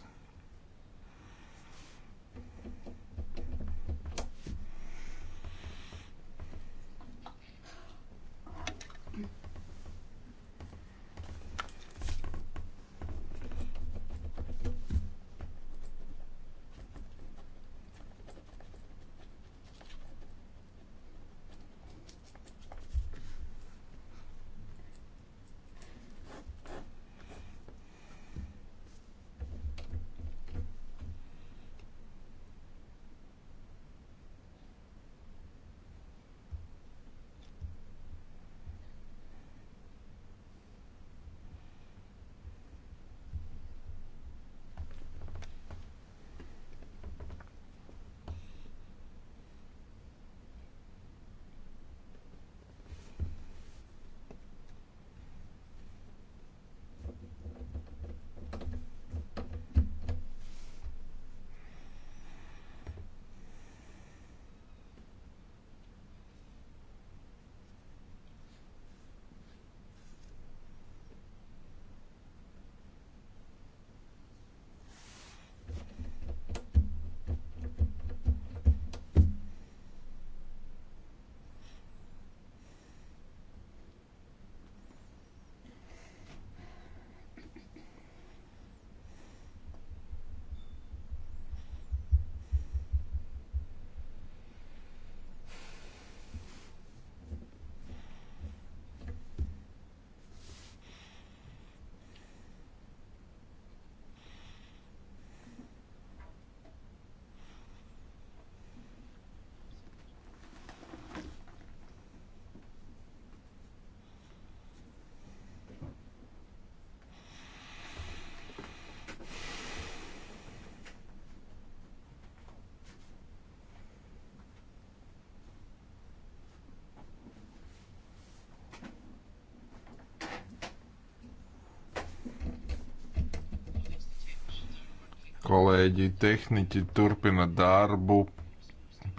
Speaker 5: kolēģi, tehniķi turpina darbu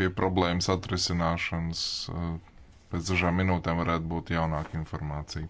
Speaker 5: pie problēmas atrisināšanas. Pēc dažām minūtēm varētu būt jaunāka informācija.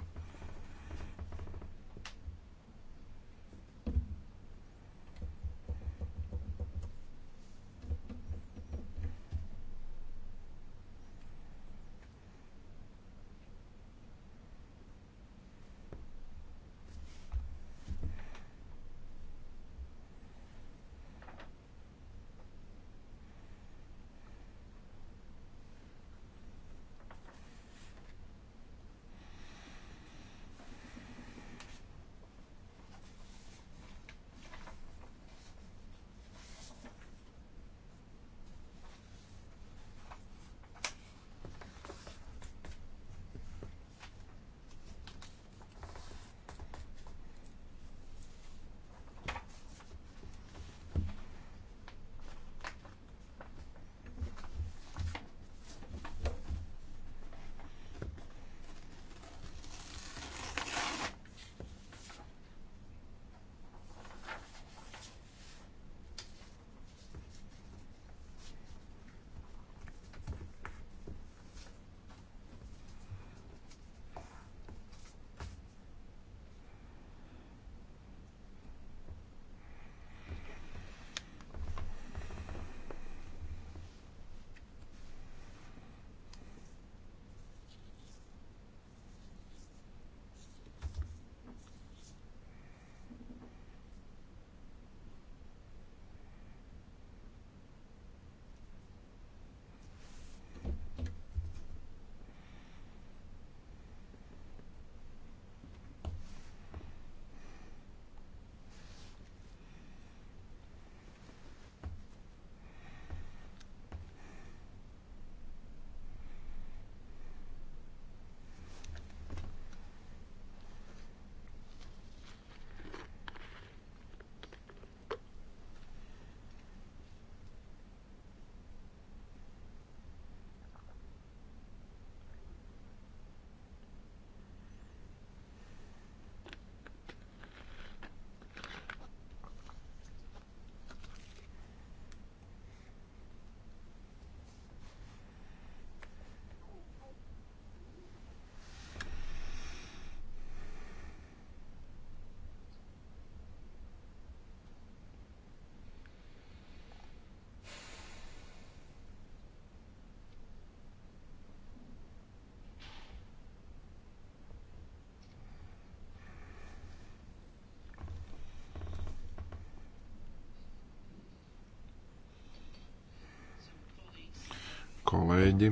Speaker 5: kolēģi!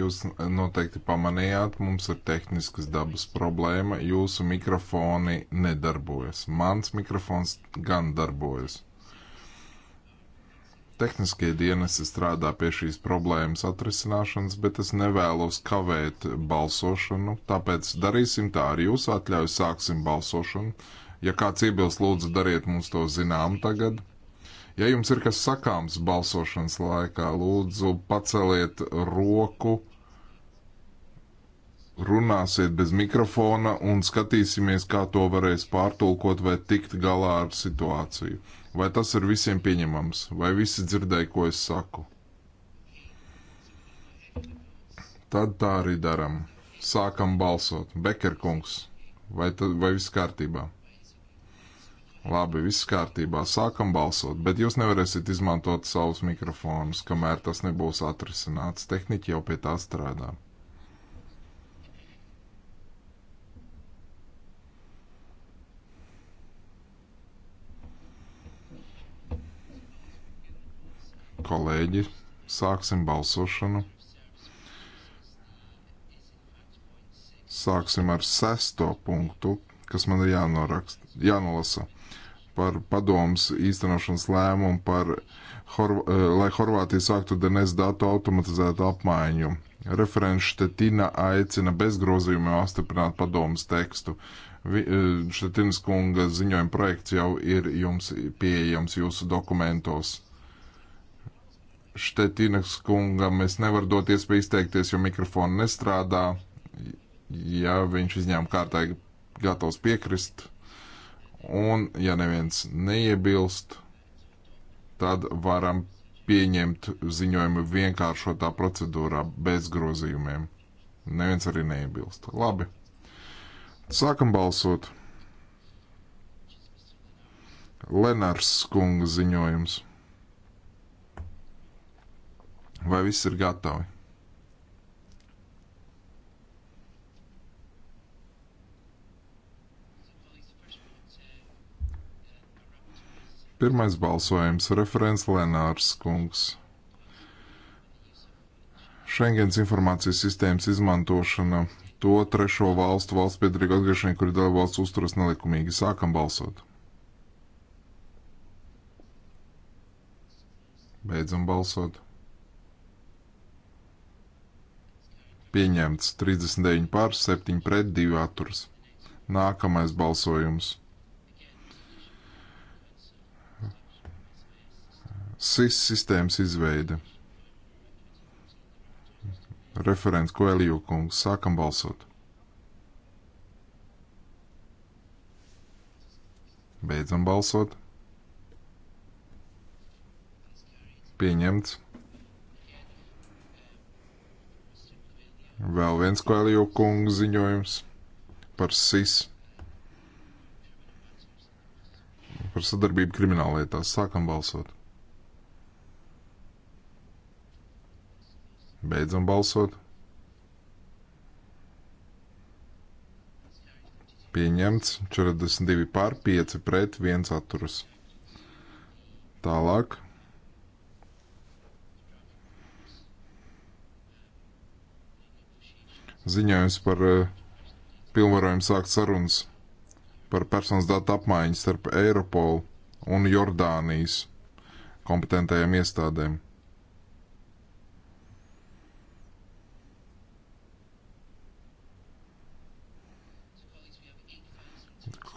Speaker 5: Jūs noteikti pamanījāt, mums ir tehniskas dabas problēma. Jūsu mikrofoni nedarbojas. Mans mikrofons gan darbojas. Tehniskie dienesti strādā pie šīs problēmas atrisināšanas, bet es nevēlos kavēt balsošanu, tāpēc darīsim tā ar jūsu atļauju, sāksim balsošanu. Ja kāds iebilst, lūdzu, dariet mums to zinām tagad. Ja jums ir kas sakāms balsošanas laikā, lūdzu paceliet roku, runāsiet bez mikrofona un skatīsimies, kā to varēs pārtulkot vai tikt galā ar situāciju. Vai tas ir visiem pieņemams, vai visi dzirdēja, ko es saku? Tad tā arī daram. Sākam balsot. Bekerkungs, vai, tad, vai viss kārtībā? Labi, viss kārtībā, sākam balsot, bet jūs nevarēsiet izmantot savus mikrofonus, kamēr tas nebūs atrisināts. Tehniķi jau pie tā strādā. Kolēģi, sāksim balsošanu. Sāksim ar sesto punktu, kas man ir jānorakst, jānolasa par padomus īstenošanas lēmumu, par, Horv eh, lai Horvātija sāktu DNS datu automatizētu apmaiņu. Referents Štetina aicina bez grozījumiem apstiprināt padomus tekstu. Eh, Štetins kunga ziņojuma projekts jau ir jums pieejams jūsu dokumentos. Štetinas kungam es nevaru dot iespēju izteikties, jo mikrofonu nestrādā. Ja viņš izņēma kārtīgi gatavs piekrist, Un, ja neviens neiebilst, tad varam pieņemt ziņojumu vienkāršotā procedūrā bez grozījumiem. Neviens arī neiebilst. Labi. Sākam balsot. Lenārs Skunga ziņojums. Vai viss ir gatavi? Pirmais balsojums - referents Lenārs Kungs. Schengens informācijas sistēmas izmantošana to trešo valstu valsts piedarīgu atgriešanai, kuri dalībvalsts uzturas nelikumīgi. Sākam balsot. Beidzam balsot. Pieņemts 39 pār 7 pret 2 atturs. Nākamais balsojums. SIS sistēmas izveide. Referents Koeliju kungs, sākam balsot. Beidzam balsot. Pieņemts. Vēl viens Koeliju kungu ziņojums par SIS. Par sadarbību krimināllietās. Sākam balsot. Beidzam balsot. Pieņemts 42 pār 5 pret 1 atturas. Tālāk. Ziņojums par eh, pilnvarojumu sākt sarunas par personas datu apmaiņu starp Eiropolu un Jordānijas kompetentajām iestādēm.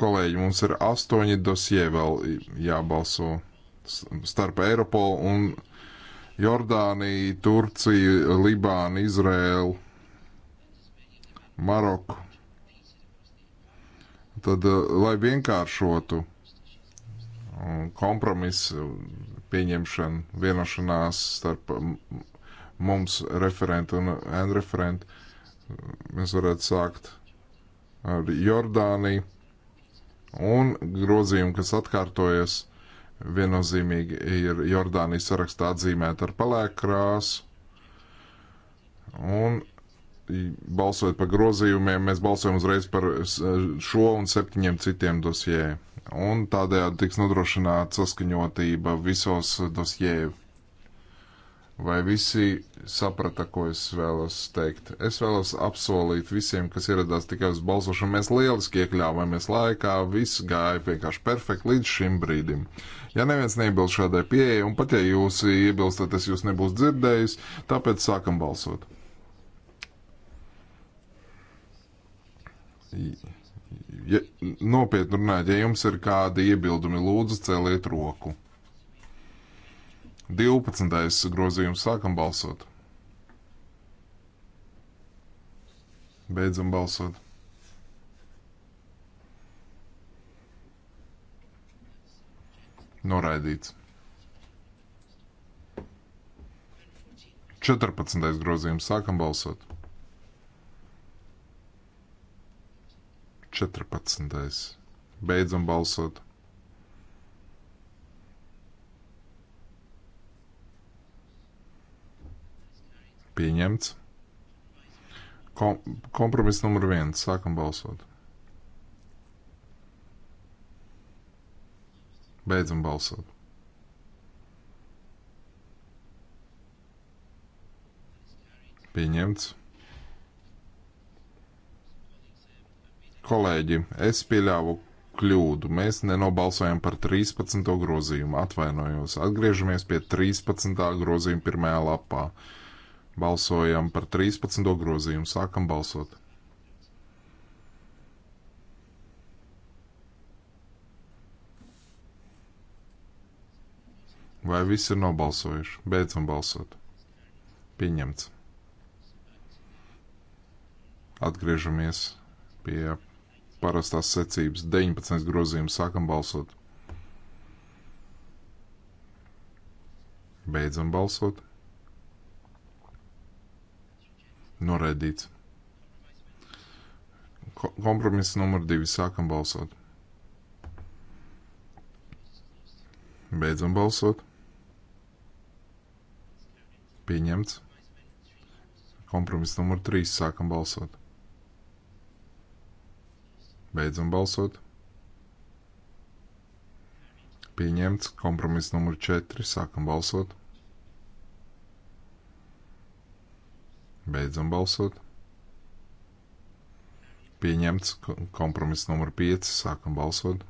Speaker 5: Kolēģi, mums ir astoņi dosie vēl jābalso starp Eiropolu un Jordāniju, Turciju, Libānu, Izrēlu, Maroku. Tad, eh, lai vienkāršotu um, kompromisu pieņemšanu, vienošanās starp mums referentu un endreferentu, mēs varētu sākt ar Jordāniju Un grozījumi, kas atkārtojas, viennozīmīgi ir Jordānijas sarakstā atzīmēta ar palēku krāsu. Un balsojot par grozījumiem, mēs balsojam uzreiz par šo un septiņiem citiem dosjē. Un tādējādi tiks nodrošināta saskaņotība visos dosjējos. Vai visi saprata, ko es vēlos teikt? Es vēlos apsolīt visiem, kas ieradās tikai uz balsošanu. Mēs lieliski iekļāvāmies laikā, viss gāja vienkārši perfekti līdz šim brīdim. Ja neviens neiebilst šādai pieeja, un pat ja jūs iebilstat, es jūs nebūs dzirdējis, tāpēc sākam balsot. Ja, nopietni runājot, ja jums ir kādi iebildumi, lūdzu, celiet roku. 12. grozījums sākam balsot. Beidzam balsot. Noraidīts. 14. grozījums sākam balsot. 14. Beidzam balsot. Pieņemts. Kom kompromiss numur viens. Sākam balsot. Beidzam balsot. Pieņemts. Kolēģi, es pieļāvu kļūdu. Mēs nenobalsojam par 13. grozījumu. Atvainojos. Atgriežamies pie 13. grozījuma pirmajā lapā. Uh, Balsojam par 13. grozījumu. Sākam balsot. Vai visi ir nobalsojuši? Beidzam balsot. Pieņemts. Atgriežamies pie parastās secības. 19. grozījums sākam balsot. Beidzam balsot. Noraidīts. Kompromiss numur divi. Sākam balsot. Beidzam balsot. Pieņemts. Kompromiss numur trīs. Sākam balsot. Beidzam balsot. Pieņemts. Kompromiss numur četri. Sākam balsot. Beidzam balsot. Pieņemts kompromiss numur 5. Sākam balsot.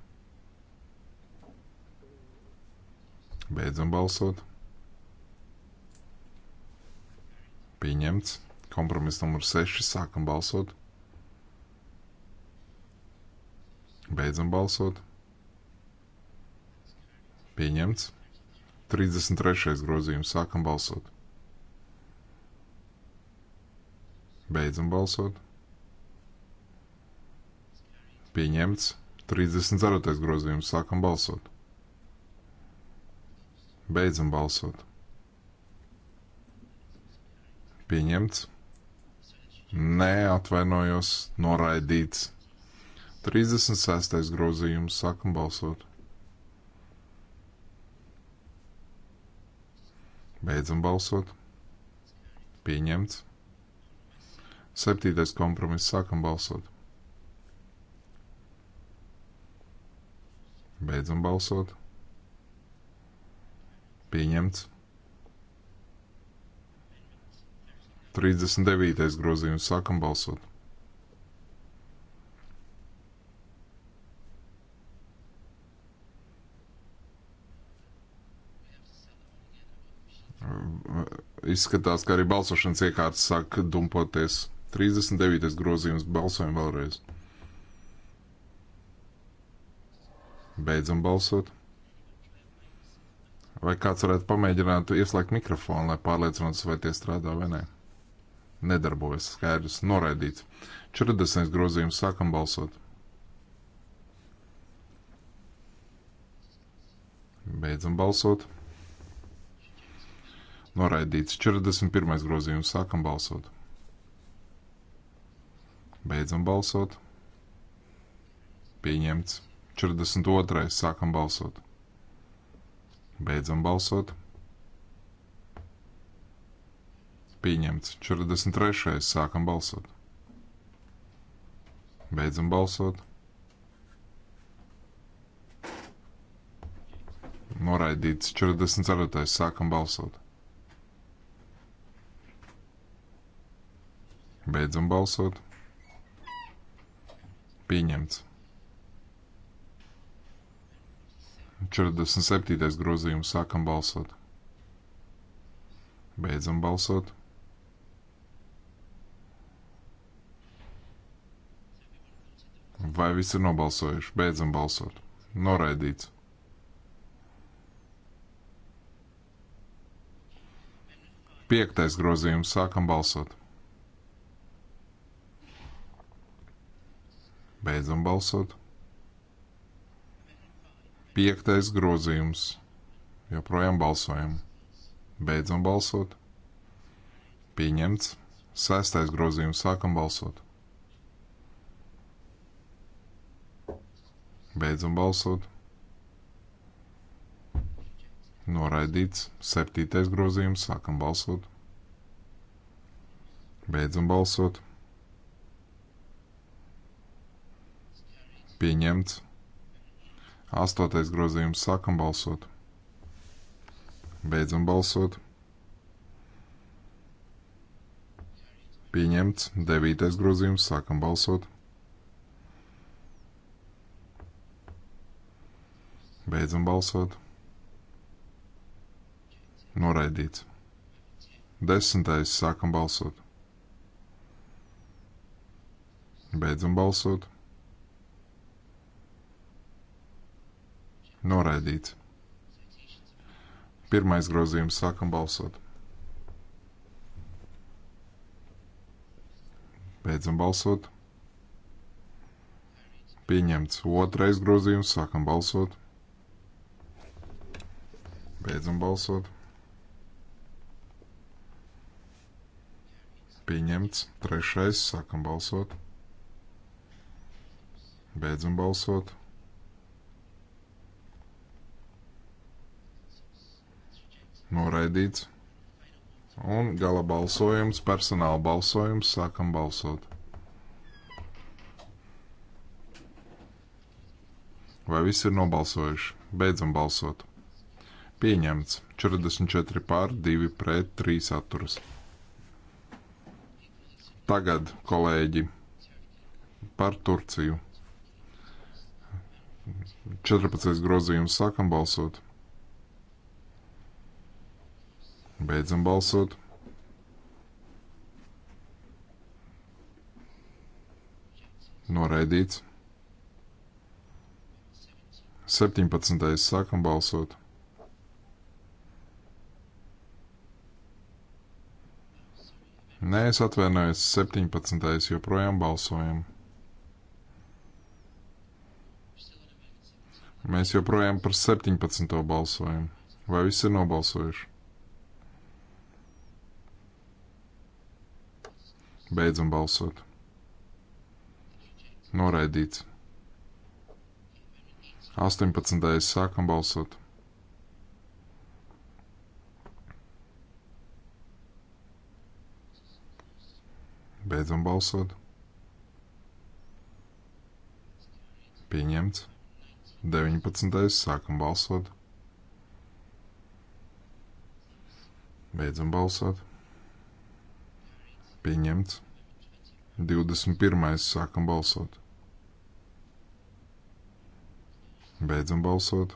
Speaker 5: Beidzam balsot. Pieņemts kompromiss numur 6. Sākam balsot. Beidzam balsot. Pieņemts. 33. grozījums. Sākam balsot. Beidzam balsot. Pieņemts 34. grozījums. Sākam balsot. Beidzam balsot. Pieņemts. Nē, atvainojos, noraidīts. 36. grozījums. Sākam balsot. Beidzam balsot. Pieņemts. Septītais kompromiss. Sākam balsot. Beidzam balsot. Pieņemts. 39. grozījums. Sākam balsot. Izskatās, ka arī balsošanas iekārtas sāk dumpoties. 39. grozījums. Balsojam vēlreiz. Beidzam balsot. Vai kāds varētu pamēģināt ieslēgt mikrofonu, lai pārliecinātos, vai tie strādā vai nē? Nedarbojas, skaidrs, noraidīts. 40. grozījums sākam balsot. Beidzam balsot. Noraidīts 41. grozījums sākam balsot. Beidzam balsot. Pieņemts. 42. Sākam balsot. Beidzam balsot. Pieņemts. 43. Sākam balsot. Beidzam balsot. Noraidīts 44. Sākam balsot. Beidzam balsot pieņemts. 47. grozījums sākam balsot. Beidzam balsot. Vai viss ir nobalsojuši? Beidzam balsot. Noraidīts. Piektais grozījums sākam balsot. Beidzam balsot. Piektais grozījums. Joprojām balsojam. Beidzam balsot. Pieņemts. Sestais grozījums. Sākam balsot. Beidzam balsot. Noraidīts. Septītais grozījums. Sākam balsot. Beidzam balsot. pieņemts. Astotais grozījums sākam balsot. Beidzam balsot. Pieņemts. Devītais grozījums sākam balsot. Beidzam balsot. Noraidīts. Desmitais sākam balsot. Beidzam balsot. Noraidīts. Pirmais grozījums. Sākam balsot. Beidzam balsot. Pieņemts. Otrais grozījums. Sākam balsot. Beidzam balsot. Pieņemts. Trešais. Sākam balsot. Beidzam balsot. noraidīts. Un gala balsojums, personāla balsojums, sākam balsot. Vai visi ir nobalsojuši? Beidzam balsot. Pieņemts 44 pār 2 pret 3 atturas. Tagad, kolēģi, par Turciju. 14. grozījums sākam balsot. Beidzam balsot. Noraidīts. 17. sākam balsot. Nē, es atvainojos, 17. joprojām balsojam. Mēs joprojām par 17. balsojam. Vai viss ir nobalsojuši? Beidzam balsot. Noraidīts. 18. sākam balsot. Beidzam balsot. Pieņemts. 19. sākam balsot. Beidzam balsot pieņemts. 21. sākam balsot. Beidzam balsot.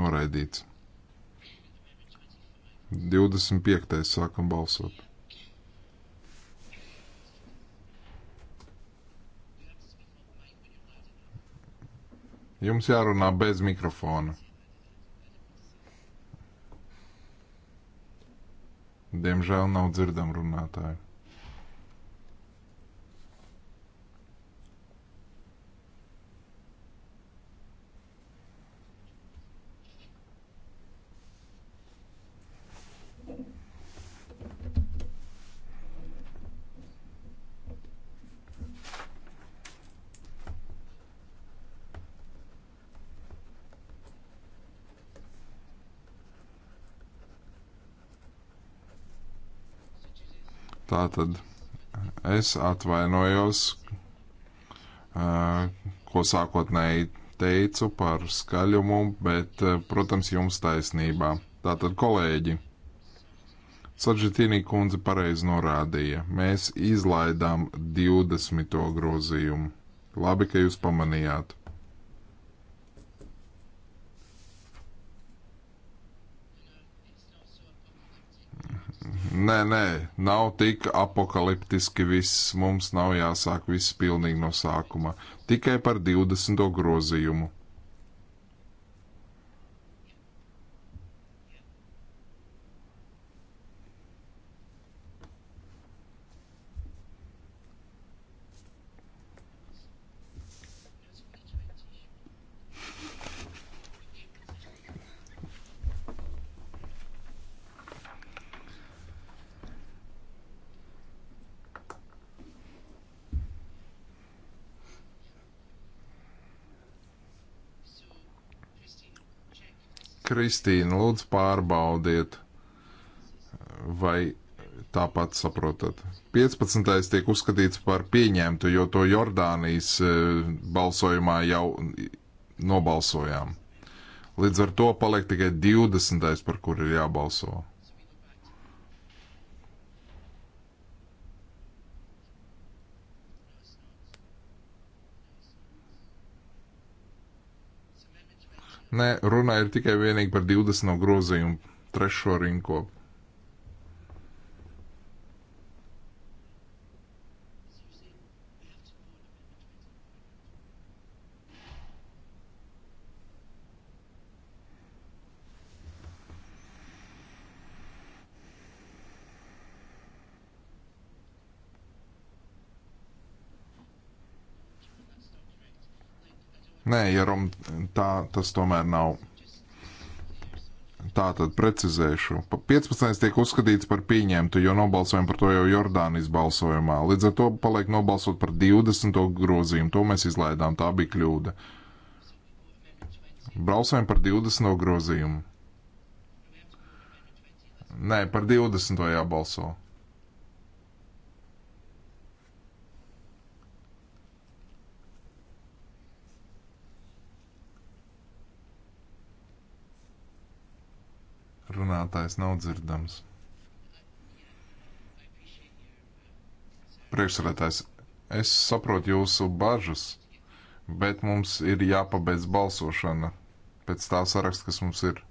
Speaker 5: Noraidīts. 25. sākam balsot. Jums jārunā bez mikrofona. Diemžēl nav dzirdama runātāja. Tātad es atvainojos, ko sākotnēji teicu par skaļumu, bet, protams, jums taisnībā. Tātad, kolēģi, Sadžitīnī kundze pareizi norādīja, mēs izlaidām 20. grozījumu. Labi, ka jūs pamanījāt. Nē, nē, nav tik apakaliptiski viss. Mums nav jāsāk viss pilnīgi no sākuma. Tikai par 20. grozījumu. Kristīna, lūdzu pārbaudiet, vai tāpat saprotat. 15. tiek uzskatīts par pieņemtu, jo to Jordānijas e, balsojumā jau nobalsojām. Līdz ar to paliek tikai 20. par kur ir jābalso. Nē, runa ir tikai vienīgi par 20 grozījumu trešo rinkopu. nē, ja rum, tā tas tomēr nav. Tā tad precizēšu. 15. tiek uzskatīts par pieņemtu, jo nobalsojam par to jau Jordānijas balsojumā. Līdz ar to paliek nobalsot par 20. grozījumu. To mēs izlaidām, tā bija kļūda. Balsojam par 20. grozījumu. Nē, par 20. jābalso. Runātājs nav dzirdams. Priekšsēdētājs, es saprotu jūsu bažas, bet mums ir jāpabeidz balsošana pēc tā saraksta, kas mums ir.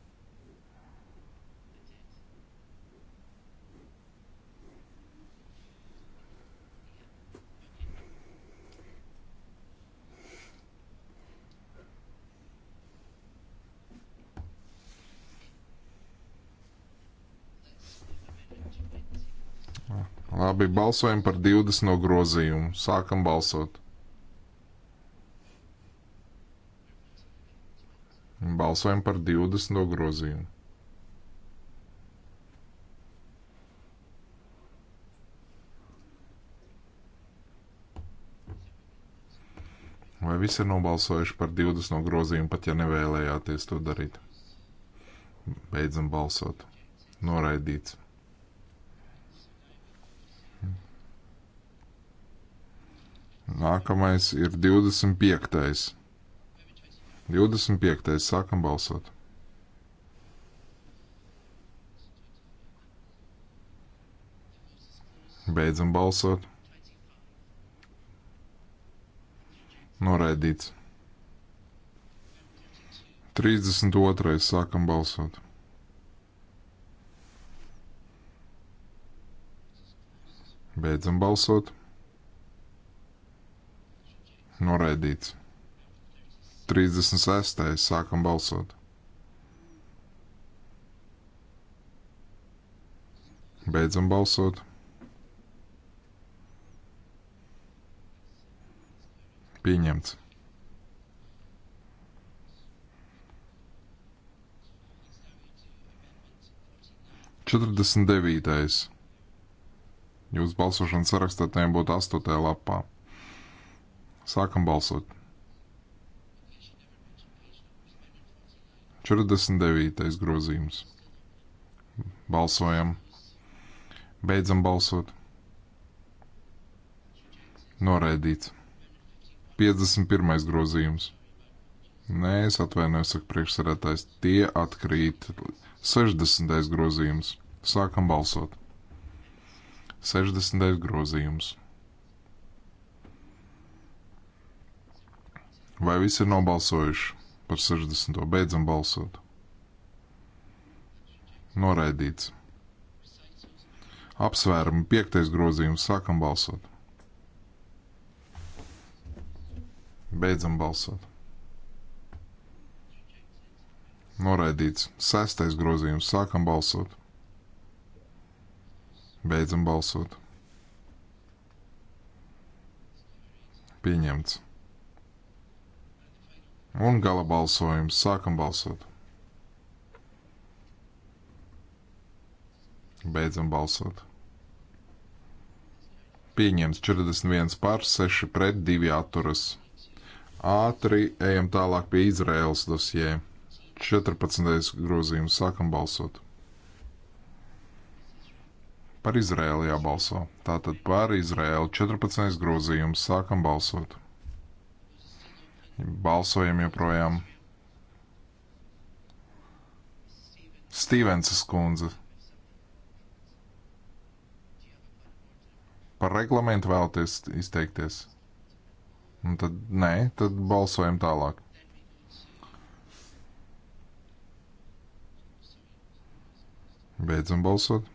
Speaker 5: Labi, balsojam par 20 no grozījumu. Sākam balsot. Balsojam par 20 no grozījumu. Vai visi ir nobalsojuši par 20 no grozījumu, pat ja nevēlējāties to darīt? Beidzam balsot. Noraidīts. Nākamais ir 25. 25. Sākam balsot. Beidzam balsot. Noraidīts. 32. Sākam balsot. Beidzam balsot noraidīts. 36. sākam balsot. Beidzam balsot. Pieņemts. Četrdesmit devītais. Jūs balsošanas sarakstā tiem būtu astotajā lapā. Sākam balsot. 49. grozījums. Balsojam. Beidzam balsot. Noraidīts. 51. grozījums. Nē, es atvainojos, saka priekšsarētājs. Tie atkrīt. 60. grozījums. Sākam balsot. 60. grozījums. Vai visi ir nobalsojuši par 60. Beidzam balsot. Noraidīts. Apsvērumi piektais grozījums. Sākam balsot. Beidzam balsot. Noraidīts. Sestais grozījums. Sākam balsot. Beidzam balsot. Pieņemts. Un gala balsojums. Sākam balsot. Beidzam balsot. Pieņemts 41 pār 6 pret 2 atturas. Ātri ejam tālāk pie Izraēlas dosjē. 14. grozījums. Sākam balsot. Par Izraēlu jābalso. Tātad par Izraēlu 14. grozījums. Sākam balsot. Balsojam joprojām. Stīvensas kundze. Par reglamentu vēlties izteikties. Un nu tad nē, tad balsojam tālāk. Beidzam balsot.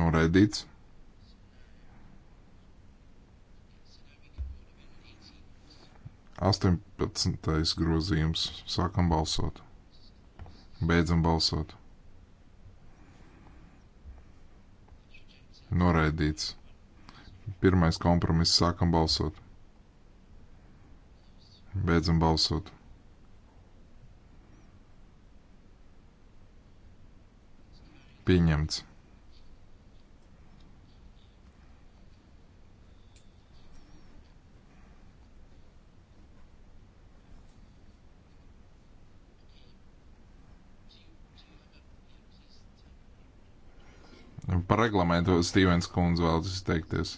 Speaker 5: Noraidīts. 18. grozījums. Sākam balsot. Beidzam balsot. Noraidīts. Pirmais kompromiss. Sākam balsot. Beidzam balsot. Pieņemts. par reglamentu Stīvens Kunz vēlas izteikties.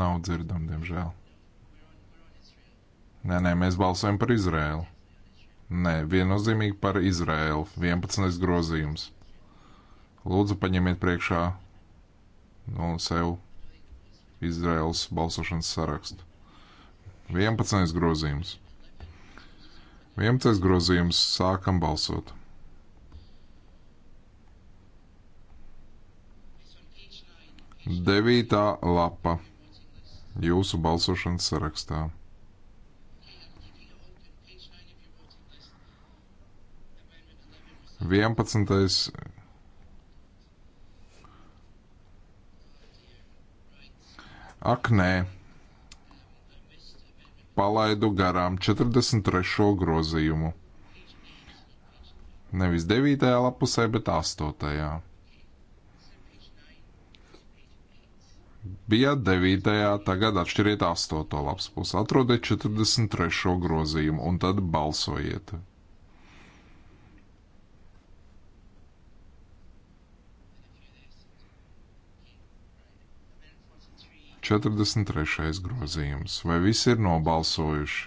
Speaker 5: Nav dzirdam, diemžēl. Nē, nē, mēs balsojam par Izrēlu. Nē, viennozīmīgi par Izrēlu. 11. grozījums. Lūdzu, paņemiet priekšā no nu, sev Izraels balsošanas sarakstu. 11. grozījums. 11. grozījums. Sākam balsot. Devītā lapa jūsu balsošanas sarakstā. Vienpadsmitais. Ak, nē palaidu garām 43. grozījumu. Nevis 9. lapusē, bet 8. Bija 9. tagad atšķiriet 8. lapas pusi, atrodiet 43. grozījumu un tad balsojiet. 43. grozījums. Vai visi ir nobalsojuši?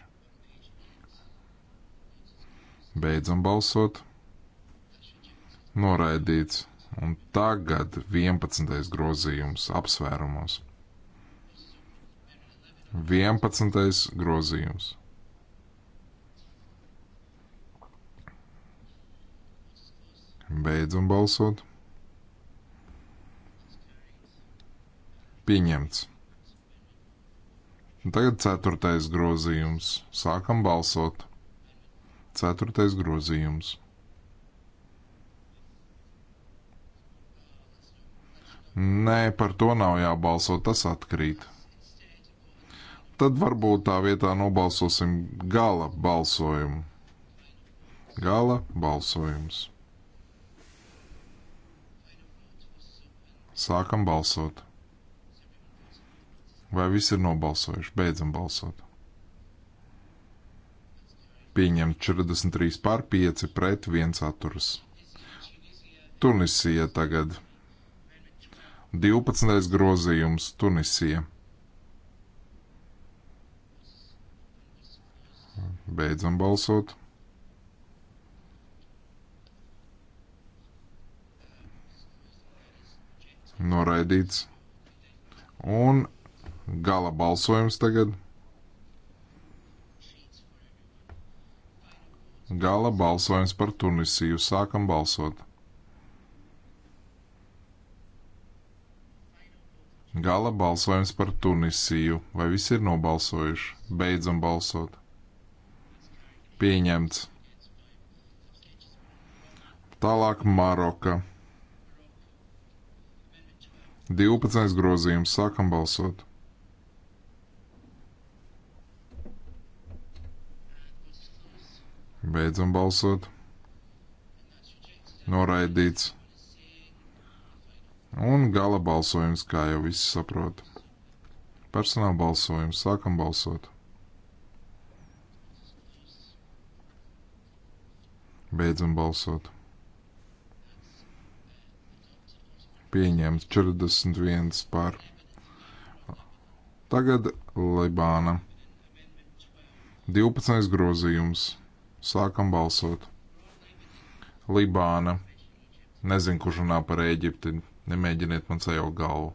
Speaker 5: Beidzam balsot. Noraidīts. Un tagad 11. grozījums apsvērumos. 11. grozījums. Beidzam balsot. Pieņemts. Tagad ceturtais grozījums. Sākam balsot. Ceturtais grozījums. Nē, par to nav jābalso, tas atkrīt. Tad varbūt tā vietā nobalsosim gala balsojumu. Gala balsojums. Sākam balsot. Vai visi ir nobalsojuši? Beidzam balsot. Pieņemt 43 pār 5 pret 1 atturas. Tunisija tagad. 12. grozījums Tunisija. Beidzam balsot. Noraidīts. Un Gala balsojums tagad. Gala balsojums par Tunisiju. Sākam balsot. Gala balsojums par Tunisiju. Vai visi ir nobalsojuši? Beidzam balsot. Pieņemts. Tālāk Maroka. 12. grozījums. Sākam balsot. Beidzam balsot. Noraidīts. Un gala balsojums, kā jau visi saprot. Personāla balsojums. Sākam balsot. Beidzam balsot. Pieņemts 41 par. Tagad Libāna. 12. grozījums. Sākam balsot. Libāna. Nezinu, kurš runā par Ēģipti. Nemēģiniet man sajaukt galvu.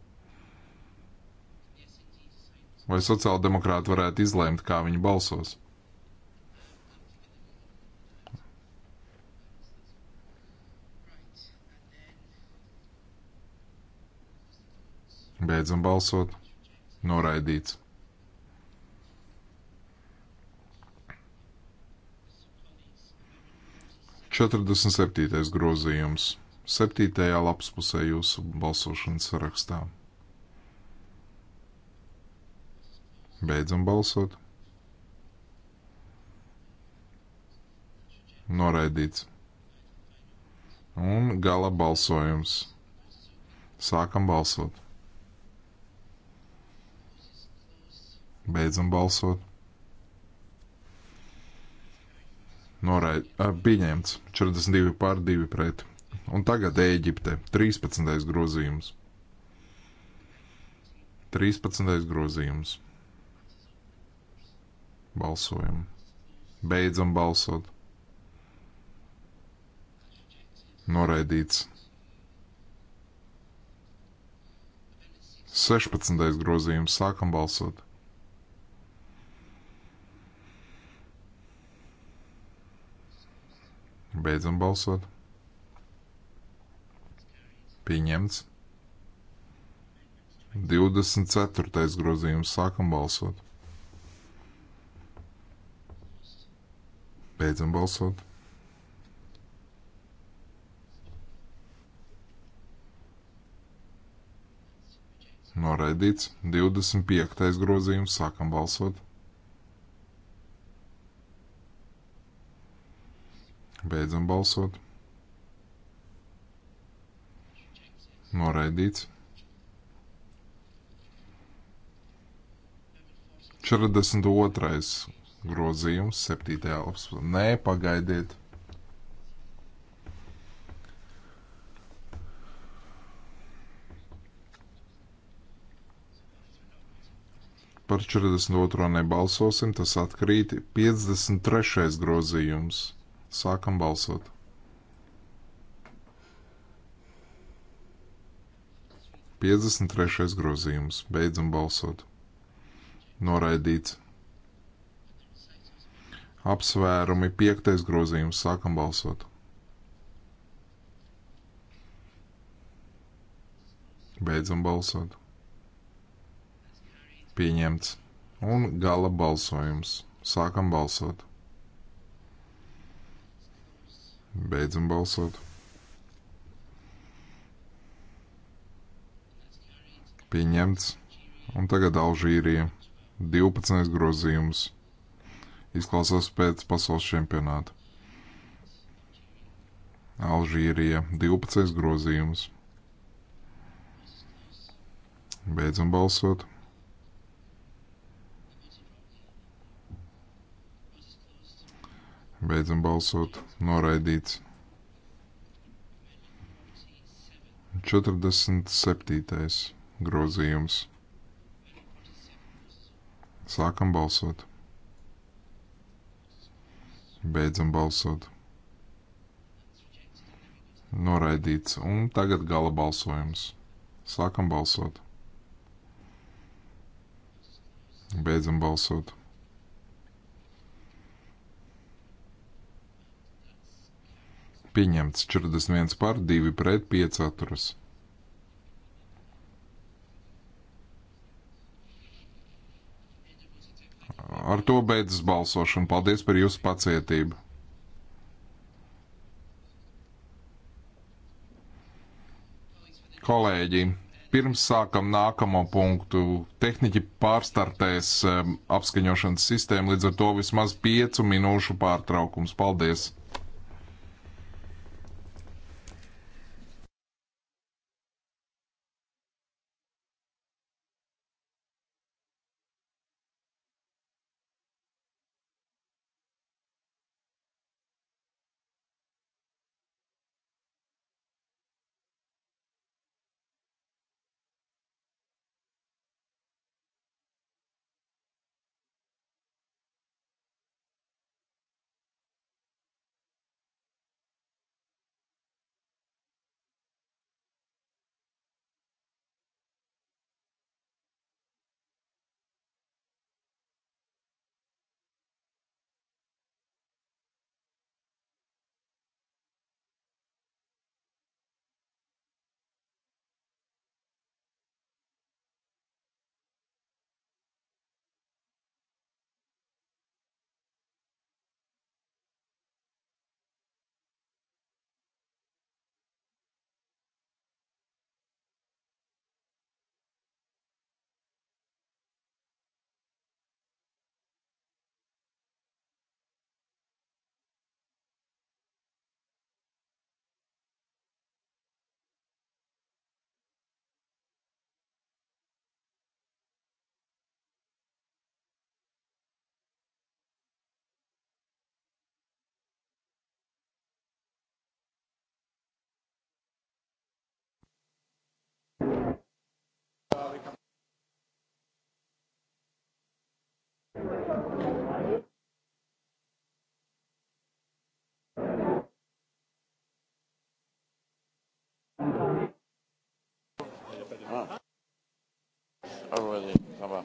Speaker 5: Vai sociāldemokrāti varētu izlēmt, kā viņi balsos? Beidzam balsot. Noraidīts. 47. grozījums 7. lapspusē jūsu balsošanas sarakstā. Beidzam balsot. Noraidīts. Un gala balsojums. Sākam balsot. Beidzam balsot. noraid, pieņemts 42 pār 2 pret. Un tagad Eģipte 13. grozījums. 13. grozījums. Balsojam. Beidzam balsot. Noraidīts. 16. grozījums. Sākam balsot. Beidzam balsot. Pieņemts. 24. grozījums. Sākam balsot. Beidzam balsot. Noraidīts. 25. grozījums. Sākam balsot. Beidzam balsot. Noraidīts. 42. grozījums, 7. lapas. Nē, pagaidiet. Par 42. nebalsosim, tas atkrīt. 53. grozījums. Sākam balsot. Piecdesmit trešais grozījums. Beidzam balsot. Noraidīts. Apsvērumi piektais grozījums. Sākam balsot. Beidzam balsot. Pieņemts. Un gala balsojums. Sākam balsot. Beidzam balsot. Pieņemts. Un tagad Alžīrija. 12. grozījums. Izklausās pēc pasaules čempionāta. Alžīrija. 12. grozījums. Beidzam balsot. Beidzam balsot. Noraidīts. 47. grozījums. Sākam balsot. Beidzam balsot. Noraidīts. Un tagad gala balsojums. Sākam balsot. Beidzam balsot. Pieņemts 41 par, 2 pret, 5 atturas. Ar to beidzas balsošana. Paldies par jūsu pacietību. Kolēģi, pirms sākam nākamo punktu, tehniķi pārstartēs um, apskaņošanas sistēmu, līdz ar to vismaz piecu minūšu pārtraukums. Paldies! Ah. Ah, really? Ça ah, va.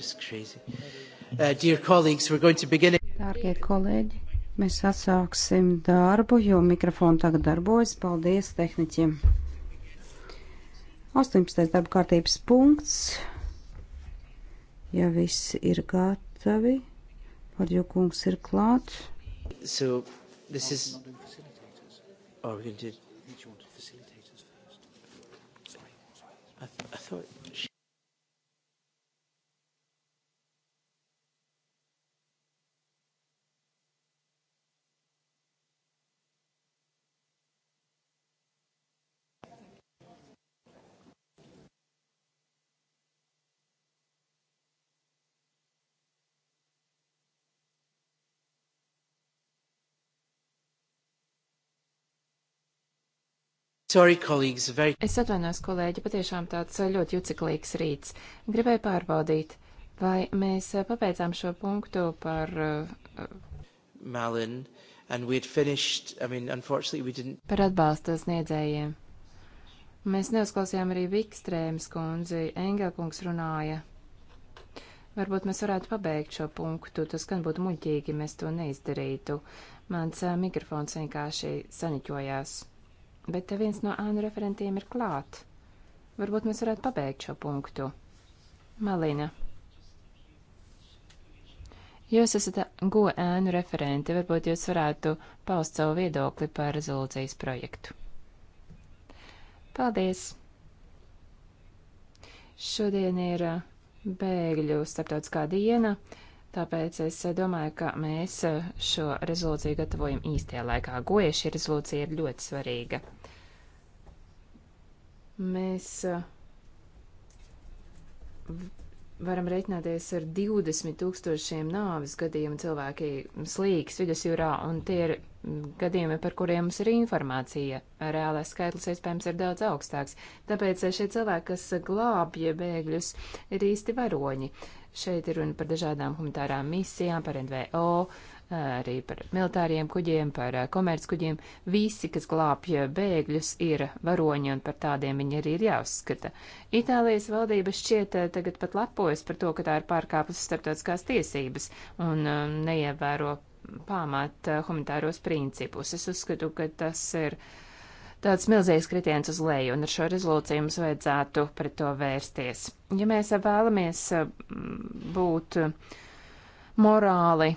Speaker 1: Just crazy. Uh, dear colleagues, we're going to begin.
Speaker 2: Dārgie kolēģi, mēs atsāksim darbu, jo mikrofoni tagad darbojas. Paldies tehniķiem. 18. darba kārtības punkts. Ja viss ir gatavi, par jo kungs ir klāt.
Speaker 1: So, this is... Oh, we're going to... I, th I thought... Sorry, colleagues, very...
Speaker 3: Es atvainojos, kolēģi, patiešām tāds uh, ļoti juciklīgs rīts. Gribēju pārbaudīt, vai mēs uh, pabeidzām šo punktu par... Uh,
Speaker 1: Malin, and we had finished, I mean, unfortunately we didn't...
Speaker 3: Par atbalstu sniedzējiem. Mēs neuzklausījām arī Vikstrēmas kundzi, Engelkungs runāja. Varbūt mēs varētu pabeigt šo punktu, tas gan būtu muļķīgi, mēs to neizdarītu. Mans mikrofons vienkārši saniķojās bet viens no ānu referentiem ir klāt. Varbūt mēs varētu pabeigt šo punktu. Malina. Jūs esat go ēnu referenti, varbūt jūs varētu paust savu viedokli par rezolūcijas projektu. Paldies! Šodien ir bēgļu starptautiskā diena. Tāpēc es domāju, ka mēs šo rezolūciju gatavojam īstajā laikā. Goja šī rezolūcija ir ļoti svarīga. Mēs uh, varam reiķināties ar 20 tūkstošiem nāvis gadījumu cilvēki slīgs vidusjūrā, un tie ir gadījumi, par kuriem mums ir informācija. Reālais skaitlis iespējams ir daudz augstāks. Tāpēc šie cilvēki, kas glābja bēgļus, ir īsti varoņi. Šeit ir runa par dažādām humanitārām misijām, par NVO, arī par militāriem kuģiem, par eh, komerckuģiem. Visi, kas glābja bēgļus, ir varoņi un par tādiem viņi arī ir jāuzskata. Itālijas valdība šķiet eh, tagad pat lepojas par to, ka tā ir pārkāpus starptautiskās tiesības un eh, neievēro pamata eh, humanitāros principus. Es uzskatu, ka tas ir tāds milzīgs kritiens uz leju, un ar šo rezolūciju mums vajadzētu pret to vērsties. Ja mēs vēlamies eh, būt eh, morāli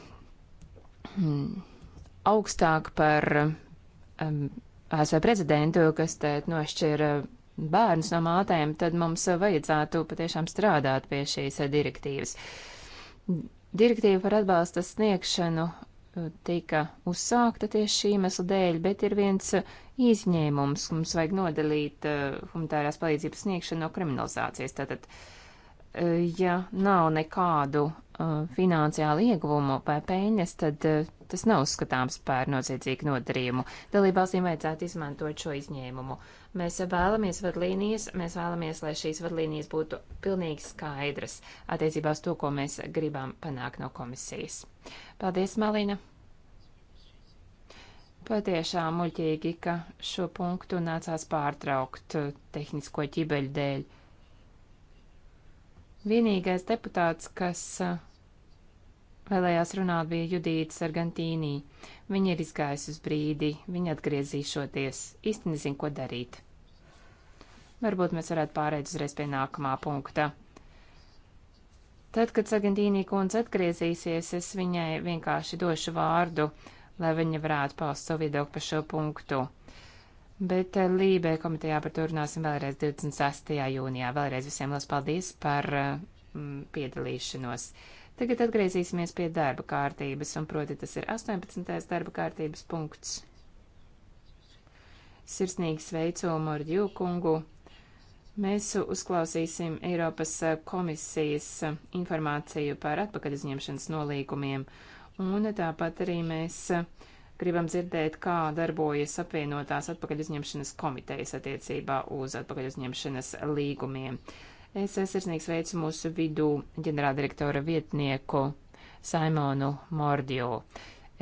Speaker 3: hmm, augstāk par ASV prezidentu, kas te nošķir bērnus no mātēm, tad mums vajadzētu patiešām strādāt pie šīs direktīvas. Direktīva par atbalsta sniegšanu tika uzsākta tieši šī iemesla dēļ, bet ir viens uh, izņēmums. Mums vajag nodalīt uh, humanitārās palīdzības sniegšanu no kriminalizācijas. Tātad uh, ja nav nekādu uh, finansiālu ieguvumu vai peļņas, tad uh, tas nav uzskatāms par noziedzīgu nodarījumu. Dalībvalstīm vajadzētu izmantot šo izņēmumu. Mēs vēlamies vadlīnijas, mēs vēlamies, lai šīs vadlīnijas būtu pilnīgi skaidras attiecībā uz to, ko mēs gribam panākt no komisijas. Paldies, Malina! Patiešām muļķīgi, ka šo punktu nācās pārtraukt uh, tehnisko ķibeļu dēļ. Vienīgais deputāts, kas eh, vēlējās runāt, bija Judīta Sargantīnī. Viņa ir izgājusi uz brīdi, viņa atgriezīšoties. Īsti nezinu, ko darīt. Varbūt mēs varētu pārēt uzreiz pie nākamā punkta. Tad, kad Sargantīnī kundze atgriezīsies, es viņai vienkārši došu vārdu, lai viņa varētu paust savu viedokli par šo punktu. Bet eh, Lībē komitejā par to runāsim vēlreiz 26. jūnijā. Vēlreiz visiem liels paldies par mm, piedalīšanos. Tagad atgriezīsimies pie darba kārtības, un proti tas ir 18. darba kārtības punkts. Sirsnīgi sveicu Morģiju kungu. Mēs uzklausīsim Eiropas eh, komisijas informāciju par atpakaļ uzņemšanas nolīgumiem, un tāpat arī mēs uh, Gribam dzirdēt, kā darbojas apvienotās atpakaļ uzņemšanas komitejas attiecībā uz atpakaļ uzņemšanas līgumiem. Es sirsnīgs veicu mūsu vidū ģenerāldirektora vietnieku Saimonu Mordiju.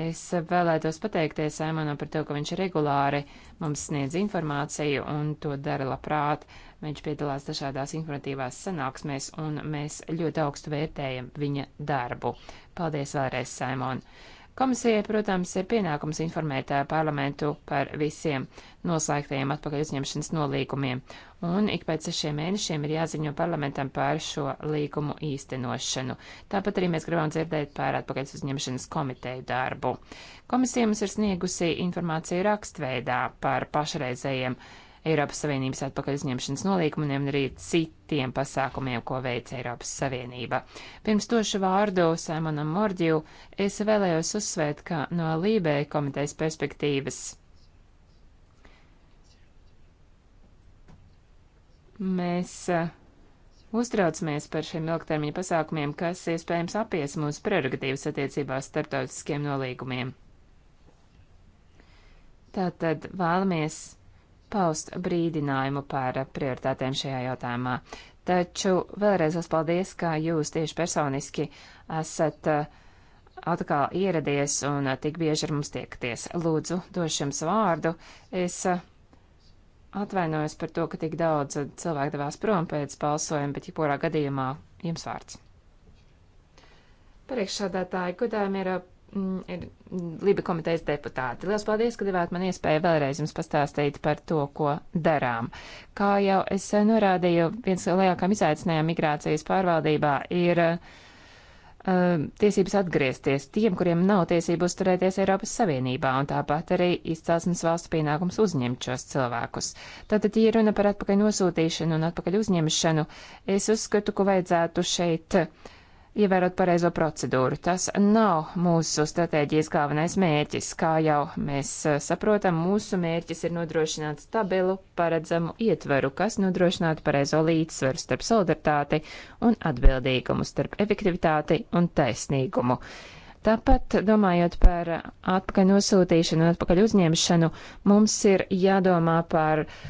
Speaker 3: Es vēlētos pateikties Saimonam par to, ka viņš regulāri mums sniedz informāciju un to dara labprāt. Viņš piedalās dažādās informatīvās sanāksmēs, un mēs ļoti augstu vērtējam viņa darbu. Paldies vēlreiz, Saimon! Komisijai, protams, ir pienākums informēt parlamentu par visiem noslēgtajiem atpakaļ uzņemšanas nolīgumiem, un ik pēc sešiem mēnešiem ir jāziņo parlamentam par šo līgumu īstenošanu. Tāpat arī mēs gribam dzirdēt par atpakaļ uzņemšanas komiteju darbu. Komisija mums ir sniegusi informāciju rakstveidā par pašreizējiem Eiropas Savienības atpakaļ uzņemšanas nolīkumiem un arī citiem pasākumiem, ko veic Eiropas Savienība. Pirms tošu vārdu Simonam Mordiju es vēlējos uzsvērt, ka no Lībēja komitejas perspektīvas mēs uh, uztraucamies par šiem ilgtermiņa pasākumiem, kas iespējams apies mūsu prerogatīvas attiecībās starptautiskiem nolīgumiem. Tātad vēlamies paust brīdinājumu par prioritātēm šajā jautājumā. Taču vēlreiz liels paldies, ka jūs tieši personiski esat eh, atkal ieradies un eh, tik bieži ar mums tiekties. Lūdzu, došu jums vārdu. Es eh, atvainojos par to, ka tik daudz cilvēku devās prom pēc balsojuma, bet jebkurā gadījumā jums vārds. Priekšsādātāji, godājumi ir Mm, ir mm, Liba komitejas deputāti. Lielas paldies, ka devāt man iespēju vēlreiz jums pastāstīt par to, ko darām. Kā jau es eh, norādīju, viens no lielākajiem izaicinājumiem migrācijas pārvaldībā ir uh, tiesības atgriezties tiem, kuriem nav tiesību uzturēties Eiropas Savienībā, un tāpat arī izcelsmes valsts pienākums uzņemt šos cilvēkus. Tātad, ja runa par atpakaļ nosūtīšanu un atpakaļ uzņemšanu, es uzskatu, ka vajadzētu šeit uh, ievērot pareizo procedūru. Tas nav mūsu stratēģijas galvenais mērķis. Kā jau mēs eh, saprotam, mūsu mērķis ir nodrošināt stabilu, paredzamu ietveru, kas nodrošinātu pareizo līdzsveru starp solidaritāti un atbildīgumu, starp efektivitāti un taisnīgumu. Tāpat, domājot par atpakaļ nosūtīšanu un atpakaļ uzņemšanu, mums ir jādomā par uh,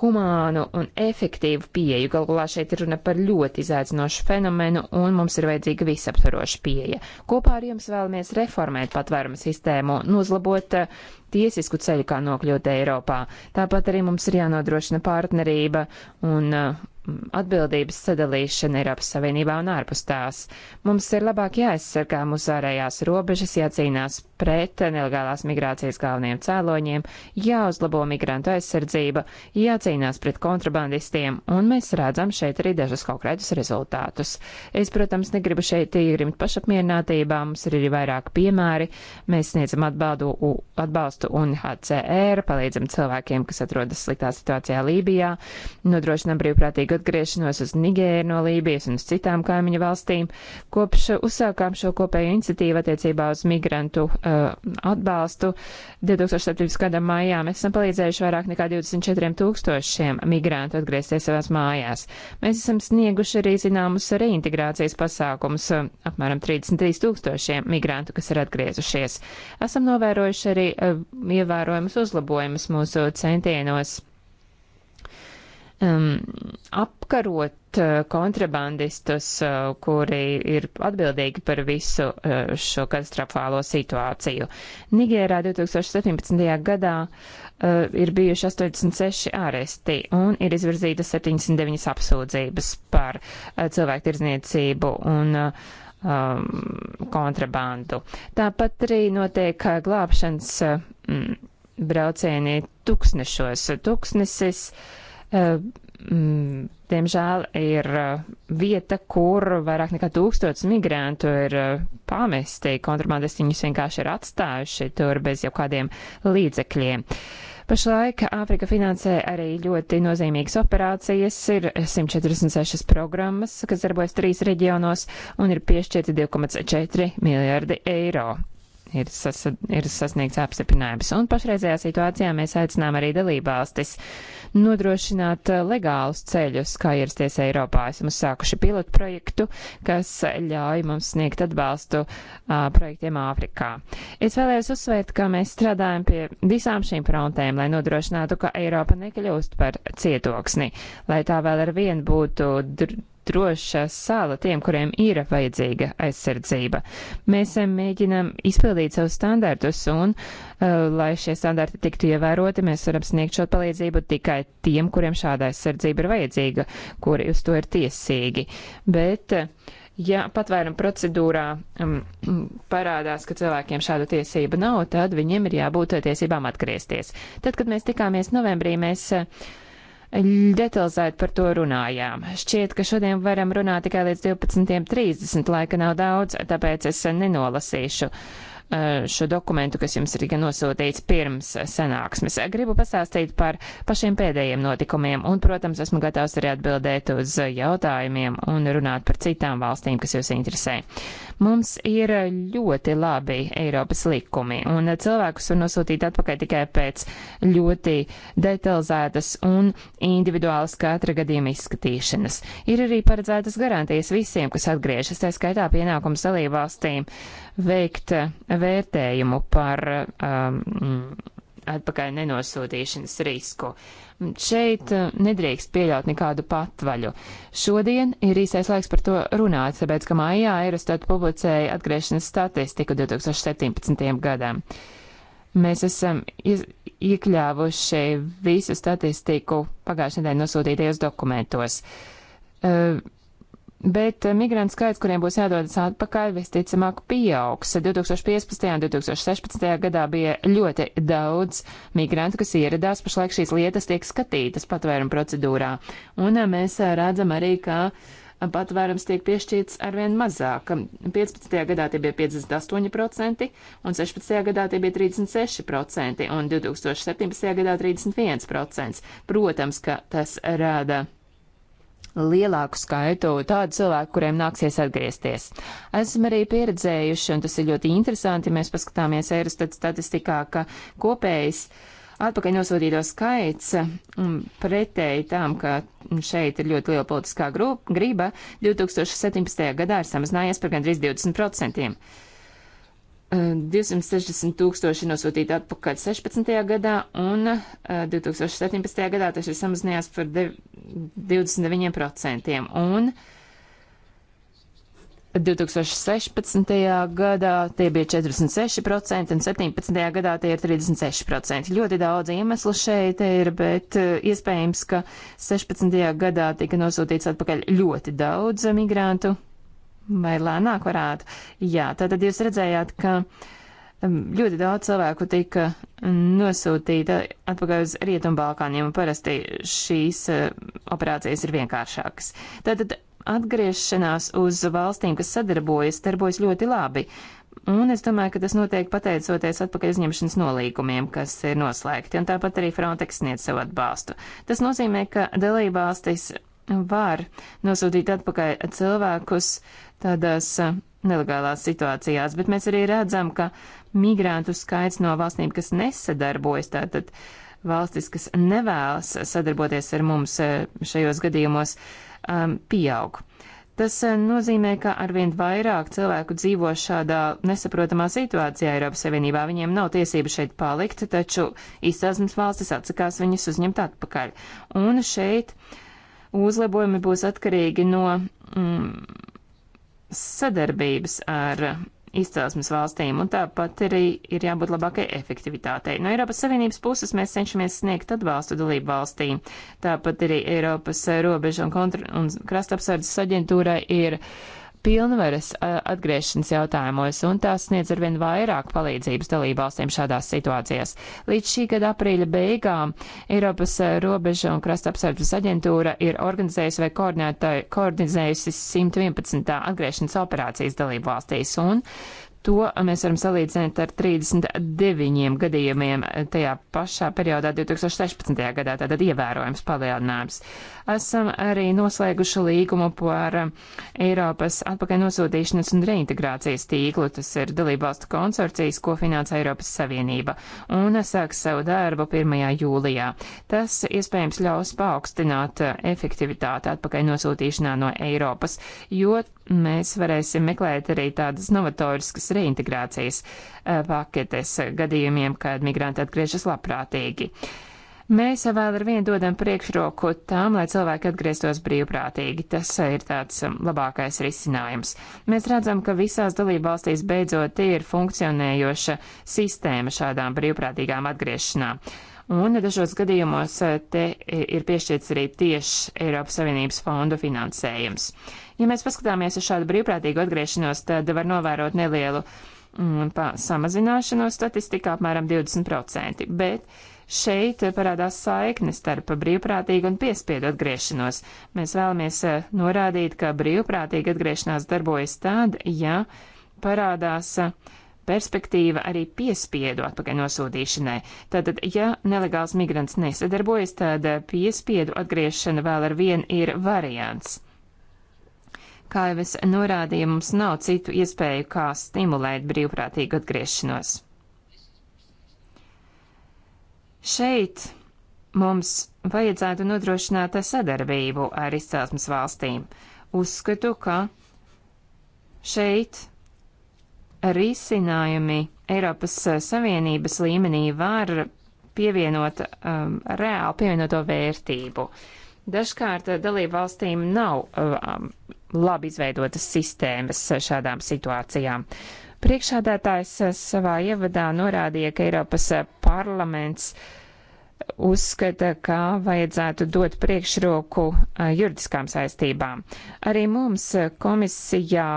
Speaker 3: humānu un efektīvu pieeju. Galvā šeit ir runa par ļoti izaicinošu fenomenu, un mums ir vajadzīga visaptvaroša pieeja. Kopā ar jums vēlamies reformēt patvērumu sistēmu, uzlabot eh, tiesisku ceļu, kā nokļūt Eiropā. Tāpat arī mums ir jānodrošina partnerība un uh, atbildības sadalīšana Eiropas Savienībā un ārpus tās. Mums ir labāk jāaizsargā mūsu ārējās robežas, jācīnās pret nelegālās migrācijas galveniem cēloņiem, jāuzlabo migrantu aizsardzība, jācīnās pret kontrabandistiem, un mēs redzam šeit arī dažus konkrētus rezultātus. Es, protams, negribu šeit iegrimt pašapmierinātībā, mums ir arī vairāk piemēri, mēs sniedzam atbaldu, atbalstu atbalstu UNHCR, palīdzam cilvēkiem, kas atrodas sliktā situācijā Lībijā, nodrošinam brīvprātīgu atgriešanos uz Nigēru no Lībijas un uz citām kaimiņu valstīm. Kopš uzsākām šo kopēju iniciatīvu attiecībā uz migrantu uh, atbalstu 2017. gada maijā mēs esam palīdzējuši vairāk nekā 24 tūkstošiem migrantu atgriezties savās mājās. Mēs esam snieguši arī zināmus reintegrācijas pasākumus uh, apmēram 33 tūkstošiem migrantu, kas ir atgriezušies. Esam novērojuši arī uh, ievērojams uzlabojums mūsu centienos um, apkarot uh, kontrabandistus, uh, kuri ir atbildīgi par visu uh, šo katastrofālo situāciju. Nigērā 2017. gadā uh, ir bijuši 86 āresti un ir izvirzītas 79 apsūdzības par uh, cilvēktirdzniecību un uh, um, kontrabandu. Tāpat arī notiek uh, glābšanas um, braucieni tūkstnešos. Tūkstnesis, um, uh, mm, diemžēl, ir vieta, kur vairāk nekā tūkstots migrantu ir pamesti. Kontrabandistiņus vienkārši ir atstājuši tur bez jau kādiem līdzekļiem. Uh, Pašlaik Āfrika finansē arī ļoti nozīmīgas operācijas, ir 146 programmas, kas darbojas trīs reģionos un ir piešķirti 2,4 miljardi eiro ir, sas, ir sasniegts apstiprinājums. Un pašreizējā situācijā mēs aicinām arī dalībvalstis nodrošināt eh, legālus ceļus, kā ierasties Eiropā. Esam uzsākuši pilotu projektu, kas ļauj mums sniegt atbalstu uh, projektiem Āfrikā. Es vēlējos uzsvērt, ka mēs strādājam pie visām šīm frontēm, lai nodrošinātu, ka Eiropa nekļūst par cietoksni, lai tā vēl ar vienu būtu. Dr droša sāla tiem, kuriem ir vajadzīga aizsardzība. Mēs eh, mēģinam izpildīt savus standartus un, eh, lai šie standarti tiktu ievēroti, mēs varam sniegt šo palīdzību tikai tiem, kuriem šāda aizsardzība ir vajadzīga, kuri uz to ir tiesīgi. Bet, eh, ja patvēruma procedūrā um, parādās, ka cilvēkiem šādu tiesību nav, tad viņiem ir jābūt tiesībām atgriezties. Tad, kad mēs tikāmies novembrī, mēs uh, detalizēti par to runājām. Šķiet, ka šodien varam runāt tikai līdz 12.30, laika nav daudz, tāpēc es nenolasīšu Eh, šo dokumentu, kas jums ir gan nosūtīts pirms sanāksmes. Gribu pastāstīt par pašiem pēdējiem notikumiem, un, protams, esmu gatavs arī atbildēt uz jautājumiem un runāt par citām valstīm, kas jūs interesē. Mums ir ļoti labi Eiropas likumi, un cilvēkus var nosūtīt atpakaļ tikai pēc ļoti detalizētas un individuālas katra gadījuma izskatīšanas. Ir arī paredzētas garantijas visiem, kas atgriežas, tā skaitā pienākums dalībvalstīm veikt eh, vērtējumu par um, atpakaļ nenosūtīšanas risku. Šeit eh, nedrīkst pieļaut nekādu patvaļu. Šodien ir īsais laiks par to runāt, tāpēc, ka mājā Eurostat publicēja atgriešanas statistiku 2017. gadam. Mēs esam iekļāvuši visu statistiku pagājušajā nedēļā nosūtītajos dokumentos. Uh, Bet eh, migrantu skaits, kuriem būs jādodas atpakaļ, visticamāk pieaugs. 2015. un 2016. gadā bija ļoti daudz migrantu, kas ieradās. Pašlaik šīs lietas tiek skatītas patvērumu procedūrā. Un eh, mēs eh, redzam arī, ka patvērums tiek piešķīts arvien mazāk. 15. gadā tie bija 58%, un 16. gadā tie bija 36%, un 2017. gadā 31%. Protams, ka tas rada lielāku skaitu tādu cilvēku, kuriem nāksies atgriezties. Esam arī pieredzējuši, un tas ir ļoti interesanti, mēs paskatāmies Eirostat statistikā, ka kopējs atpakaļ nosūtīto skaits mm, pretēji tam, ka šeit ir ļoti liela politiskā grupa, grība, 2017. gadā ir samazinājies par gandrīz 20%. 260 eh, tūkstoši nosūtīti atpakaļ 16. gadā, un 2017. Eh, gadā tas ir samazinājās par 29%. Un 2016. gadā tie bija 46%, un 17. gadā tie ir 36%. Ļoti daudz iemeslu šeit ir, bet eh, iespējams, ka 16. gadā tika nosūtīts atpakaļ ļoti daudz migrantu, vai lēnāk varētu. Jā, tātad jūs redzējāt, ka um, ļoti daudz cilvēku tika nosūtīta atpakaļ uz Rietumbalkāniem, un parasti šīs uh, operācijas ir vienkāršākas. Tātad atgriešanās uz valstīm, kas sadarbojas, darbojas ļoti labi. Un es domāju, ka tas notiek pateicoties atpakaļ uzņemšanas nolīgumiem, kas ir noslēgti, un tāpat arī Frontex sniedz savu atbalstu. Tas nozīmē, ka dalībvalstis var nosūtīt atpakaļ cilvēkus tādās eh, nelegālās situācijās, bet mēs arī redzam, ka migrantu skaits no valstīm, kas nesadarbojas, tātad valstis, kas nevēlas sadarboties ar mums eh, šajos gadījumos, um, pieaug. Tas eh, nozīmē, ka arvien vairāk cilvēku dzīvo šādā nesaprotamā situācijā Eiropas Savienībā. Viņiem nav tiesība šeit palikt, taču izcelsmes valstis atsakās viņus uzņemt atpakaļ. Un šeit uh, uzlabojumi būs atkarīgi no mm, sadarbības ar izcelsmes valstīm, un tāpat arī ir jābūt labākai efektivitātei. No Eiropas Savienības puses mēs cenšamies sniegt atbalstu dalību valstīm. Tāpat arī Eiropas robeža un, kontra, un krasta apsardzes aģentūrai ir uh, pilnvaras atgriešanas jautājumos, un tās sniedz arvien vairāk palīdzības dalībvalstīm šādās situācijās. Līdz šī gada aprīļa beigām Eiropas robeža un krasta apsardzes aģentūra ir organizējusi vai koordinējusi 111. atgriešanas operācijas dalībvalstīs, un To mēs varam salīdzināt ar 39 gadījumiem tajā pašā periodā 2016. gadā, tātad ievērojams palielinājums esam arī noslēguši līgumu par um, Eiropas atpakaļ nosūtīšanas un reintegrācijas tīklu. Tas ir dalībvalstu konsorcijas, ko finansē Eiropas Savienība, un sāks savu darbu 1. jūlijā. Tas iespējams ļaus paaugstināt uh, efektivitāti atpakaļ nosūtīšanā no Eiropas, jo mēs varēsim meklēt arī tādas novatoriskas reintegrācijas uh, paketes gadījumiem, kad migranti atgriežas labprātīgi. Uh, Mēs vēl ar vienu dodam priekšroku tām, lai cilvēki atgrieztos brīvprātīgi. Tas eh, ir tāds um, labākais risinājums. Mēs redzam, ka visās dalībvalstīs beidzot ir funkcionējoša sistēma šādām brīvprātīgām atgriešanām. Un dažos gadījumos eh, te eh, ir piešķirts arī tieši Eiropas Savienības fondu finansējums. Ja mēs paskatāmies uz šādu brīvprātīgu atgriešanos, tad var novērot nelielu mm, samazināšanos statistikā apmēram 20%, bet Šeit parādās saikne starp brīvprātīgu un piespiedu atgriešanos. Mēs vēlamies eh, norādīt, ka brīvprātīga atgriešanās darbojas tad, ja parādās eh, perspektīva arī piespiedu atpakaļ nosūtīšanai. Tātad, ja nelegāls migrants nesadarbojas, tad eh, piespiedu atgriešana vēl ar vienu ir variants. Kā jau es norādīju, mums nav citu iespēju, kā stimulēt brīvprātīgu atgriešanos. Šeit mums vajadzētu nodrošināt sadarbību ar izcelsmes valstīm. Uzskatu, ka šeit risinājumi Eiropas Savienības līmenī var pievienot um, reāli pievienoto vērtību. Dažkārt dalību valstīm nav um, labi izveidotas sistēmas šādām situācijām. Uh, Priekšādātājs eh, savā ievadā norādīja, ka Eiropas eh, parlaments uzskata, ka vajadzētu dot priekšroku eh, juridiskām saistībām. Arī mums komisijā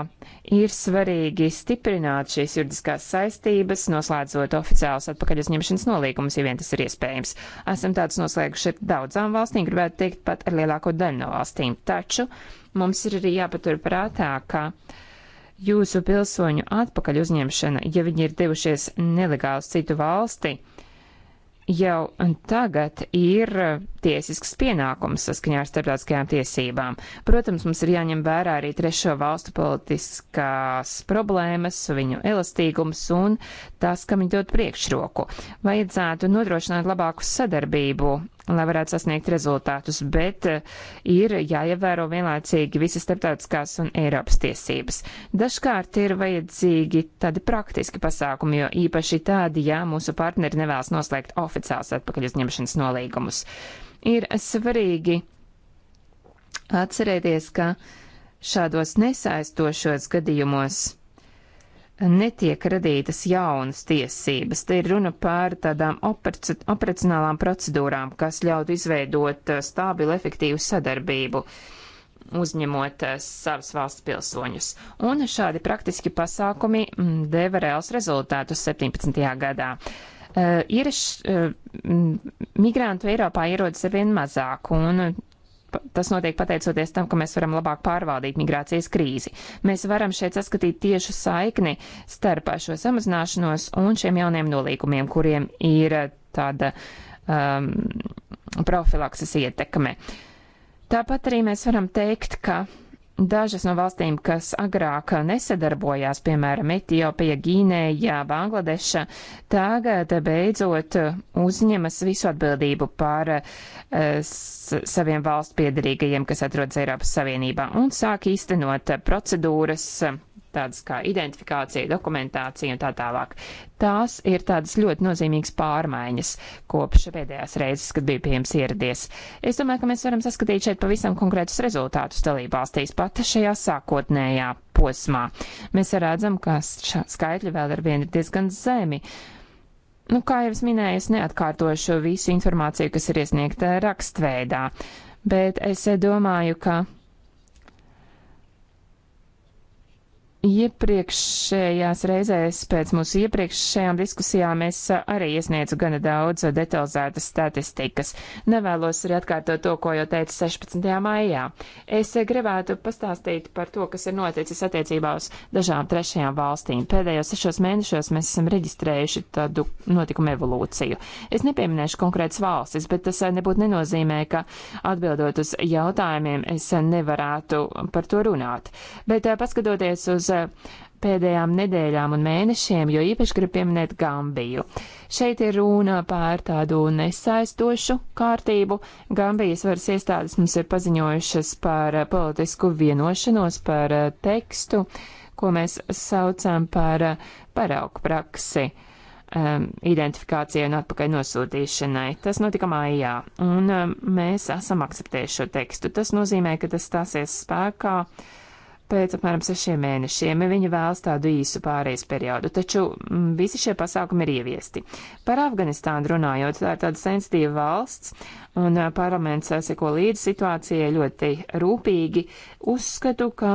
Speaker 3: ir svarīgi stiprināt šīs juridiskās saistības, noslēdzot oficiālus atpakaļ uzņemšanas nolīgumus, ja vien tas ir iespējams. Esam tādus noslēguši ar daudzām valstīm, gribētu teikt pat ar lielāko daļu no valstīm. Taču mums ir arī jāpatur prātā, ka uh, jūsu pilsoņu atpakaļ uzņemšana, ja viņi ir devušies nelegāli uz citu valsti, jau tagad ir tiesisks pienākums saskaņā ar starptautiskajām tiesībām. Protams, mums ir jāņem vērā arī trešo valstu politiskās problēmas, viņu elastīgums un tas, kam viņi dod priekšroku. Vajadzētu nodrošināt labāku sadarbību, lai varētu sasniegt rezultātus, bet eh, ir jāievēro vienlaicīgi visas starptautiskās un Eiropas tiesības. Dažkārt ir vajadzīgi tādi praktiski pasākumi, jo īpaši tādi, ja mūsu partneri nevēlas noslēgt oficiāls atpakaļ uzņemšanas nolīgumus. Ir svarīgi atcerēties, ka šādos nesaistošos gadījumos netiek radītas jaunas tiesības. Te ir runa par tādām operacionālām procedūrām, kas ļautu izveidot eh, stabilu, efektīvu sadarbību uzņemot eh, savas valsts pilsoņus. Un šādi praktiski pasākumi mm, deva reāls rezultātus 17. gadā. Eh, Iereš, eh, migrantu Eiropā ierodas ar vien mazāk, un eh, tas notiek pateicoties tam, ka mēs varam labāk pārvaldīt migrācijas krīzi. Mēs varam šeit saskatīt tiešu saikni starp šo samazināšanos un šiem jauniem nolīgumiem, kuriem ir tāda um, profilakses ietekme. Tāpat arī mēs varam teikt, ka Dažas no valstīm, kas agrāk nesadarbojās, piemēram, Etiopija, Gīnēja, Bangladeša, tagad beidzot uzņemas visu atbildību par eh, saviem valstu piedarīgajiem, kas atrodas Eiropas Savienībā, un sāk īstenot procedūras tādas kā identifikācija, dokumentācija un tā tālāk. Tās ir tādas ļoti nozīmīgas pārmaiņas kopš pēdējās reizes, kad biju pie jums ieradies. Es domāju, ka mēs varam saskatīt šeit pavisam konkrētus rezultātus dalībvalstīs pat šajā sākotnējā posmā. Mēs redzam, ka skaitļi vēl ar vienu ir diezgan zemi. Nu, kā jau es minēju, es neatkārtošu visu informāciju, kas ir iesniegta rakstveidā, bet es domāju, ka Iepriekšējās reizēs pēc mūsu iepriekšējām diskusijām es arī iesniedzu gana daudz detalizētas statistikas. Nevēlos arī atkārtot to, ko jau teicu 16. maijā. Es gribētu pastāstīt par to, kas ir noticis attiecībā uz dažām trešajām valstīm. Pēdējos sešos mēnešos mēs esam reģistrējuši tādu notikumu evolūciju. Es nepieminēšu konkrētas valstis, bet tas nebūtu nenozīmē, ka atbildot uz jautājumiem es nevarētu par to runāt. Bet eh, paskatoties uz pēdējām nedēļām un mēnešiem, jo īpaši gribu pieminēt Gambiju. Šeit ir runa pār tādu nesaistošu kārtību. Gambijas varas iestādes mums ir paziņojušas par politisku vienošanos par tekstu, ko mēs saucam par paraugu praksi um, identifikācijai un atpakaļ nosūtīšanai. Tas notika mājā, un um, mēs esam akceptējuši šo tekstu. Tas nozīmē, ka tas stāsies spēkā uh, pēc apmēram sešiem mēnešiem, ja viņi vēlas tādu īsu pārejas periodu, taču mm, visi šie pasākumi ir ieviesti. Par Afganistānu runājot, tā ir tāda sensitīva valsts, un parlaments seko līdz situācijai ļoti rūpīgi. Uzskatu, ka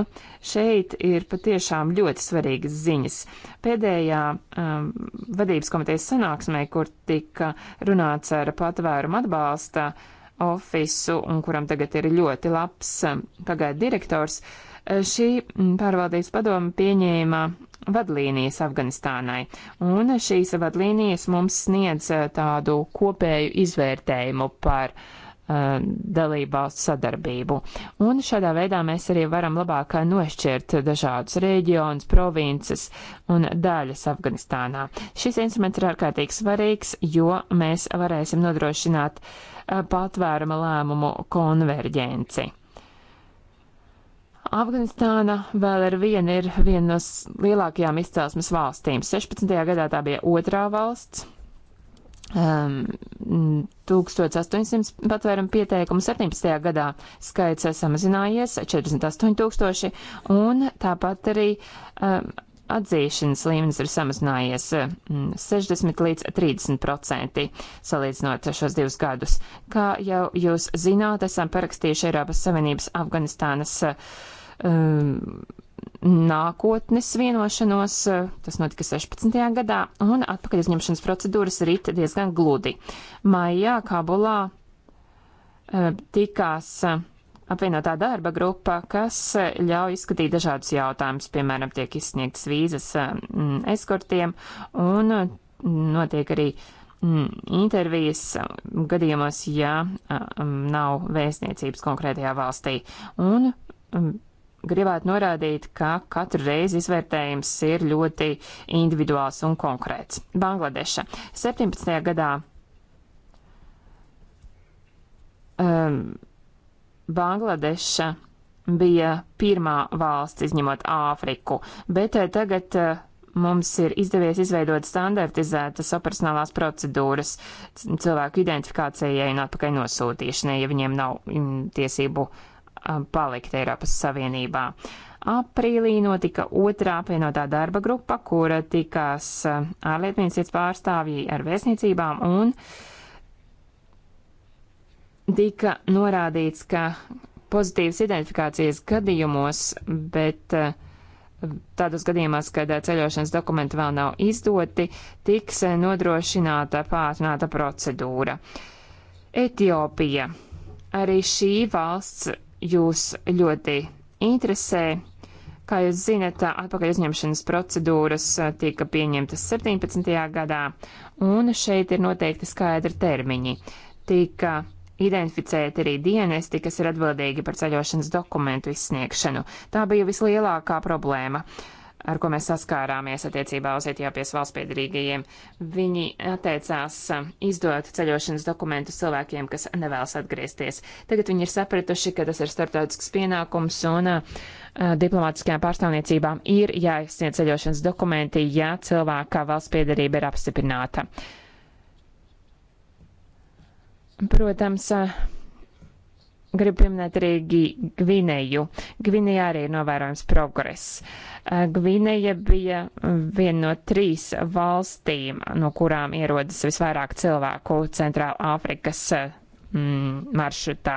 Speaker 3: šeit ir patiešām ļoti svarīgas ziņas. Pēdējā um, vadības komitejas sanāksmē, kur tika runāts ar patvērumu atbalsta ofisu, un kuram tagad ir ļoti labs pagaidu direktors, uh, Šī pārvaldības padoma pieņēma vadlīnijas Afganistānai, un šīs vadlīnijas mums sniedz eh, tādu kopēju izvērtējumu par uh, eh, dalībvalstu sadarbību. Un šādā veidā mēs arī varam labāk nošķirt dažādus reģionus, provinces un daļas Afganistānā. Šis instruments ir ārkārtīgi svarīgs, jo mēs varēsim nodrošināt uh, eh, patvēruma lēmumu konverģenci. Afganistāna vēl ar vienu ir viena no lielākajām izcelsmes valstīm. 16. gadā tā bija otrā valsts. Um, 1800 patvērumu pieteikumu 17. gadā skaits samazinājies 48,000, un tāpat arī um, atzīšanas līmenis ir samazinājies um, mm, 60 līdz 30 procenti, salīdzinot šos divus gadus. Kā jau jūs zināt, esam parakstījuši Eiropas Savienības Afganistānas uh, Um, nākotnes vienošanos, uh, tas notika 16. gadā, un atpakaļ uzņemšanas procedūras rīt diezgan gludi. Maijā Kabulā uh, tikās uh, apvienotā darba grupa, kas ļauj izskatīt dažādus jautājumus, piemēram, tiek izsniegtas vīzas mm, eskortiem, un notiek arī mm, intervijas gadījumos, ja um, nav vēstniecības konkrētajā valstī. Un um, gribētu norādīt, ka katru reizi izvērtējums ir ļoti individuāls un konkrēts. Bangladeša 17. gadā um, Bangladeša bija pirmā valsts izņemot Āfriku, bet eh, tagad uh, mums ir izdevies izveidot standartizētas operacionālās procedūras cilvēku identifikācijai un atpakaļ nosūtīšanai, ja viņiem nav mm, tiesību Um, palikt Eiropas Savienībā. Aprīlī notika otrā apvienotā darba grupa, kura tikās um, ārlietu ministrijas pārstāvji ar vēstniecībām un tika norādīts, ka pozitīvas identifikācijas gadījumos, bet uh, tādos gadījumos, kad uh, ceļošanas dokumenti vēl nav izdoti, tiks uh, nodrošināta pātrināta procedūra. Etiopija. Arī šī valsts jūs ļoti interesē. Kā jūs zinat, atpakaļ uzņemšanas procedūras tika pieņemtas 17. gadā, un šeit ir noteikti skaidri termiņi. Tika identificēti arī dienesti, kas ir atbildīgi par ceļošanas dokumentu izsniegšanu. Tā bija vislielākā problēma. Uh, ar ko mēs saskārāmies attiecībā uz Etiopijas valstspiedrīgajiem. Viņi atteicās izdot ceļošanas dokumentus cilvēkiem, kas nevēlas atgriezties. Tagad viņi ir sapratuši, ka tas ir starptautisks pienākums un uh, diplomātiskajām pārstāvniecībām ir jāizsniedz ceļošanas dokumenti, ja cilvēka valstspiedarība ir apstiprināta. Protams, uh, Gribu pieminēt arī Gvineju. Gvinejā arī ir novērojams progress. Eh, Gvineja bija viena no trīs valstīm, no kurām ierodas visvairāk cilvēku Centrāla Āfrikas eh, mm, maršrutā.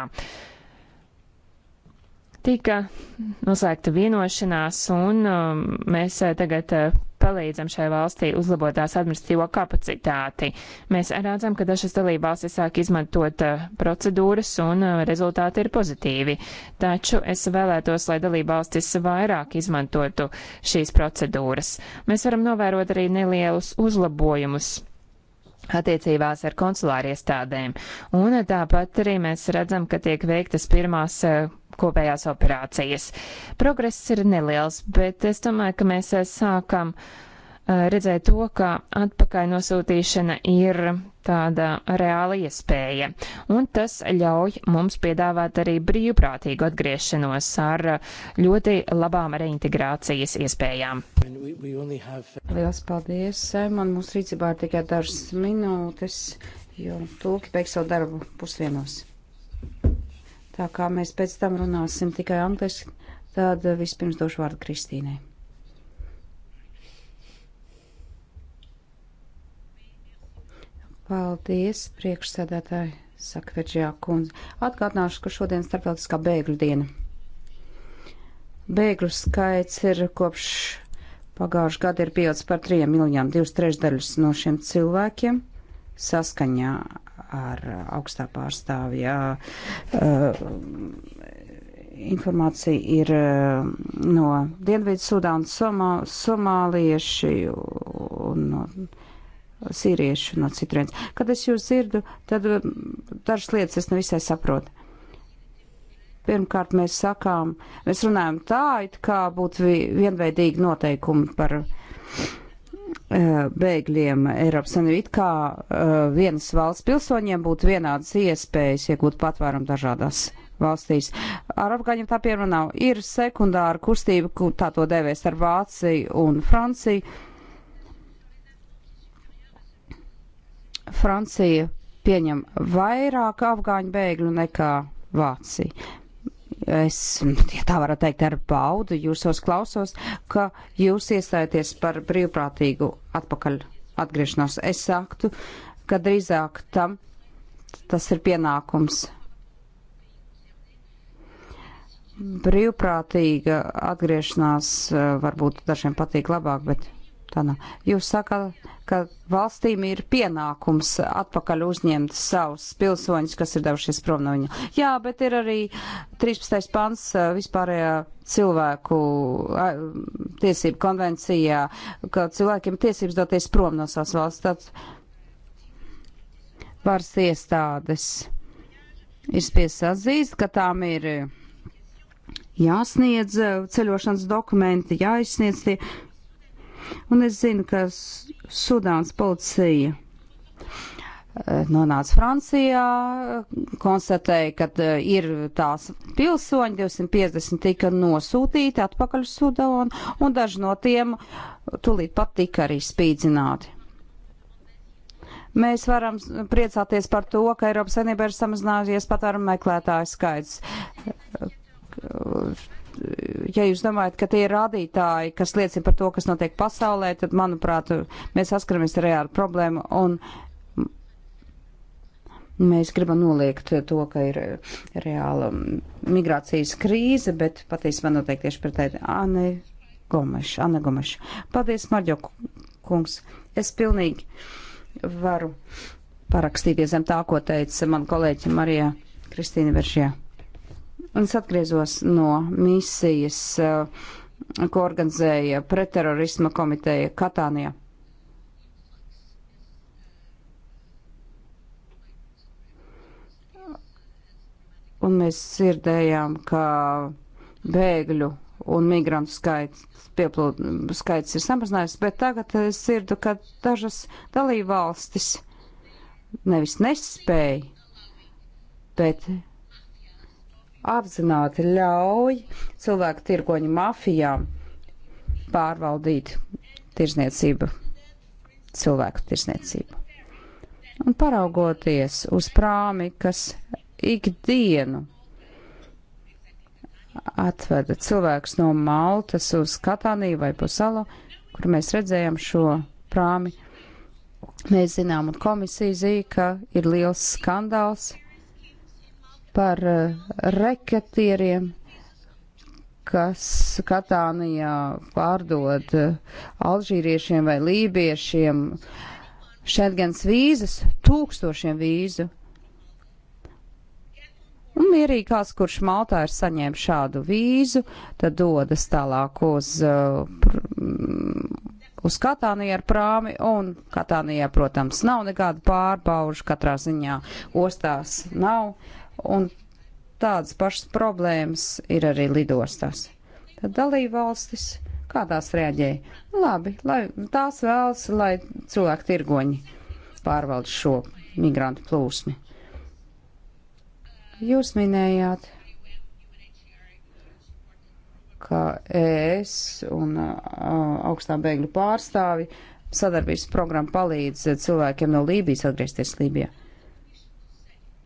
Speaker 3: Tika noslēgta vienošanās, un eh, mēs tagad palīdzam šai valstī uzlabot tās administratīvo kapacitāti. Mēs redzam, ka dažas dalībvalstis sāk izmantot eh, procedūras un eh, rezultāti ir pozitīvi. Taču es vēlētos, lai dalībvalstis vairāk izmantotu šīs procedūras. Mēs varam novērot arī nelielus uzlabojumus attiecībās ar konsulāriestādēm. Un tāpat arī mēs redzam, ka tiek veiktas pirmās eh, kopējās operācijas. Progress ir neliels, bet es domāju, ka mēs eh, sākam uh, Eh, redzēja to, ka atpakaļ nosūtīšana ir tāda reāla iespēja, un tas ļauj mums piedāvāt arī brīvprātīgu atgriešanos ar ļoti labām reintegrācijas iespējām.
Speaker 1: Have...
Speaker 2: Uh, Lielas paldies, man mums rīcībā ir tikai dažas minūtes, jo tulki beigs savu darbu pusvienos. Tā kā mēs pēc tam runāsim tikai angliski, tad uh, vispirms došu vārdu Kristīnei. Paldies, priekšsēdētāji, saka Veģijā kundze. Atgādināšu, ka šodien starptautiskā bēgļu diena. Bēgļu skaits ir kopš pagājušā gada ir pieaudzis par 3 miljoniem, 2 trešdaļas no šiem cilvēkiem saskaņā ar augstā pārstāvjā. Uh, informācija ir uh, no Dienvidu Sudānas somā, somālieši un no. Uh, sīriešu no citurienes. Kad es jūs dzirdu, tad um, dažas lietas es nevisai saprotu. Pirmkārt, mēs sakām, mēs runājam tā, it kā būtu vienveidīgi noteikumi par uh, bēgļiem Eiropas Savienībā. It kā uh, vienas valsts pilsoņiem būtu vienādas iespējas iegūt ja patvērumu dažādās valstīs. Ar afgāņiem tā piemēram nav. Ir sekundāra kustība, tā to devēs ar Vāciju un Franciju Francija pieņem vairāk afgāņu bēgļu nekā Vācija. Es, ja tā varētu teikt, ar baudu jūsos klausos, ka jūs iestājaties par brīvprātīgu atpakaļ atgriešanos. Es sāktu, ka drīzāk tam tas ir pienākums brīvprātīga atgriešanās eh, varbūt dažiem patīk labāk, bet Tātad jūs sakat, ka valstīm ir pienākums atpakaļ uzņemt savus pilsoņus, kas ir devušies prom no viņa. Jā, bet ir arī 13. pants vispārējā cilvēku tiesību konvencijā, ka cilvēkiem tiesības doties prom no savas valsts. Tad varas iestādes ir spiesas atzīst, ka tām ir jāsniedz ceļošanas dokumenti, jāizsniedz tie. Un es zinu, ka Sudāns policija eh, nonāca Francijā, konstatēja, ka eh, ir tās pilsoņi, 250 tika nosūtīti atpakaļ uz Sudānu, un daži no tiem tulīt pat tika arī spīdzināti. Mēs varam priecāties par to, ka Eiropas Savienībā ir samazinājies patvērumu meklētāju skaits ja jūs domājat, ka tie ir rādītāji, kas liecina par to, kas notiek pasaulē, tad, manuprāt, mēs saskaramies ar reālu problēmu un mēs gribam noliegt to, ka ir reāla migrācijas krīze, bet patiesībā notiek tieši pretēji Anne Gomeša. Anne Gomeša. Paldies, Marģo kungs. Es pilnīgi varu parakstīties zem tā, ko teica man kolēģi Marija Kristīna Veršijā. Un es atgriezos no misijas, eh, ko organizēja pretterorisma komiteja Katānijā. un mēs dzirdējām, ka bēgļu un migrantu skaits, pieplūd, skaits ir samazinājies, bet tagad es dzirdu, ka dažas dalībvalstis nevis nespēja, bet apzināti ļauj cilvēku tirgoņu mafijām pārvaldīt tirzniecību, cilvēku tirzniecību. Un paraugoties uz prāmi, kas ikdienu atveda cilvēks no Maltas uz Katāniju vai Pusalu, kur mēs redzējām šo prāmi, mēs zinām, un komisija zina, ka ir liels skandāls par eh, reketieriem, kas Katānijā pārdod eh, alžīriešiem vai lībiešiem šengens vīzas, tūkstošiem vīzu. Un mierīgi kāds, kurš Maltā ir saņēmis šādu vīzu, tad dodas tālāk uz, eh, mm, uz Katāniju ar prāmi, un Katānijā, protams, nav nekādu pārbaužu, katrā ziņā ostās nav un tādas pašas problēmas ir arī lidostās. Tad dalībvalstis, kā tās reaģēja? Labi, lai tās vēlas, lai cilvēki tirgoņi pārvalda šo migrantu plūsmu. Jūs minējāt, ka ES un augstā bēgļu pārstāvi sadarbības programma palīdz cilvēkiem no Lībijas atgriezties Lībijā.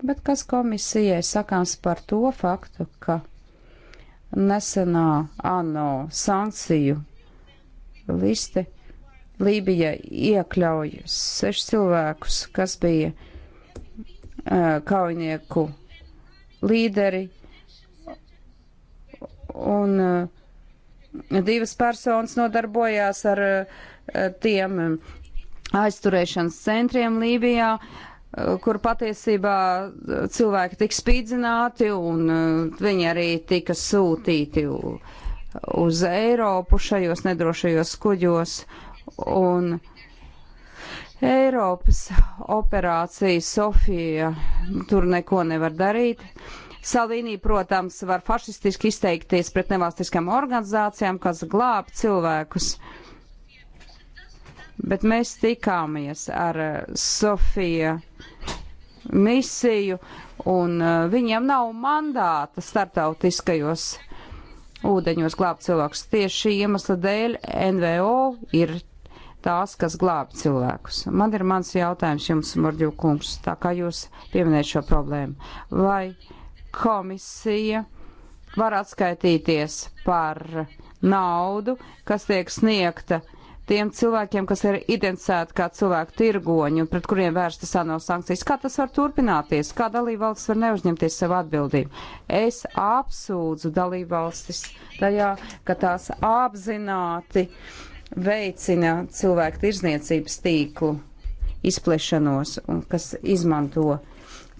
Speaker 2: Bet kas komisijai sakāms par to faktu, ka nesenā ANO sankciju liste Lībija iekļauj sešus cilvēkus, kas bija uh, kaujinieku līderi un uh, divas personas nodarbojās ar uh, tiem aizturēšanas centriem Lībijā. Uh, Eh, kur patiesībā eh, cilvēki tika spīdzināti un eh, viņi arī tika sūtīti uz Eiropu šajos nedrošajos kuģos. Un Eiropas operācija Sofija tur neko nevar darīt. Salvīnī, protams, var fašistiski izteikties pret nevalstiskām organizācijām, kas glāb cilvēkus. Bet mēs tikāmies ar Sofiju misiju, un eh, viņiem nav mandāta starptautiskajos ūdeņos glābt cilvēkus. Tieši šī iemesla dēļ NVO ir tās, kas glāb cilvēkus. Man ir mans jautājums jums, Morģu kungs, tā kā jūs pieminējat šo problēmu. Vai komisija var atskaitīties par naudu, kas tiek sniegta tiem cilvēkiem, kas ir identificēti kā cilvēku tirgoņi un pret kuriem vērsta sano sankcijas. Kā tas var turpināties? Kā dalībvalstis var neuzņemties savu atbildību? Es apsūdzu dalībvalstis tajā, ka tās apzināti veicina cilvēku tirzniecības tīklu izplešanos un kas izmanto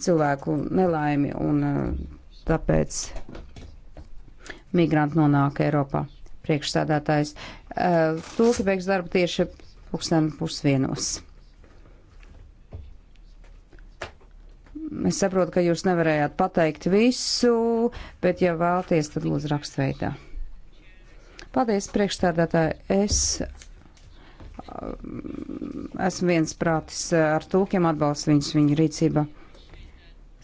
Speaker 2: cilvēku nelaimi un uh, tāpēc migranti nonāk Eiropā priekšsādātājs. Eh, Tūki beigs darbu tieši pusdien pusvienos. Es saprotu, ka jūs nevarējāt pateikt visu, bet ja vēlties, tad lūdzu rakstveidā. Paldies, priekšstādātāji. Es eh, esmu viens prātis eh, ar tūkiem atbalstu viņus viņu rīcība.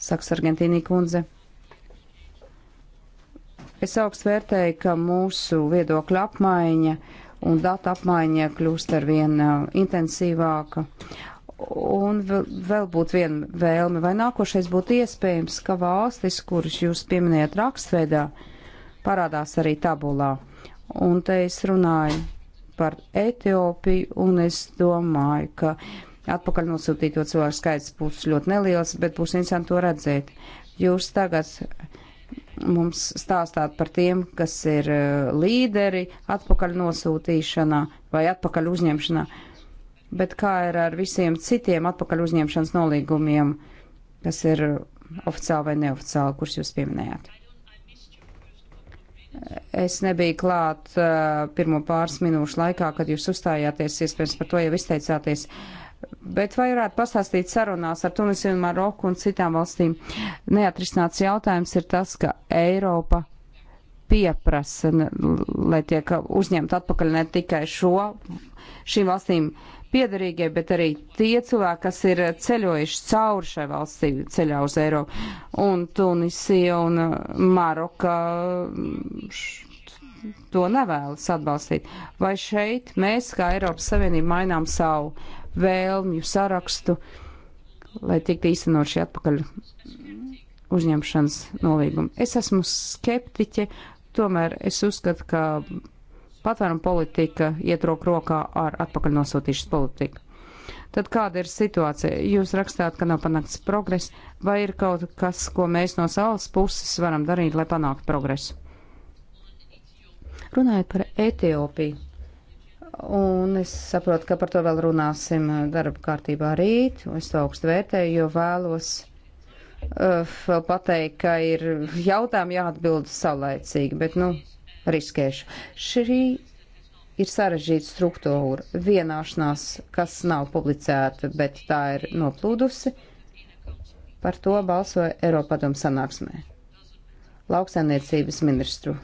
Speaker 2: Saks Argentīnī kundze. Es augstu vērtēju, ka mūsu viedokļa apmaiņa un datu apmaiņa kļūst ar vien uh, intensīvāka. Un vēl būtu viena vēlme, vai nākošais būtu iespējams, ka valstis, kuras jūs pieminējat rakstveidā, parādās arī tabulā. Un te es runāju par Etiopiju, un es domāju, ka atpakaļ nosūtīto cilvēku skaits būs ļoti neliels, bet būs interesanti to redzēt. Jūs tagad mums stāstāt par tiem, kas ir e, līderi atpakaļ nosūtīšanā vai atpakaļ uzņemšanā, bet kā ir ar visiem citiem atpakaļ uzņemšanas nolīgumiem, kas ir oficiāli vai neoficiāli, kurus jūs pieminējāt? Es nebiju klāt uh, pirmo pāris minūšu laikā, kad jūs uzstājāties, iespējams par to jau izteicāties. Uh, Bet vai varētu pastāstīt sarunās ar Tunisiju un Maroku un citām valstīm? Neatrisināts jautājums ir tas, ka Eiropa pieprasa, lai tiek uzņemt atpakaļ ne tikai šo, šīm valstīm piederīgie, bet arī tie cilvēki, kas ir ceļojuši cauri šai valstī ceļā uz Eiropu. Un Tunisija un Maroka mm, to nevēlas atbalstīt. Vai šeit mēs, kā Eiropas Savienība, mainām savu vēlmju sarakstu, lai tiktu īstenot šī atpakaļ uzņemšanas nolīguma. Es esmu skeptiķe, tomēr es uzskatu, ka patvērumu politika iet roku rokā ar atpakaļ nosūtīšanas politiku. Tad kāda ir situācija? Jūs rakstāt, ka nav panākts progress, vai ir kaut kas, ko mēs no savas puses varam darīt, lai panāktu progresu? Runājot par Etiopiju. Un es saprotu, ka par to vēl runāsim eh, darba kārtībā rīt. Es to augstu vērtēju, jo vēlos uh, vēl pateikt, ka ir jautājumi jāatbild saulēcīgi, bet, nu, riskēšu. Šī ir sarežģīta struktūra, vienāšanās, kas nav publicēta, bet tā ir noplūdusi. Par to balsoja Eiropadomu sanāksmē. Lauksaimniecības ministru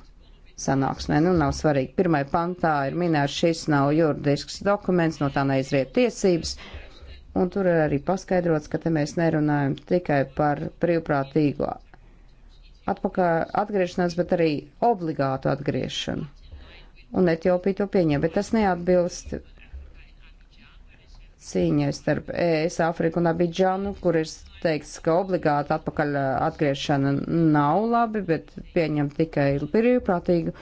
Speaker 2: sanāksmē. Nu, nav svarīgi. Pirmai pantā ir minēts, šis nav juridisks dokuments, no tā neizriet tiesības. Un tur ir arī paskaidrots, ka te mēs nerunājam tikai par brīvprātīgo atgriešanās, bet arī obligātu atgriešanu. Un Etiopija to pieņem, bet tas neatbilst cīņai starp ES, Afriku un Abidžanu, kur ir teikts, ka obligāta atpakaļ atgriešana nav labi, bet pieņem tikai brīvprātīgu.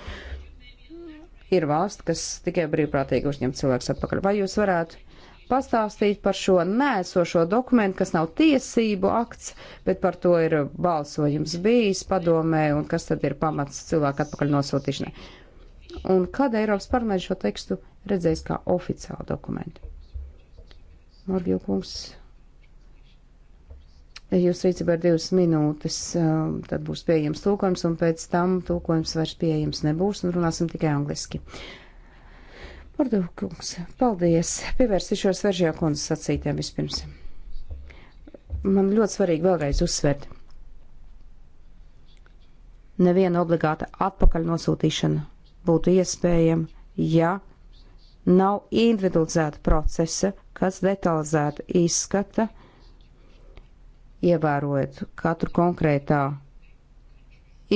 Speaker 2: Ir valsts, kas tikai brīvprātīgi uzņem cilvēks atpakaļ. Vai jūs varētu pastāstīt par šo nēsošo dokumentu, kas nav tiesību akts, bet par to ir balsojums bijis padomē un kas tad ir pamats cilvēku atpakaļ nosūtīšanai? Un kad Eiropas parlaments šo tekstu redzēs kā oficiālu dokumentu? Morgiju kungs Jūs rīcībā ir divas minūtes, um, tad būs pieejams tūkojums, un pēc tam tūkojums vairs pieejams nebūs, un runāsim tikai angliski. Pardūkungs, paldies. Pievērsīšos Veržijā kundzes sacītēm vispirms. Man ļoti svarīgi vēlreiz uzsvērt. Neviena obligāta atpakaļ nosūtīšana būtu iespējama, ja nav individualizēta procesa, kas detalizēti izskata ievērojot katru konkrētā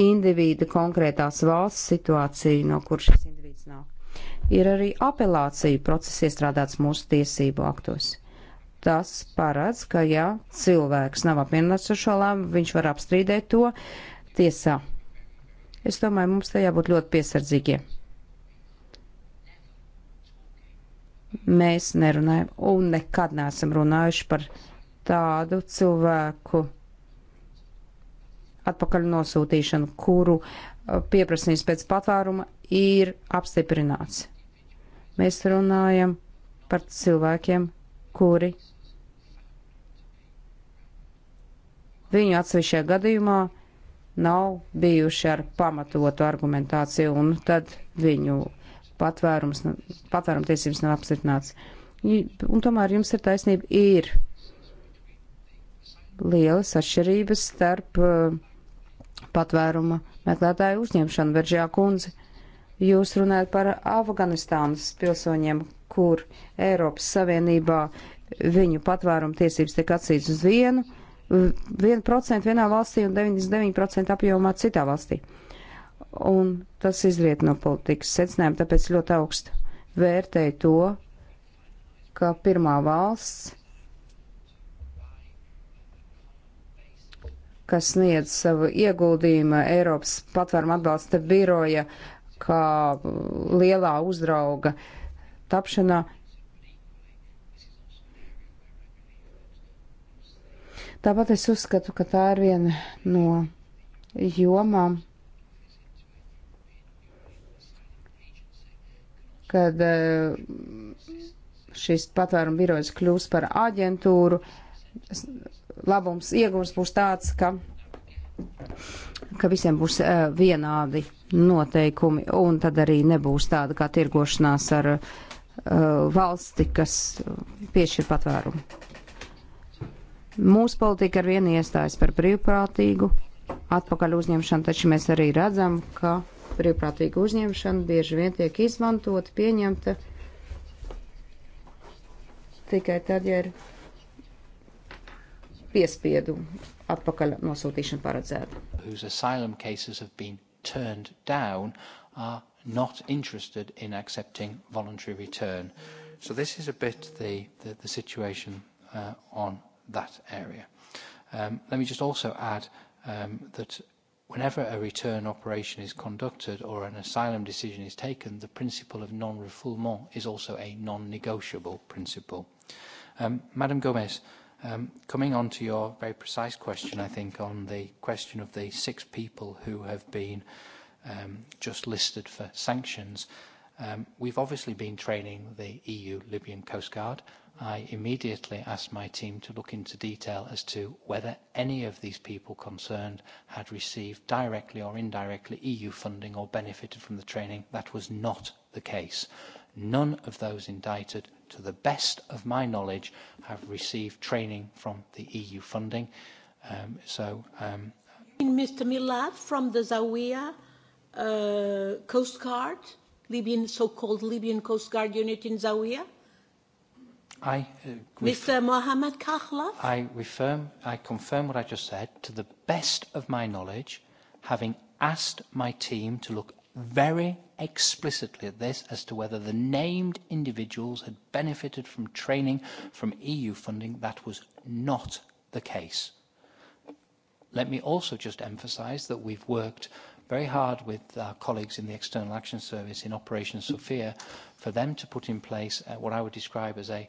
Speaker 2: individa konkrētās valsts situāciju, no kur šis individs nāk. Ir arī apelācija process iestrādāts mūsu tiesību aktos. Tas parāds, ka ja cilvēks nav apmierināts ar šo lēmumu, viņš var apstrīdēt to tiesā. Es domāju, mums te jābūt ļoti piesardzīgiem. Mēs nerunājam un nekad neesam runājuši par tādu cilvēku atpakaļ nosūtīšanu, kuru uh, pieprasījums pēc patvēruma ir apstiprināts. Mēs runājam par cilvēkiem, kuri viņu atsevišķajā gadījumā nav bijuši ar pamatotu argumentāciju, un tad viņu patvērums, patvēruma tiesības nav apstiprināts. Un tomēr jums ir taisnība, ir lielas atšķirības starp uh, patvēruma meklētāju uzņemšanu. Veržjā kundze, jūs runājat par Afganistānas pilsoņiem, kur Eiropas Savienībā viņu patvērumu tiesības tiek atsīts uz vienu, 1% vienā valstī un 99% apjomā citā valstī. Un tas izriet no politikas secinājuma, tāpēc ļoti augstu vērtēju to, ka pirmā valsts kas sniedz savu ieguldījumu Eiropas patvērumu atbalsta biroja kā lielā uzrauga tapšanā. Tāpat es uzskatu, ka tā ir viena no jomām, kad eh, šis patvērumu birojs kļūs par aģentūru labums, iegums būs tāds, ka, ka visiem būs uh, vienādi noteikumi, un tad arī nebūs tāda kā tirgošanās ar uh, valsti, kas piešķir patvērumu. Mūsu politika ar vienu iestājas par brīvprātīgu atpakaļ uzņemšanu, taču mēs arī redzam, ka brīvprātīga uzņemšana bieži vien tiek izmantota, pieņemta tikai tad, ja ir
Speaker 4: piespiedu atpakaļ nosūtīšana paredzēta. Not interested in accepting voluntary return. So, this is a bit the, the, the situation uh, on that area. Um, let me just also add um, that whenever a return operation is conducted or an asylum decision is taken, the principle of non-refoulement is also a non-negotiable principle. Um, Madam Gomez, uh, Um, coming on to your very precise question, I think, on the question of the six people who have been um, just listed for sanctions, um, we've obviously been training the EU Libyan Coast Guard. I immediately asked my team to look into detail as to whether any of these people concerned had received directly or indirectly EU funding or benefited from the training. That was not the case. None of those indicted, to the best of my knowledge, have received training from the EU funding. Um, so. Um, Mr. Milad from the Zawiya uh, Coast Guard, Libyan so-called Libyan Coast Guard unit in Zawiya. I, uh, Mr. Mohammed Kahla? I, refirm, I confirm what I just said. To the best of my knowledge, having asked my team to look very explicitly at this as to whether the named individuals had benefited from training from EU funding. That was not the case. Let me also just emphasise that we've worked very hard with our colleagues in the External Action Service in Operation Sophia for them to put in place uh, what I would describe as a